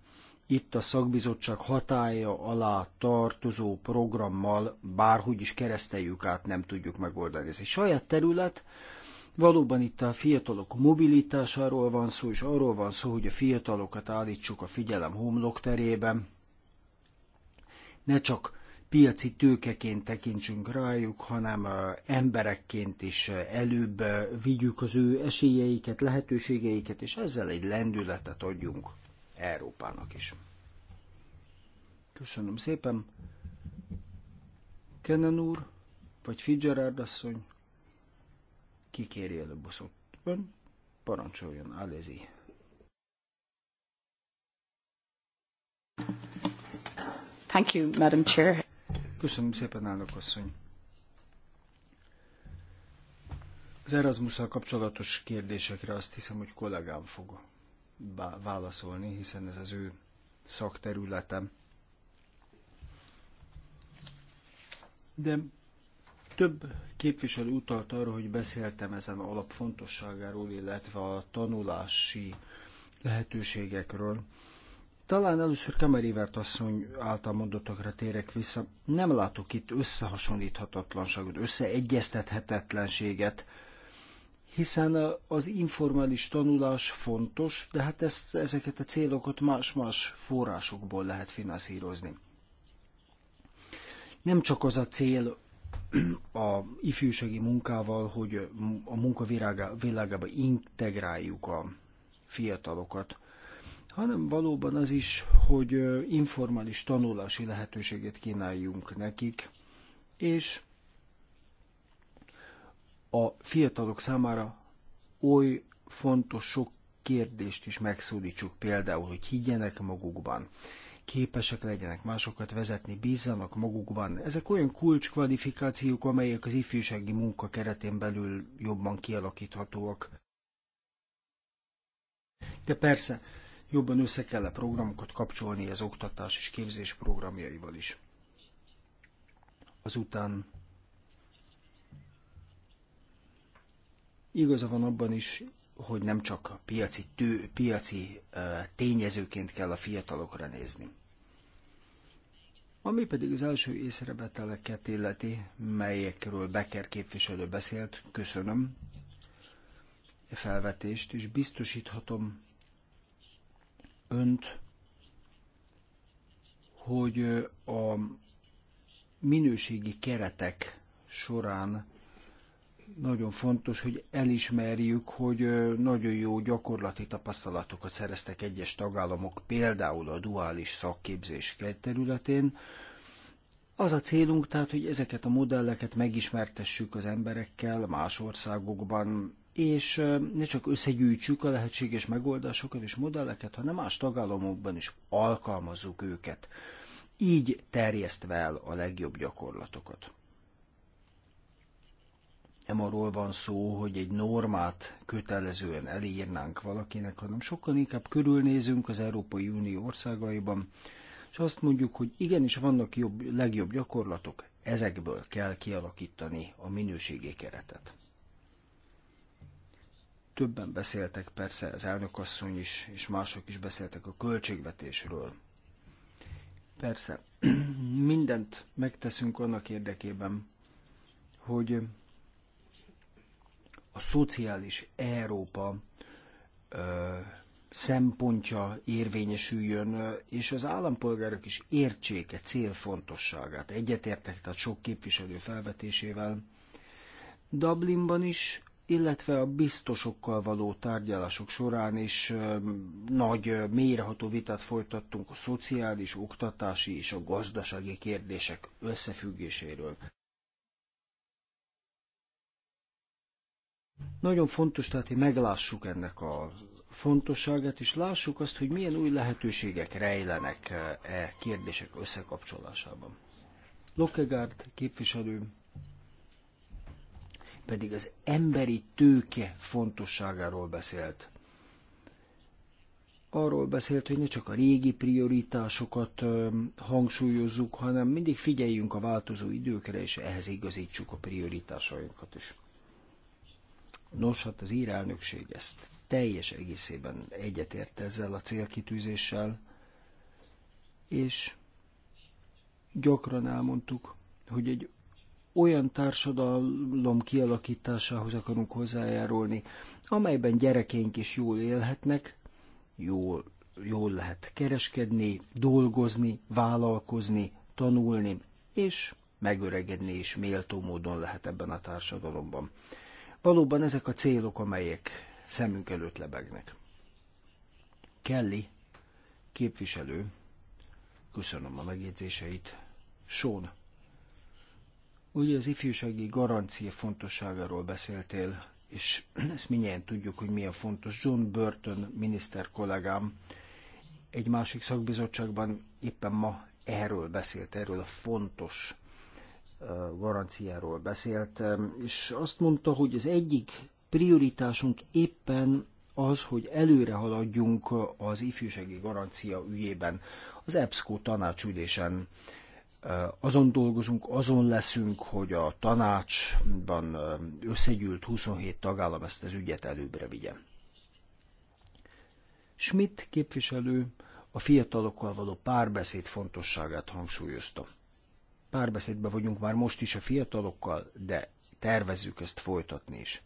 itt a szakbizottság hatája alá tartozó programmal bárhogy is kereszteljük át, nem tudjuk megoldani. Ez egy saját terület, Valóban itt a fiatalok mobilitásáról van szó, és arról van szó, hogy a fiatalokat állítsuk a figyelem homlok terében. Ne csak piaci tőkeként tekintsünk rájuk, hanem emberekként is előbb vigyük az ő esélyeiket, lehetőségeiket, és ezzel egy lendületet adjunk Európának is. Köszönöm szépen. Kenan úr, vagy Fitzgerald asszony, ki kéri előbb a szót? Ön parancsoljon, Alezi. Thank you, Madam Chair. Köszönöm szépen, állok asszony. Az erasmus kapcsolatos kérdésekre azt hiszem, hogy kollégám fog válaszolni, hiszen ez az ő szakterületem. De több képviselő utalt arra, hogy beszéltem ezen alapfontosságáról illetve a tanulási lehetőségekről. Talán először Kamerévert asszony által mondottakra térek vissza. Nem látok itt összehasonlíthatatlanságot, összeegyeztethetetlenséget, hiszen az informális tanulás fontos, de hát ezt, ezeket a célokat más-más forrásokból lehet finanszírozni. Nem csak az a cél a ifjúsági munkával, hogy a munkavilágába integráljuk a fiatalokat, hanem valóban az is, hogy informális tanulási lehetőséget kínáljunk nekik, és a fiatalok számára oly fontos sok kérdést is megszólítsuk, például, hogy higgyenek magukban, képesek legyenek másokat vezetni, bízzanak magukban. Ezek olyan kulcskvalifikációk, amelyek az ifjúsági munka keretén belül jobban kialakíthatóak. De persze, jobban össze kell a programokat kapcsolni az oktatás és képzés programjaival is. Azután igaza van abban is, hogy nem csak piaci, tő, piaci tényezőként kell a fiatalokra nézni. Ami pedig az első észreveteleket illeti, melyekről Becker képviselő beszélt, köszönöm a felvetést, és biztosíthatom önt, hogy a minőségi keretek során nagyon fontos, hogy elismerjük, hogy nagyon jó gyakorlati tapasztalatokat szereztek egyes tagállamok, például a duális szakképzés területén. Az a célunk tehát, hogy ezeket a modelleket megismertessük az emberekkel más országokban, és ne csak összegyűjtsük a lehetséges megoldásokat és modelleket, hanem más tagállamokban is alkalmazzuk őket, így terjesztve el a legjobb gyakorlatokat. Nem arról van szó, hogy egy normát kötelezően elírnánk valakinek, hanem sokkal inkább körülnézünk az Európai Unió országaiban, és azt mondjuk, hogy igenis vannak jobb, legjobb gyakorlatok, ezekből kell kialakítani a minőségi keretet. Többen beszéltek, persze az elnökasszony is, és mások is beszéltek a költségvetésről. Persze, mindent megteszünk annak érdekében, hogy a szociális Európa ö, szempontja érvényesüljön, és az állampolgárok is értsék a e célfontosságát. Egyetértek tehát sok képviselő felvetésével. Dublinban is illetve a biztosokkal való tárgyalások során is nagy mélyreható vitát folytattunk a szociális, oktatási és a gazdasági kérdések összefüggéséről. Nagyon fontos tehát, hogy meglássuk ennek a fontosságát, és lássuk azt, hogy milyen új lehetőségek rejlenek e kérdések összekapcsolásában. Lokegárd képviselő pedig az emberi tőke fontosságáról beszélt. Arról beszélt, hogy ne csak a régi prioritásokat hangsúlyozzuk, hanem mindig figyeljünk a változó időkre, és ehhez igazítsuk a prioritásainkat is. Nos, hát az írelnökség ezt teljes egészében egyetért ezzel a célkitűzéssel, és gyakran elmondtuk, hogy egy olyan társadalom kialakításához akarunk hozzájárulni, amelyben gyerekeink is jól élhetnek, jól, jól lehet kereskedni, dolgozni, vállalkozni, tanulni, és megöregedni is méltó módon lehet ebben a társadalomban. Valóban ezek a célok, amelyek szemünk előtt lebegnek. Kelly, képviselő, köszönöm a megjegyzéseit, Sean Ugye az ifjúsági garancia fontosságáról beszéltél, és ezt minnyáján tudjuk, hogy milyen fontos. John Burton miniszter kollégám egy másik szakbizottságban éppen ma erről beszélt, erről a fontos garanciáról beszélt, és azt mondta, hogy az egyik prioritásunk éppen az, hogy előre haladjunk az ifjúsági garancia ügyében. Az EBSCO tanácsülésen azon dolgozunk, azon leszünk, hogy a tanácsban összegyűlt 27 tagállam ezt az ügyet előbbre vigye. Schmidt képviselő a fiatalokkal való párbeszéd fontosságát hangsúlyozta. Párbeszédben vagyunk már most is a fiatalokkal, de tervezzük ezt folytatni is.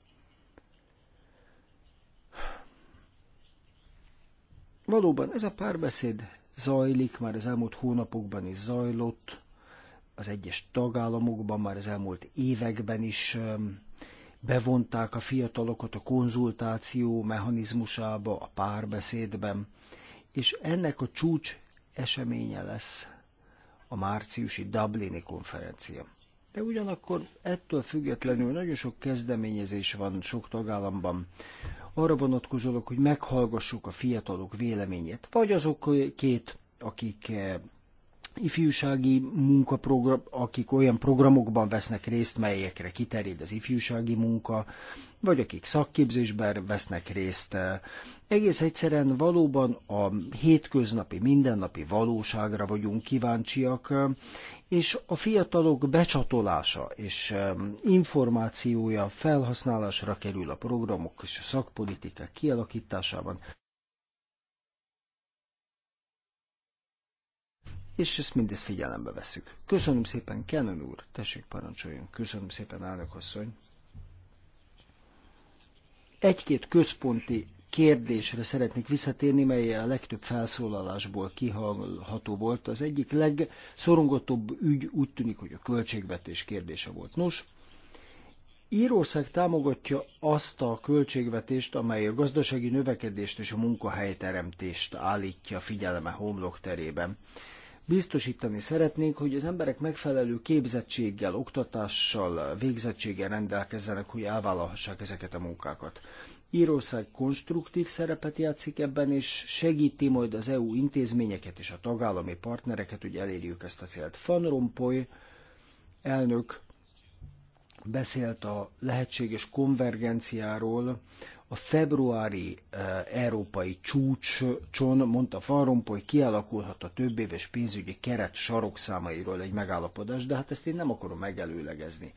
Valóban ez a párbeszéd zajlik, már az elmúlt hónapokban is zajlott, az egyes tagállamokban már az elmúlt években is bevonták a fiatalokat a konzultáció mechanizmusába, a párbeszédben, és ennek a csúcs eseménye lesz a márciusi Dublini konferencia. De ugyanakkor ettől függetlenül nagyon sok kezdeményezés van sok tagállamban, arra vonatkozolok, hogy meghallgassuk a fiatalok véleményét, vagy azok két, akik eh, ifjúsági munkaprogram, akik olyan programokban vesznek részt, melyekre kiterjed az ifjúsági munka, vagy akik szakképzésben vesznek részt. Egész egyszerűen valóban a hétköznapi, mindennapi valóságra vagyunk kíváncsiak, és a fiatalok becsatolása és információja felhasználásra kerül a programok és a szakpolitikák kialakításában. és ezt mindezt figyelembe veszük. Köszönöm szépen, Kenan úr, tessék parancsoljon. Köszönöm szépen, asszony. Egy-két központi kérdésre szeretnék visszatérni, mely a legtöbb felszólalásból kihallható volt. Az egyik legszorongatóbb ügy úgy tűnik, hogy a költségvetés kérdése volt. Nos, Írószág támogatja azt a költségvetést, amely a gazdasági növekedést és a munkahelyteremtést állítja figyelme homlok terében. Biztosítani szeretnénk, hogy az emberek megfelelő képzettséggel, oktatással, végzettséggel rendelkezzenek, hogy elvállalhassák ezeket a munkákat. Írország konstruktív szerepet játszik ebben, és segíti majd az EU intézményeket és a tagállami partnereket, hogy elérjük ezt a célt. Van Rompuy elnök beszélt a lehetséges konvergenciáról, a februári eh, európai csúcson, mondta Van Rompuy, kialakulhat a több éves pénzügyi keret sarokszámairól egy megállapodás, de hát ezt én nem akarom megelőlegezni.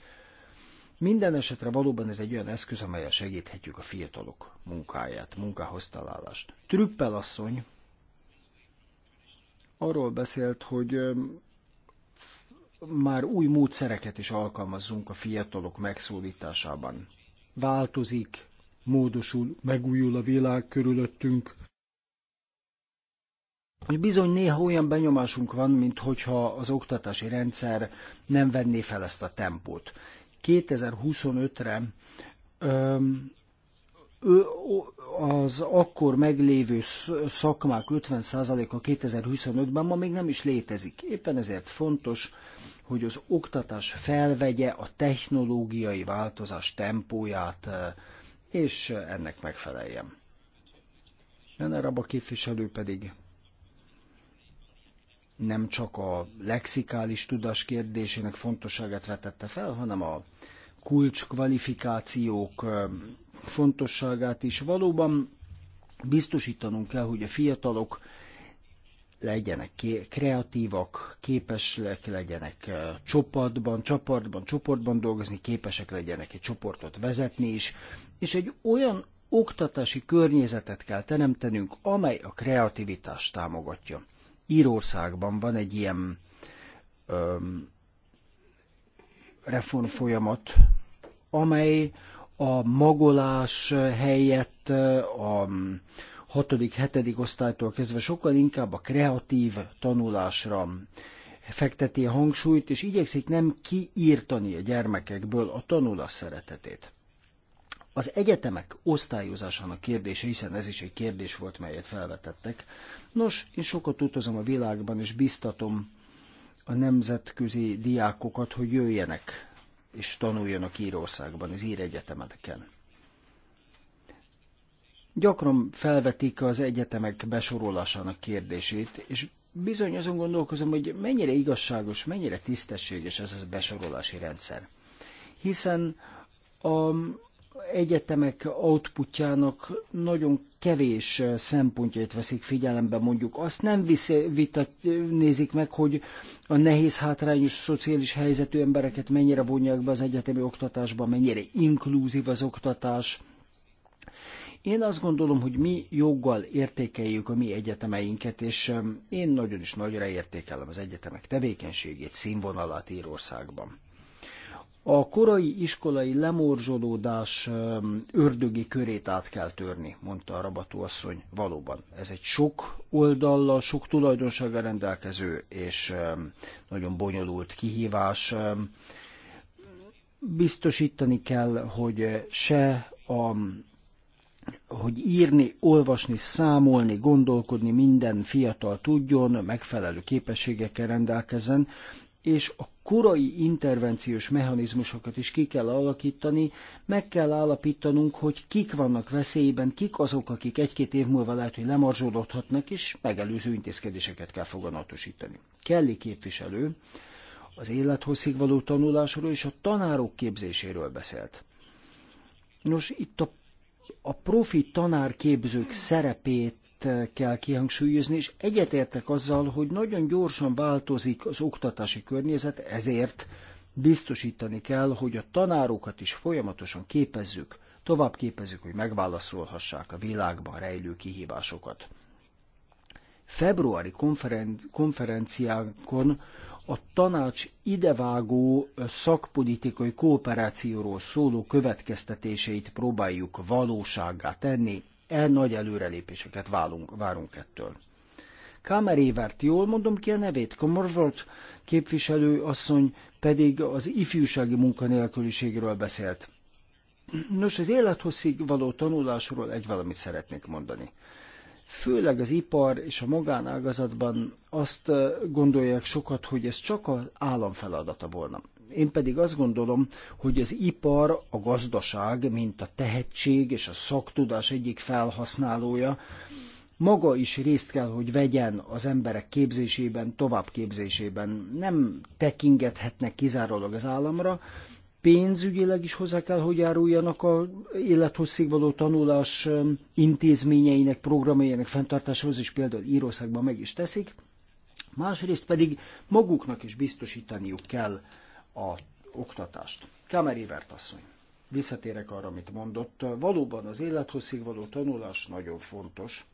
Minden esetre valóban ez egy olyan eszköz, amelyel segíthetjük a fiatalok munkáját, munkához találást. Trüppel asszony arról beszélt, hogy eh, már új módszereket is alkalmazzunk a fiatalok megszólításában. Változik módosul, megújul a világ körülöttünk. És bizony néha olyan benyomásunk van, mint hogyha az oktatási rendszer nem venné fel ezt a tempót. 2025-re az akkor meglévő szakmák 50%-a 2025-ben ma még nem is létezik. Éppen ezért fontos, hogy az oktatás felvegye a technológiai változás tempóját, és ennek megfeleljem. Nenerab a képviselő pedig nem csak a lexikális tudás kérdésének fontosságát vetette fel, hanem a kulcskvalifikációk fontosságát is. Valóban biztosítanunk kell, hogy a fiatalok legyenek kreatívak, képesek legyenek csapatban, csapatban, csoportban dolgozni, képesek legyenek egy csoportot vezetni is, és egy olyan oktatási környezetet kell teremtenünk, amely a kreativitást támogatja. Írországban van egy ilyen öm, reform folyamat, amely a magolás helyett a hatodik, hetedik osztálytól kezdve sokkal inkább a kreatív tanulásra fekteti a hangsúlyt, és igyekszik nem kiírtani a gyermekekből a tanulás szeretetét az egyetemek osztályozásának kérdése, hiszen ez is egy kérdés volt, melyet felvetettek. Nos, én sokat utazom a világban, és biztatom a nemzetközi diákokat, hogy jöjjenek és tanuljanak Írországban, az ír egyetemeken. Gyakran felvetik az egyetemek besorolásának kérdését, és bizony azon gondolkozom, hogy mennyire igazságos, mennyire tisztességes ez a besorolási rendszer. Hiszen a egyetemek outputjának nagyon kevés szempontjait veszik figyelembe, mondjuk azt nem vitat, nézik meg, hogy a nehéz hátrányos szociális helyzetű embereket mennyire vonják be az egyetemi oktatásba, mennyire inkluzív az oktatás. Én azt gondolom, hogy mi joggal értékeljük a mi egyetemeinket, és én nagyon is nagyra értékelem az egyetemek tevékenységét, színvonalát Írországban. A korai iskolai lemorzsolódás ördögi körét át kell törni, mondta a rabató asszony. Valóban, ez egy sok oldallal, sok tulajdonsággal rendelkező és nagyon bonyolult kihívás. Biztosítani kell, hogy se a hogy írni, olvasni, számolni, gondolkodni minden fiatal tudjon, megfelelő képességekkel rendelkezzen, és a korai intervenciós mechanizmusokat is ki kell alakítani, meg kell állapítanunk, hogy kik vannak veszélyben, kik azok, akik egy-két év múlva lehet, hogy lemarzsolódhatnak, és megelőző intézkedéseket kell foganatosítani. Kelly képviselő az élethosszig való tanulásról és a tanárok képzéséről beszélt. Nos, itt a, a profi tanárképzők szerepét Eh, kell kihangsúlyozni, és egyetértek azzal, hogy nagyon gyorsan változik az oktatási környezet, ezért biztosítani kell, hogy a tanárokat is folyamatosan képezzük, tovább képezzük, hogy megválaszolhassák a világban rejlő kihívásokat. Februári konferen- konferenciákon a tanács idevágó eh, szakpolitikai kooperációról szóló következtetéseit próbáljuk valósággá tenni, el nagy előrelépéseket válunk, várunk ettől. Kámer Évert, jól mondom ki a nevét, Komorvolt képviselő asszony pedig az ifjúsági munkanélküliségről beszélt. Nos, az élethosszig való tanulásról egy valamit szeretnék mondani. Főleg az ipar és a magánágazatban azt eh, gondolják sokat, hogy ez csak az állam feladata volna. Én pedig azt gondolom, hogy az ipar, a gazdaság, mint a tehetség és a szaktudás egyik felhasználója, maga is részt kell, hogy vegyen az emberek képzésében, továbbképzésében. Nem tekingethetnek kizárólag az államra, pénzügyileg is hozzá kell, hogy járuljanak a élethosszig való tanulás intézményeinek, programjainak fenntartásához, és például Írószágban meg is teszik. Másrészt pedig maguknak is biztosítaniuk kell a oktatást. Kamer Évert asszony, visszatérek arra, amit mondott. Valóban az élethosszig való tanulás nagyon fontos,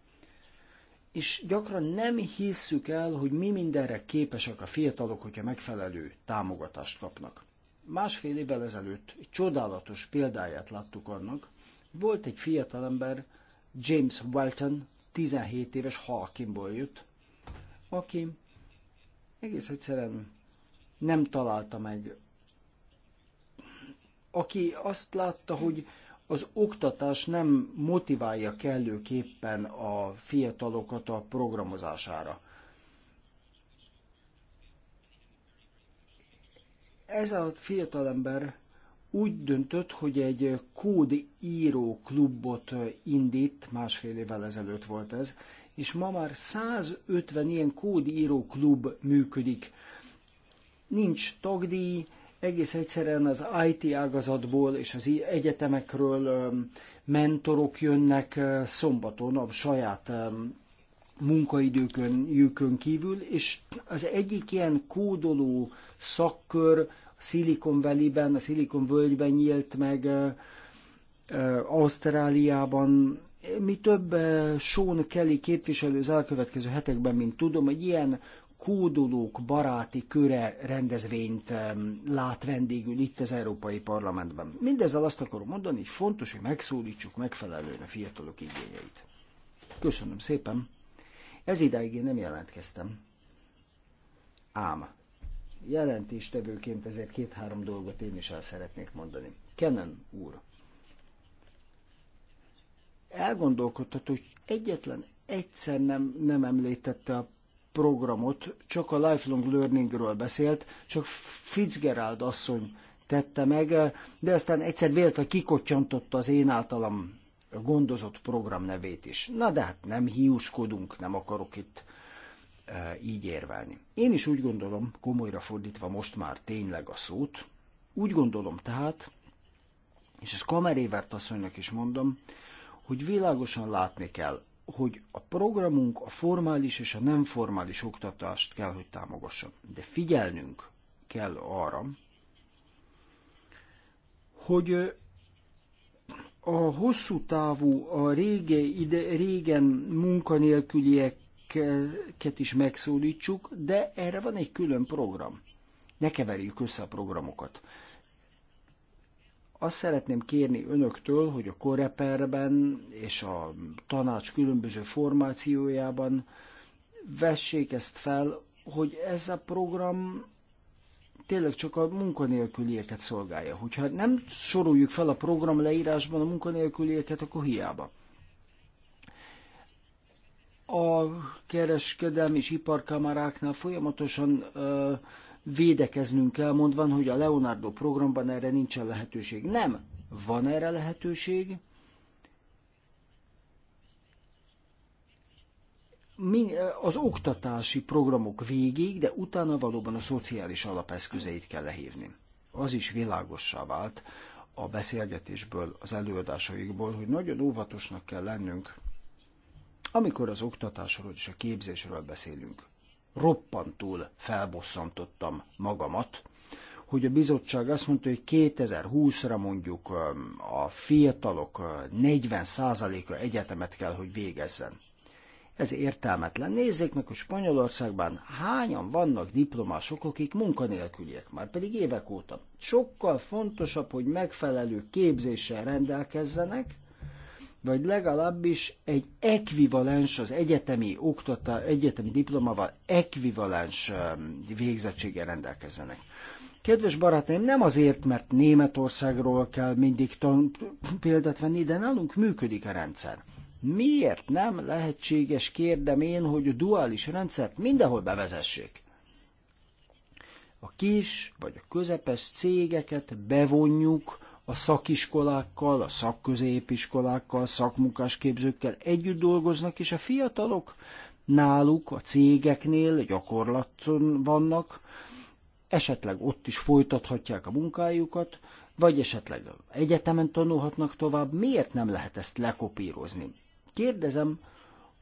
és gyakran nem hisszük el, hogy mi mindenre képesek a fiatalok, hogyha megfelelő támogatást kapnak. Másfél évvel ezelőtt egy csodálatos példáját láttuk annak, volt egy fiatalember, James Walton, 17 éves Halkinból jött, aki egész egyszerűen nem találta meg. Aki azt látta, hogy az oktatás nem motiválja kellőképpen a fiatalokat a programozására. Ez a fiatalember úgy döntött, hogy egy kódíró klubot indít, másfél évvel ezelőtt volt ez, és ma már 150 ilyen kódíró klub működik nincs tagdíj, egész egyszerűen az IT ágazatból és az egyetemekről mentorok jönnek szombaton a saját munkaidőkön jükön kívül, és az egyik ilyen kódoló szakkör a Silicon Valley-ben, a Silicon völgyben nyílt meg, Ausztráliában, mi több Sean Kelly képviselő az elkövetkező hetekben, mint tudom, egy ilyen kódolók baráti köre rendezvényt lát vendégül itt az Európai Parlamentben. Mindezzel azt akarom mondani, hogy fontos, hogy megszólítsuk megfelelően a fiatalok igényeit. Köszönöm szépen. Ez idáig én nem jelentkeztem. Ám jelentéstevőként ezért két-három dolgot én is el szeretnék mondani. Kenen úr, elgondolkodhat, hogy egyetlen egyszer nem, nem említette a programot, csak a lifelong learningről beszélt, csak Fitzgerald asszony tette meg, de aztán egyszer vélt, kikocsantotta az én általam gondozott program nevét is. Na de hát nem hiúskodunk, nem akarok itt e, így érvelni. Én is úgy gondolom, komolyra fordítva most már tényleg a szót, úgy gondolom tehát, és ezt Kamerévert asszonynak is mondom, hogy világosan látni kell, hogy a programunk a formális és a nem formális oktatást kell, hogy támogassa. De figyelnünk kell arra, hogy a hosszú távú, a rége, ide, régen munkanélkülieket is megszólítsuk, de erre van egy külön program. Ne keverjük össze a programokat. Azt szeretném kérni önöktől, hogy a koreperben és a tanács különböző formációjában vessék ezt fel, hogy ez a program tényleg csak a munkanélkülieket szolgálja. Hogyha nem soroljuk fel a program leírásban a munkanélkülieket, akkor hiába. A kereskedelmi és iparkamaráknál folyamatosan uh, védekeznünk kell, mondván, hogy a Leonardo programban erre nincsen lehetőség. Nem, van erre lehetőség. Az oktatási programok végig, de utána valóban a szociális alapeszközeit kell lehívni. Az is világossá vált a beszélgetésből, az előadásaikból, hogy nagyon óvatosnak kell lennünk, amikor az oktatásról és a képzésről beszélünk roppantul felbosszantottam magamat, hogy a bizottság azt mondta, hogy 2020-ra mondjuk a fiatalok 40%-a egyetemet kell, hogy végezzen. Ez értelmetlen. Nézzék meg, hogy Spanyolországban hányan vannak diplomások, akik munkanélküliek, már pedig évek óta. Sokkal fontosabb, hogy megfelelő képzéssel rendelkezzenek, vagy legalábbis egy ekvivalens, az egyetemi oktatá, egyetemi diplomával ekvivalens um, végzettséggel rendelkezzenek. Kedves barátaim, nem azért, mert Németországról kell mindig példát venni, de nálunk működik a rendszer. Miért nem lehetséges, kérdem én, hogy a duális rendszert mindenhol bevezessék? A kis vagy a közepes cégeket bevonjuk a szakiskolákkal, a szakközépiskolákkal, szakmunkásképzőkkel együtt dolgoznak, és a fiatalok náluk, a cégeknél gyakorlaton vannak, esetleg ott is folytathatják a munkájukat, vagy esetleg egyetemen tanulhatnak tovább, miért nem lehet ezt lekopírozni? Kérdezem,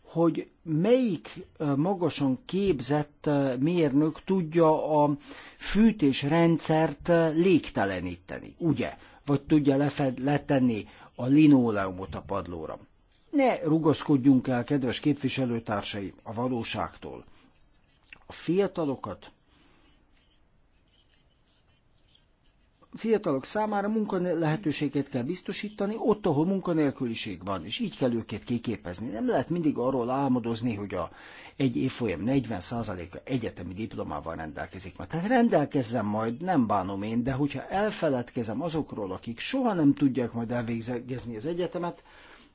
hogy melyik magasan képzett mérnök tudja a fűtésrendszert légteleníteni, ugye? vagy tudja lefed, letenni a linóleumot a padlóra. Ne rugaszkodjunk el, kedves képviselőtársaim, a valóságtól. A fiatalokat fiatalok számára lehetőséget kell biztosítani ott, ahol munkanélküliség van, és így kell őket kiképezni. Nem lehet mindig arról álmodozni, hogy a egy évfolyam 40%-a egyetemi diplomával rendelkezik. Mert Tehát rendelkezzem majd, nem bánom én, de hogyha elfeledkezem azokról, akik soha nem tudják majd elvégezni az egyetemet,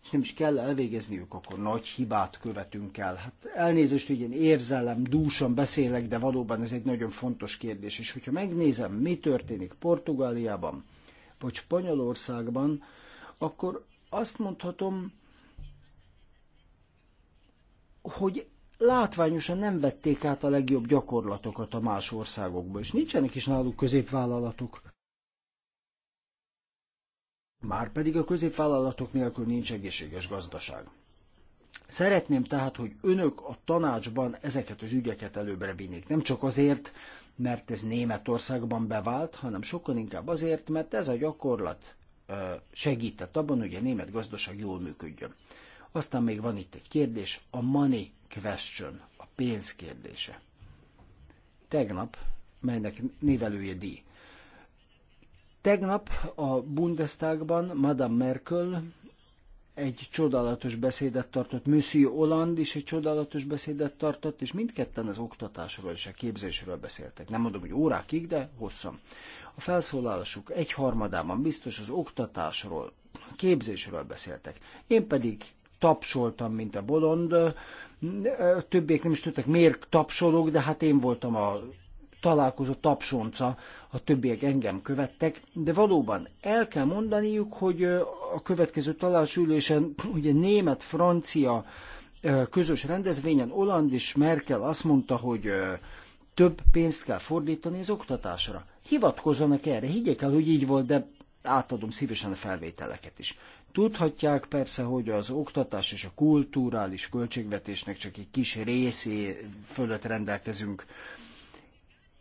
és nem is kell elvégezniük, akkor nagy hibát követünk el. Hát elnézést, hogy én érzelem, dúsan beszélek, de valóban ez egy nagyon fontos kérdés. És hogyha megnézem, mi történik Portugáliában, vagy Spanyolországban, akkor azt mondhatom, hogy látványosan nem vették át a legjobb gyakorlatokat a más országokba, és nincsenek is náluk középvállalatok. Márpedig a középvállalatok nélkül nincs egészséges gazdaság. Szeretném tehát, hogy önök a tanácsban ezeket az ügyeket előbbre vinnék. Nem csak azért, mert ez Németországban bevált, hanem sokkal inkább azért, mert ez a gyakorlat segített abban, hogy a német gazdaság jól működjön. Aztán még van itt egy kérdés, a money question, a pénz kérdése. Tegnap, melynek névelője díj. Tegnap a Bundestagban Madame Merkel egy csodálatos beszédet tartott, Monsieur Hollande is egy csodálatos beszédet tartott, és mindketten az oktatásról és a képzésről beszéltek. Nem mondom, hogy órákig, de hosszan. A felszólalásuk egy harmadában biztos az oktatásról, képzésről beszéltek. Én pedig tapsoltam, mint a bolond. Többiek nem is tudtak, miért tapsolok, de hát én voltam a találkozó tapsonca, a többiek engem követtek, de valóban el kell mondaniuk, hogy a következő találsülésen ugye német, francia közös rendezvényen Oland és Merkel azt mondta, hogy több pénzt kell fordítani az oktatásra. Hivatkozzanak erre, higgyék el, hogy így volt, de átadom szívesen a felvételeket is. Tudhatják persze, hogy az oktatás és a kulturális költségvetésnek csak egy kis részé fölött rendelkezünk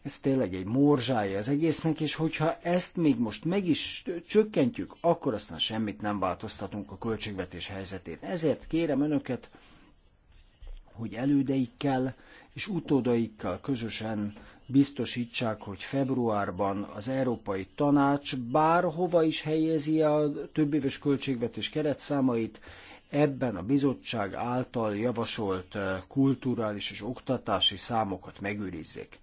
ez tényleg egy morzsája az egésznek, és hogyha ezt még most meg is csökkentjük, akkor aztán semmit nem változtatunk a költségvetés helyzetén. Ezért kérem önöket, hogy elődeikkel és utódaikkal közösen biztosítsák, hogy februárban az Európai Tanács bárhova is helyezi a többéves költségvetés keretszámait, ebben a bizottság által javasolt eh, kulturális és oktatási számokat megőrizzék.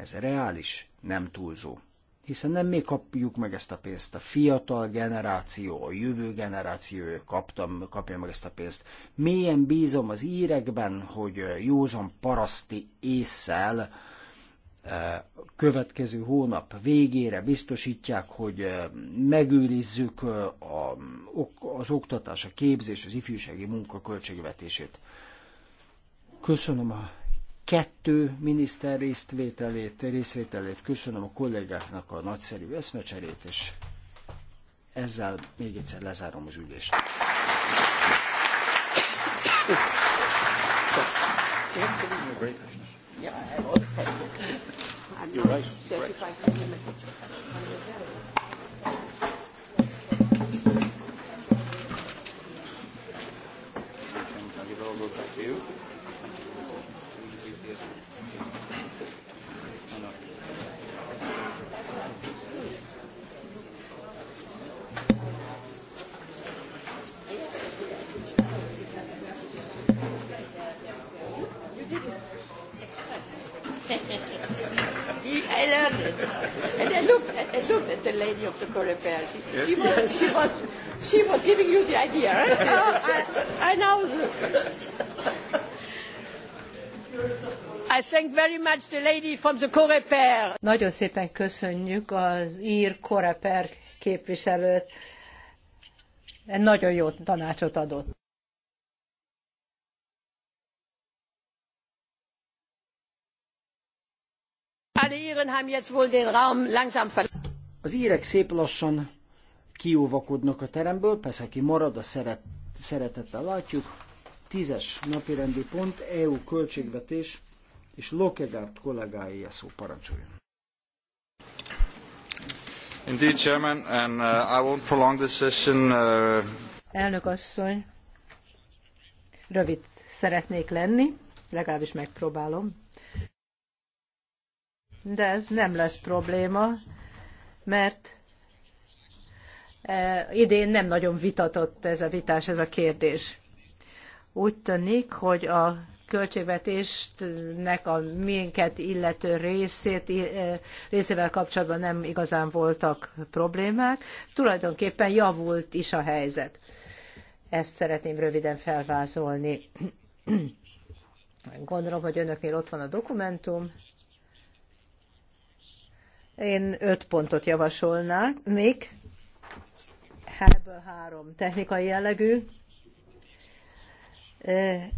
Ez reális, nem túlzó. Hiszen nem mi kapjuk meg ezt a pénzt, a fiatal generáció, a jövő generáció kaptam, kapja meg ezt a pénzt. Mélyen bízom az írekben, hogy józan paraszti észsel eh, következő hónap végére biztosítják, hogy eh, megőrizzük eh, az oktatás, a képzés, az ifjúsági munka költségvetését. Köszönöm a kettő miniszter résztvételét, részvételét. Köszönöm a kollégáknak a nagyszerű eszmecserét, és ezzel még egyszer lezárom az ülést. Thank you. with the lady of the Corepair. She, yes, she, was, yes. she, was, she was giving you the idea. Right? yes, I, I know. The... I thank very much the lady from the Corepair. Nagyon szépen köszönjük az ír Corepair képviselőt. Nagyon jó tanácsot adott. alle iren haben jetzt wohl den raum langsam verlassen. Az írek szép lassan kiúvakodnak a teremből, persze aki marad, a szeret, szeretettel látjuk. Tízes napirendi pont, EU költségvetés, és Lokegárt kollégái a szó parancsoljon. Indeed, Chairman, and uh, I won't prolong this session. Uh... Elnök asszony, rövid szeretnék lenni, legalábbis megpróbálom. De ez nem lesz probléma, mert e, idén nem nagyon vitatott ez a vitás, ez a kérdés. Úgy tűnik, hogy a költségvetésnek a minket illető részét, e, részével kapcsolatban nem igazán voltak problémák. Tulajdonképpen javult is a helyzet. Ezt szeretném röviden felvázolni. Gondolom, hogy önöknél ott van a dokumentum. Én öt pontot javasolnák. Még ebből három technikai jellegű, e,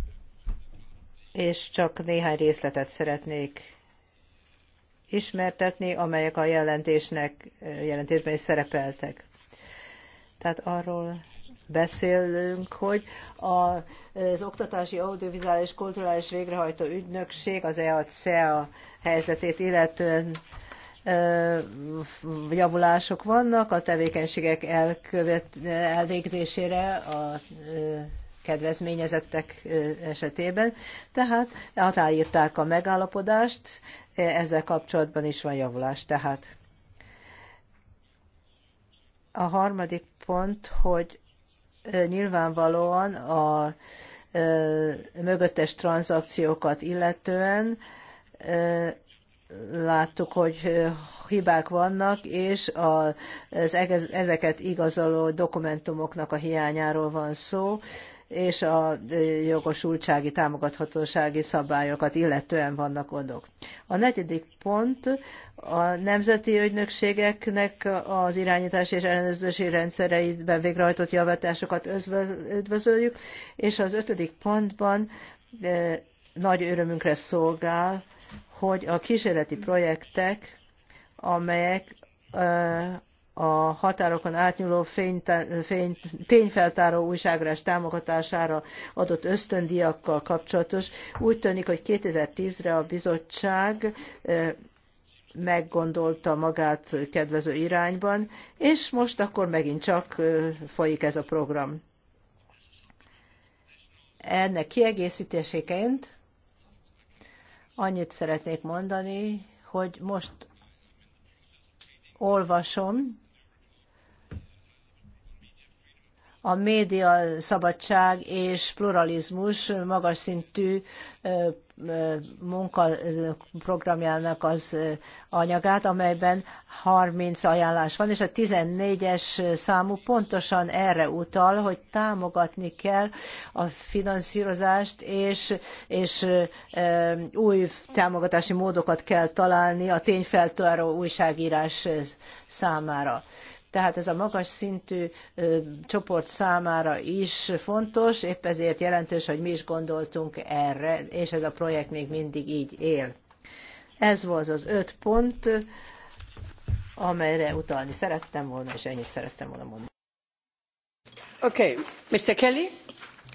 és csak néhány részletet szeretnék ismertetni, amelyek a jelentésnek, e, jelentésben is szerepeltek. Tehát arról beszélünk, hogy az Oktatási Audiovizuális Kulturális Végrehajtó Ügynökség, az EACEA helyzetét illetően javulások vannak a tevékenységek elkövet, elvégzésére a kedvezményezettek esetében, tehát átállírták a megállapodást, ezzel kapcsolatban is van javulás. Tehát a harmadik pont, hogy nyilvánvalóan a mögöttes tranzakciókat illetően láttuk, hogy hibák vannak, és a, az, ezeket igazoló dokumentumoknak a hiányáról van szó, és a jogosultsági, támogathatósági szabályokat illetően vannak gondok. A negyedik pont a nemzeti ügynökségeknek az irányítás és ellenőrzési rendszereiben végrehajtott javításokat üdvözöljük, és az ötödik pontban nagy örömünkre szolgál, hogy a kísérleti projektek, amelyek a határokon átnyúló tényfeltáró újságrás támogatására adott ösztöndiakkal kapcsolatos. Úgy tűnik, hogy 2010-re a bizottság meggondolta magát kedvező irányban, és most akkor megint csak folyik ez a program. Ennek kiegészítéséként Annyit szeretnék mondani, hogy most olvasom a média szabadság és pluralizmus magas szintű munkaprogramjának az anyagát, amelyben 30 ajánlás van, és a 14-es számú pontosan erre utal, hogy támogatni kell a finanszírozást, és, és új támogatási módokat kell találni a tényfeltáró újságírás számára tehát ez a magas szintű csoport számára is fontos, épp ezért jelentős, hogy mi is gondoltunk erre, és ez a projekt még mindig így él. Ez volt az öt pont, amelyre utalni szerettem volna, és ennyit szerettem volna mondani. Okay, Mr. Kelly?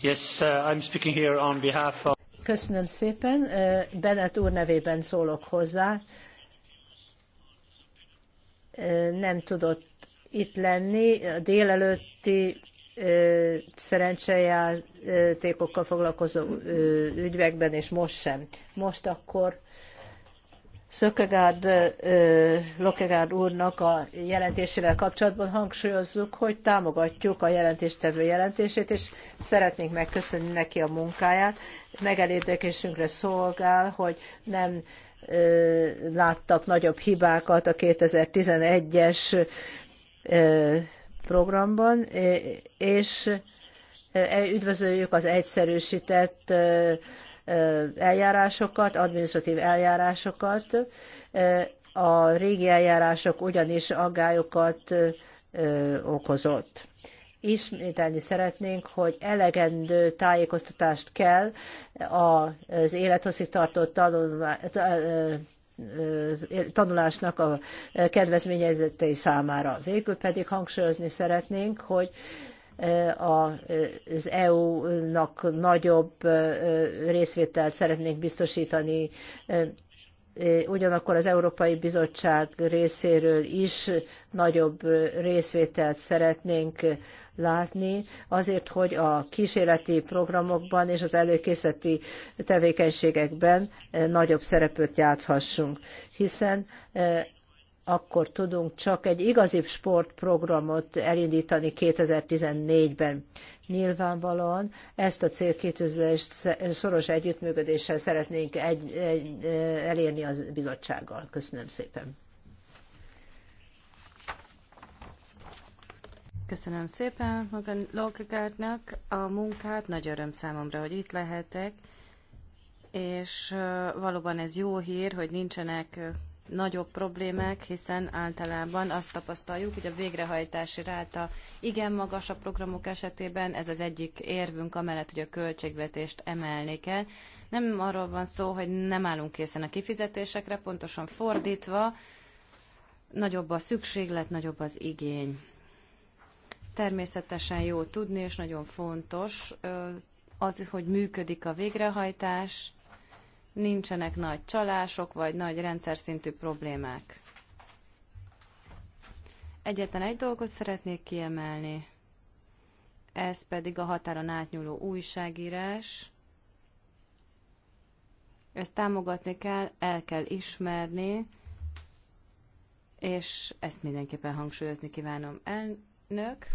Yes, uh, I'm speaking here on behalf of... Köszönöm szépen. Bennett úr nevében szólok hozzá. Nem tudott itt lenni. A délelőtti szerencsejátékokkal foglalkozó ügyvekben, és most sem. Most akkor Szökegárd, Lokegárd úrnak a jelentésével kapcsolatban hangsúlyozzuk, hogy támogatjuk a jelentéstevő jelentését, és szeretnénk megköszönni neki a munkáját. Megelégedésünkre szolgál, hogy nem láttak nagyobb hibákat a 2011-es programban, és e, üdvözöljük az egyszerűsített eljárásokat, administratív eljárásokat. A régi eljárások ugyanis aggályokat okozott ismételni szeretnénk, hogy elegendő tájékoztatást kell az élethosszígtartó tanulásnak a kedvezményezettei számára. Végül pedig hangsúlyozni szeretnénk, hogy az EU-nak nagyobb részvételt szeretnénk biztosítani ugyanakkor az Európai Bizottság részéről is nagyobb részvételt szeretnénk látni, azért, hogy a kísérleti programokban és az előkészeti tevékenységekben eh, nagyobb szerepet játszhassunk, hiszen eh, akkor tudunk csak egy igazi sportprogramot elindítani 2014-ben. Nyilvánvalóan ezt a célkitűzést szoros együttműködéssel szeretnénk egy, egy, eh, elérni a bizottsággal. Köszönöm szépen. Köszönöm szépen maga Lokegárnak a munkát, nagy öröm számomra, hogy itt lehetek, és valóban ez jó hír, hogy nincsenek nagyobb problémák, hiszen általában azt tapasztaljuk, hogy a végrehajtási ráta igen magas a programok esetében, ez az egyik érvünk, amellett, hogy a költségvetést emelni kell. Nem arról van szó, hogy nem állunk készen a kifizetésekre, pontosan fordítva, nagyobb a szükséglet, nagyobb az igény. Természetesen jó tudni, és nagyon fontos az, hogy működik a végrehajtás, nincsenek nagy csalások, vagy nagy rendszer szintű problémák. Egyetlen egy dolgot szeretnék kiemelni, ez pedig a határon átnyúló újságírás. Ezt támogatni kell, el kell ismerni, és ezt mindenképpen hangsúlyozni kívánom. Elnök.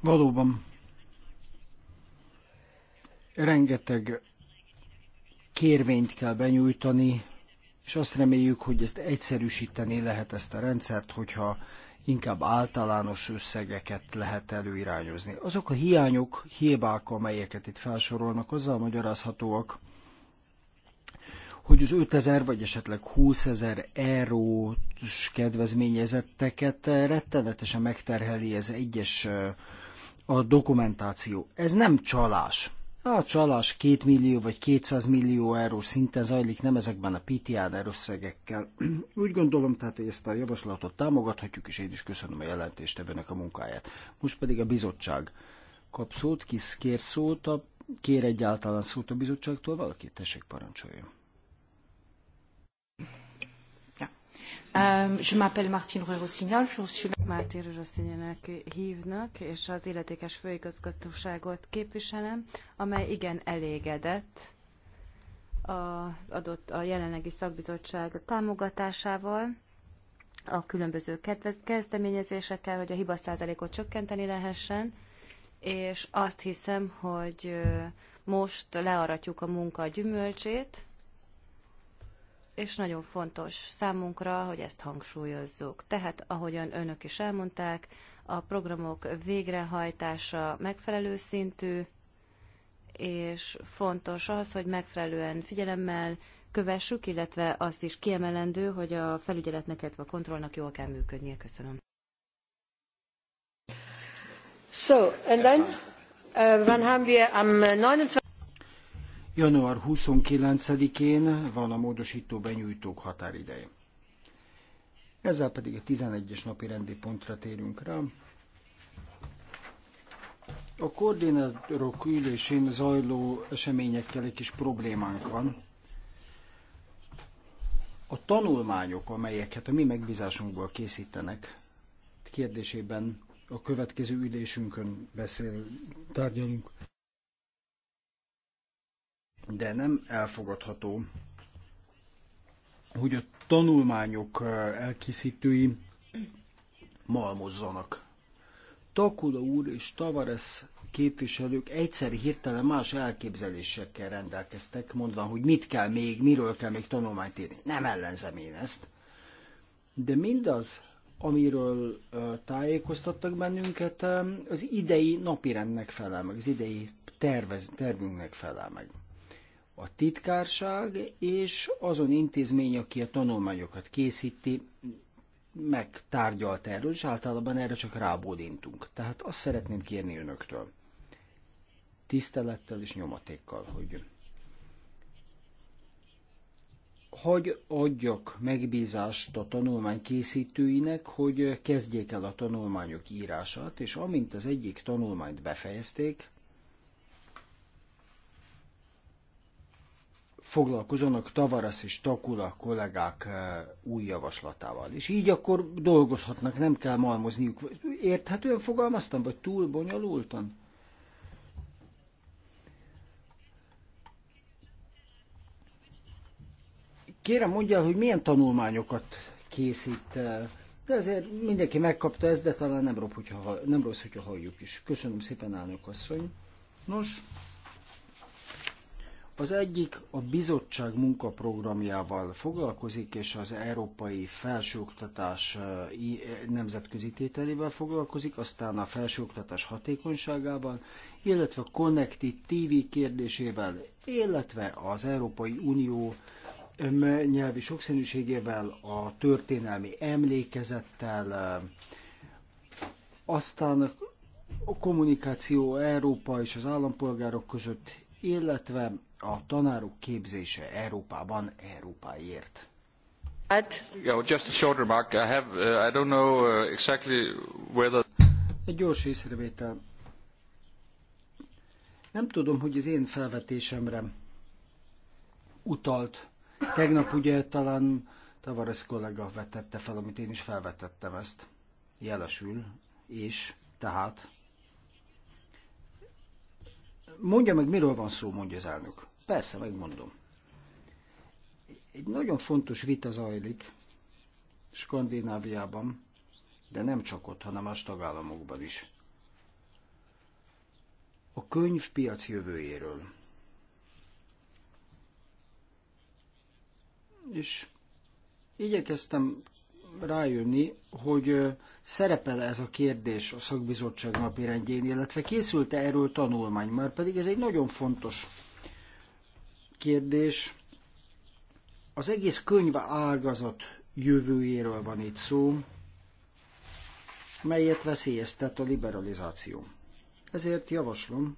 Valóban. Rengeteg kérvényt kell benyújtani, és azt reméljük, hogy ezt egyszerűsíteni lehet ezt a rendszert, hogyha inkább általános összegeket lehet előirányozni. Azok a hiányok, hibák, amelyeket itt felsorolnak, azzal magyarázhatóak, hogy az 5000 vagy esetleg 20 ezer eurós kedvezményezetteket eh, rettenetesen megterheli ez egyes eh, a dokumentáció. Ez nem csalás. A csalás 2 millió vagy 200 millió euró szinten zajlik, nem ezekben a PTR összegekkel. Úgy gondolom, tehát hogy ezt a javaslatot támogathatjuk, és én is köszönöm a ebbenek a munkáját. Most pedig a bizottság kap szót, kis kér szót, a, kér egyáltalán szót a bizottságtól, valaki tessék parancsoljon. Um, je m'appelle Martine Rossignol, je suis là. Mártir Rossignolnak hívnak, és az illetékes főigazgatóságot képviselem, amely igen elégedett az adott a jelenlegi szakbizottság támogatásával, a különböző kezdeményezésekkel, hogy a hiba százalékot csökkenteni lehessen, és azt hiszem, hogy most learatjuk a munka gyümölcsét, és nagyon fontos számunkra, hogy ezt hangsúlyozzuk. Tehát, ahogyan önök is elmondták, a programok végrehajtása megfelelő szintű, és fontos az, hogy megfelelően figyelemmel kövessük, illetve az is kiemelendő, hogy a felügyeletnek, illetve a kontrollnak jól kell működnie. Köszönöm. So, and then, uh, wann haben wir am 29. Január 29-én van a módosító benyújtók határideje. Ezzel pedig a 11-es napi rendi pontra térünk rá. A koordinátorok ülésén zajló eseményekkel egy kis problémánk van. A tanulmányok, amelyeket a mi megbízásunkból készítenek, kérdésében a következő ülésünkön beszél, tárgyalunk de nem elfogadható, hogy a tanulmányok elkészítői malmozzanak. Takula úr és Tavares képviselők egyszer hirtelen más elképzelésekkel rendelkeztek, mondván, hogy mit kell még, miről kell még tanulmányt írni. Nem ellenzem én ezt. De mindaz, amiről tájékoztattak bennünket, az idei napirendnek felel meg, az idei tervez, tervünknek felel meg a titkárság és azon intézmény, aki a tanulmányokat készíti, megtárgyalt erről, és általában erre csak rábódintunk. Tehát azt szeretném kérni önöktől, tisztelettel és nyomatékkal, hogy hogy adjak megbízást a tanulmány készítőinek, hogy kezdjék el a tanulmányok írását, és amint az egyik tanulmányt befejezték, Foglalkozónak Tavares és Takula kollégák eh, új javaslatával. És így akkor dolgozhatnak, nem kell malmozniuk. Érthetően fogalmaztam, vagy túl bonyolultan? Kérem mondja, hogy milyen tanulmányokat készít eh, De azért mindenki megkapta ezt, de talán nem, rob, hogyha, nem rossz, hogyha halljuk is. Köszönöm szépen, elnök asszony. Nos, az egyik a bizottság munkaprogramjával foglalkozik, és az európai felsőoktatás nemzetközi tételével foglalkozik, aztán a felsőoktatás hatékonyságával, illetve a Connected TV kérdésével, illetve az Európai Unió nyelvi sokszínűségével, a történelmi emlékezettel, aztán a kommunikáció Európa és az állampolgárok között, illetve a tanárok képzése Európában Európáért. Hát- just a short remark. I have, uh, I don't know uh, Egy gyors észrevétel. Nem tudom, hogy az én felvetésemre utalt. Tegnap ugye talán Tavares kollega vetette fel, amit én is felvetettem ezt. Jelesül, és tehát Mondja meg, miről van szó, mondja az elnök. Persze, megmondom. Egy nagyon fontos vita zajlik Skandináviában, de nem csak ott, hanem a tagállamokban is. A könyvpiac jövőjéről. És igyekeztem rájönni, hogy szerepel ez a kérdés a szakbizottság rendjén, illetve készült-e erről tanulmány, mert pedig ez egy nagyon fontos kérdés. Az egész könyv ágazat jövőjéről van itt szó, melyet veszélyeztet a liberalizáció. Ezért javaslom,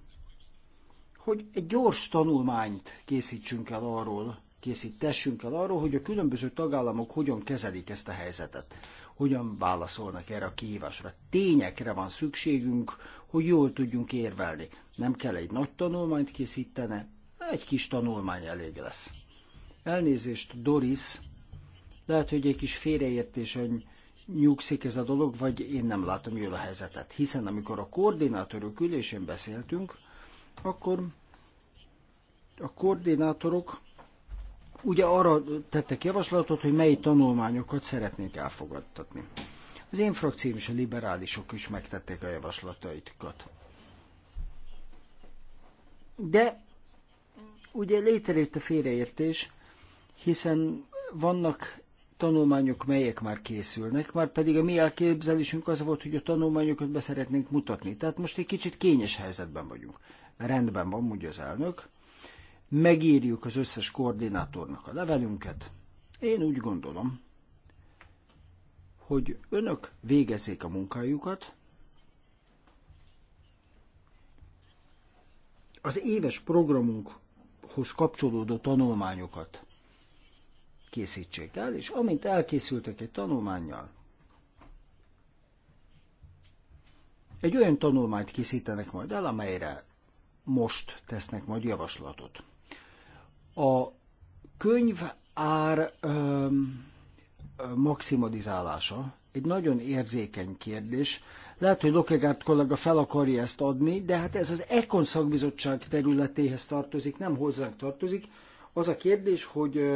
hogy egy gyors tanulmányt készítsünk el arról, készítessünk el arról, hogy a különböző tagállamok hogyan kezelik ezt a helyzetet, hogyan válaszolnak erre a kihívásra. Tényekre van szükségünk, hogy jól tudjunk érvelni. Nem kell egy nagy tanulmányt készítene, egy kis tanulmány elég lesz. Elnézést, Doris, lehet, hogy egy kis félreértésen nyugszik ez a dolog, vagy én nem látom jól a helyzetet. Hiszen amikor a koordinátorok ülésén beszéltünk, akkor a koordinátorok ugye arra tettek javaslatot, hogy mely tanulmányokat szeretnék elfogadtatni. Az én frakcióm és a liberálisok is megtették a javaslataikat. De Ugye létrejött a félreértés, hiszen vannak tanulmányok, melyek már készülnek, már pedig a mi elképzelésünk az volt, hogy a tanulmányokat be szeretnénk mutatni. Tehát most egy kicsit kényes helyzetben vagyunk. Rendben van, mondja az elnök. Megírjuk az összes koordinátornak a levelünket. Én úgy gondolom, hogy önök végezzék a munkájukat, az éves programunk hoz kapcsolódó tanulmányokat készítsék el, és amint elkészültek egy tanulmányjal, egy olyan tanulmányt készítenek majd el, amelyre most tesznek majd javaslatot. A könyv ár ö, maximalizálása egy nagyon érzékeny kérdés. Lehet, hogy Lokegárt kollega fel akarja ezt adni, de hát ez az Ekon szakbizottság területéhez tartozik, nem hozzánk tartozik. Az a kérdés, hogy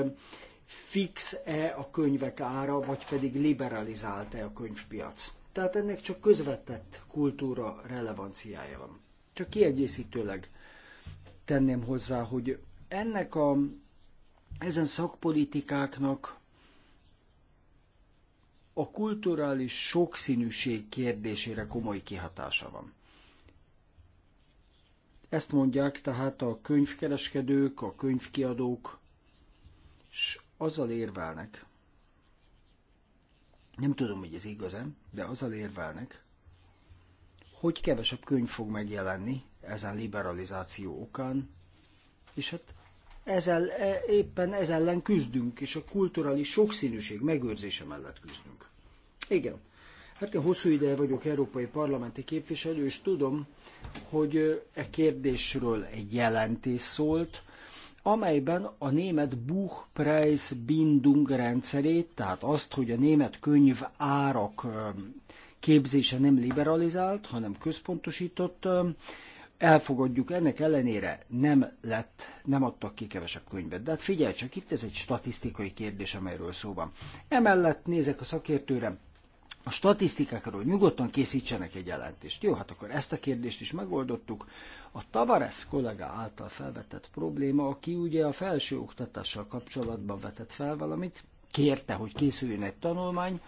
fix-e a könyvek ára, vagy pedig liberalizált-e a könyvpiac. Tehát ennek csak közvetett kultúra relevanciája van. Csak kiegészítőleg tenném hozzá, hogy ennek a, ezen szakpolitikáknak a kulturális sokszínűség kérdésére komoly kihatása van. Ezt mondják tehát a könyvkereskedők, a könyvkiadók, és azzal érvelnek, nem tudom, hogy ez igaz-e, de azzal érvelnek, hogy kevesebb könyv fog megjelenni ezen liberalizáció okán, és hát ezzel, e, éppen ez ellen küzdünk, és a kulturális sokszínűség megőrzése mellett küzdünk. Igen. Hát én hosszú ideje vagyok európai parlamenti képviselő, és tudom, hogy e kérdésről egy jelentés szólt, amelyben a német Buchpreis Bindung rendszerét, tehát azt, hogy a német könyv árak képzése nem liberalizált, hanem központosított, elfogadjuk, ennek ellenére nem lett, nem adtak ki kevesebb könyvet. De hát figyelj csak, itt ez egy statisztikai kérdés, amelyről szó van. Emellett nézek a szakértőre, a statisztikákról nyugodtan készítsenek egy jelentést. Jó, hát akkor ezt a kérdést is megoldottuk. A Tavares kollega által felvetett probléma, aki ugye a felső oktatással kapcsolatban vetett fel valamit, kérte, hogy készüljön egy tanulmány,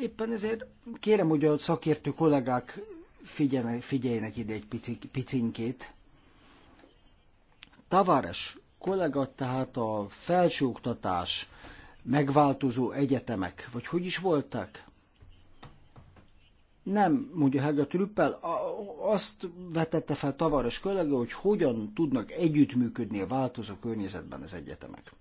Éppen ezért kérem, hogy a szakértő kollégák figyeljenek, figyeljenek ide egy pici, picinkét. Tavares kollega tehát a felsőoktatás, megváltozó egyetemek, vagy hogy is voltak? Nem, mondja Helga Trüppel, azt vetette fel tavaros kollega, hogy hogyan tudnak együttműködni a változó környezetben az egyetemek.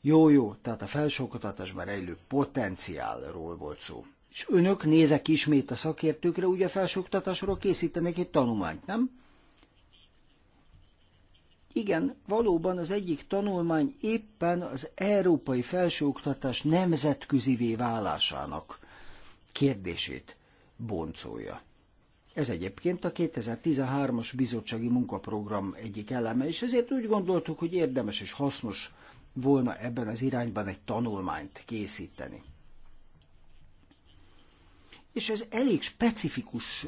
Jó, jó, tehát a felsőoktatásban rejlő potenciálról volt szó. És önök nézek ismét a szakértőkre, ugye felsőoktatásról készítenek egy tanulmányt, nem? Igen, valóban az egyik tanulmány éppen az európai felsőoktatás nemzetközivé válásának kérdését boncolja. Ez egyébként a 2013-as bizottsági munkaprogram egyik eleme, és ezért úgy gondoltuk, hogy érdemes és hasznos volna ebben az irányban egy tanulmányt készíteni. És ez elég specifikus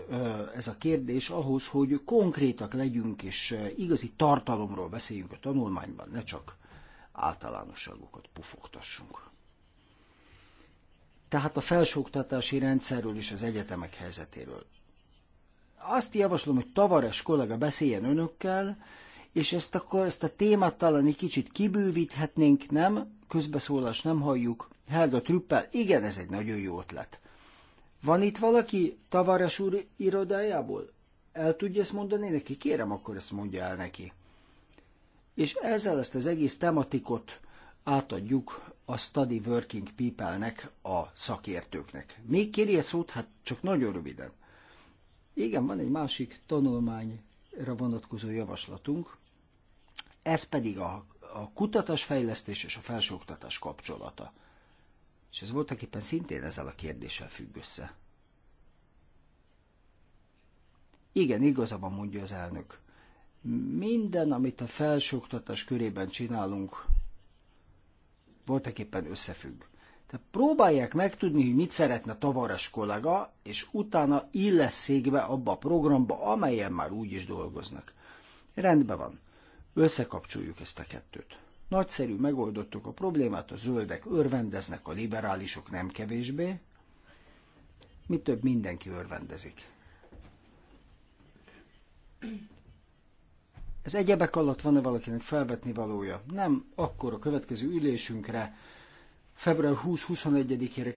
ez a kérdés ahhoz, hogy konkrétak legyünk, és igazi tartalomról beszéljünk a tanulmányban, ne csak általánosságokat pufogtassunk. Tehát a felsőoktatási rendszerről és az egyetemek helyzetéről. Azt javaslom, hogy Tavares kollega beszéljen önökkel, és ezt, akkor, ezt a témát talán egy kicsit kibővíthetnénk, nem? Közbeszólás nem halljuk. Helga Trüppel, igen, ez egy nagyon jó ötlet. Van itt valaki Tavares úr irodájából? El tudja ezt mondani neki? Kérem, akkor ezt mondja el neki. És ezzel ezt az egész tematikot átadjuk a Study Working People-nek, a szakértőknek. Még a szót? Hát csak nagyon röviden. Igen, van egy másik tanulmányra vonatkozó javaslatunk, ez pedig a, a kutatásfejlesztés és a felsőoktatás kapcsolata. És ez voltak éppen szintén ezzel a kérdéssel függ össze. Igen, igaza van, mondja az elnök. Minden, amit a felsőoktatás körében csinálunk, voltak éppen összefügg. Tehát próbálják megtudni, hogy mit szeretne tavaras kollega, és utána illeszék be abba a programba, amelyen már úgy is dolgoznak. Rendben van. Összekapcsoljuk ezt a kettőt. Nagyszerű, megoldottuk a problémát, a zöldek örvendeznek, a liberálisok nem kevésbé. Mi több, mindenki örvendezik. Ez egyebek alatt van-e valakinek felvetni valója? Nem, akkor a következő ülésünkre, február 20-21-ére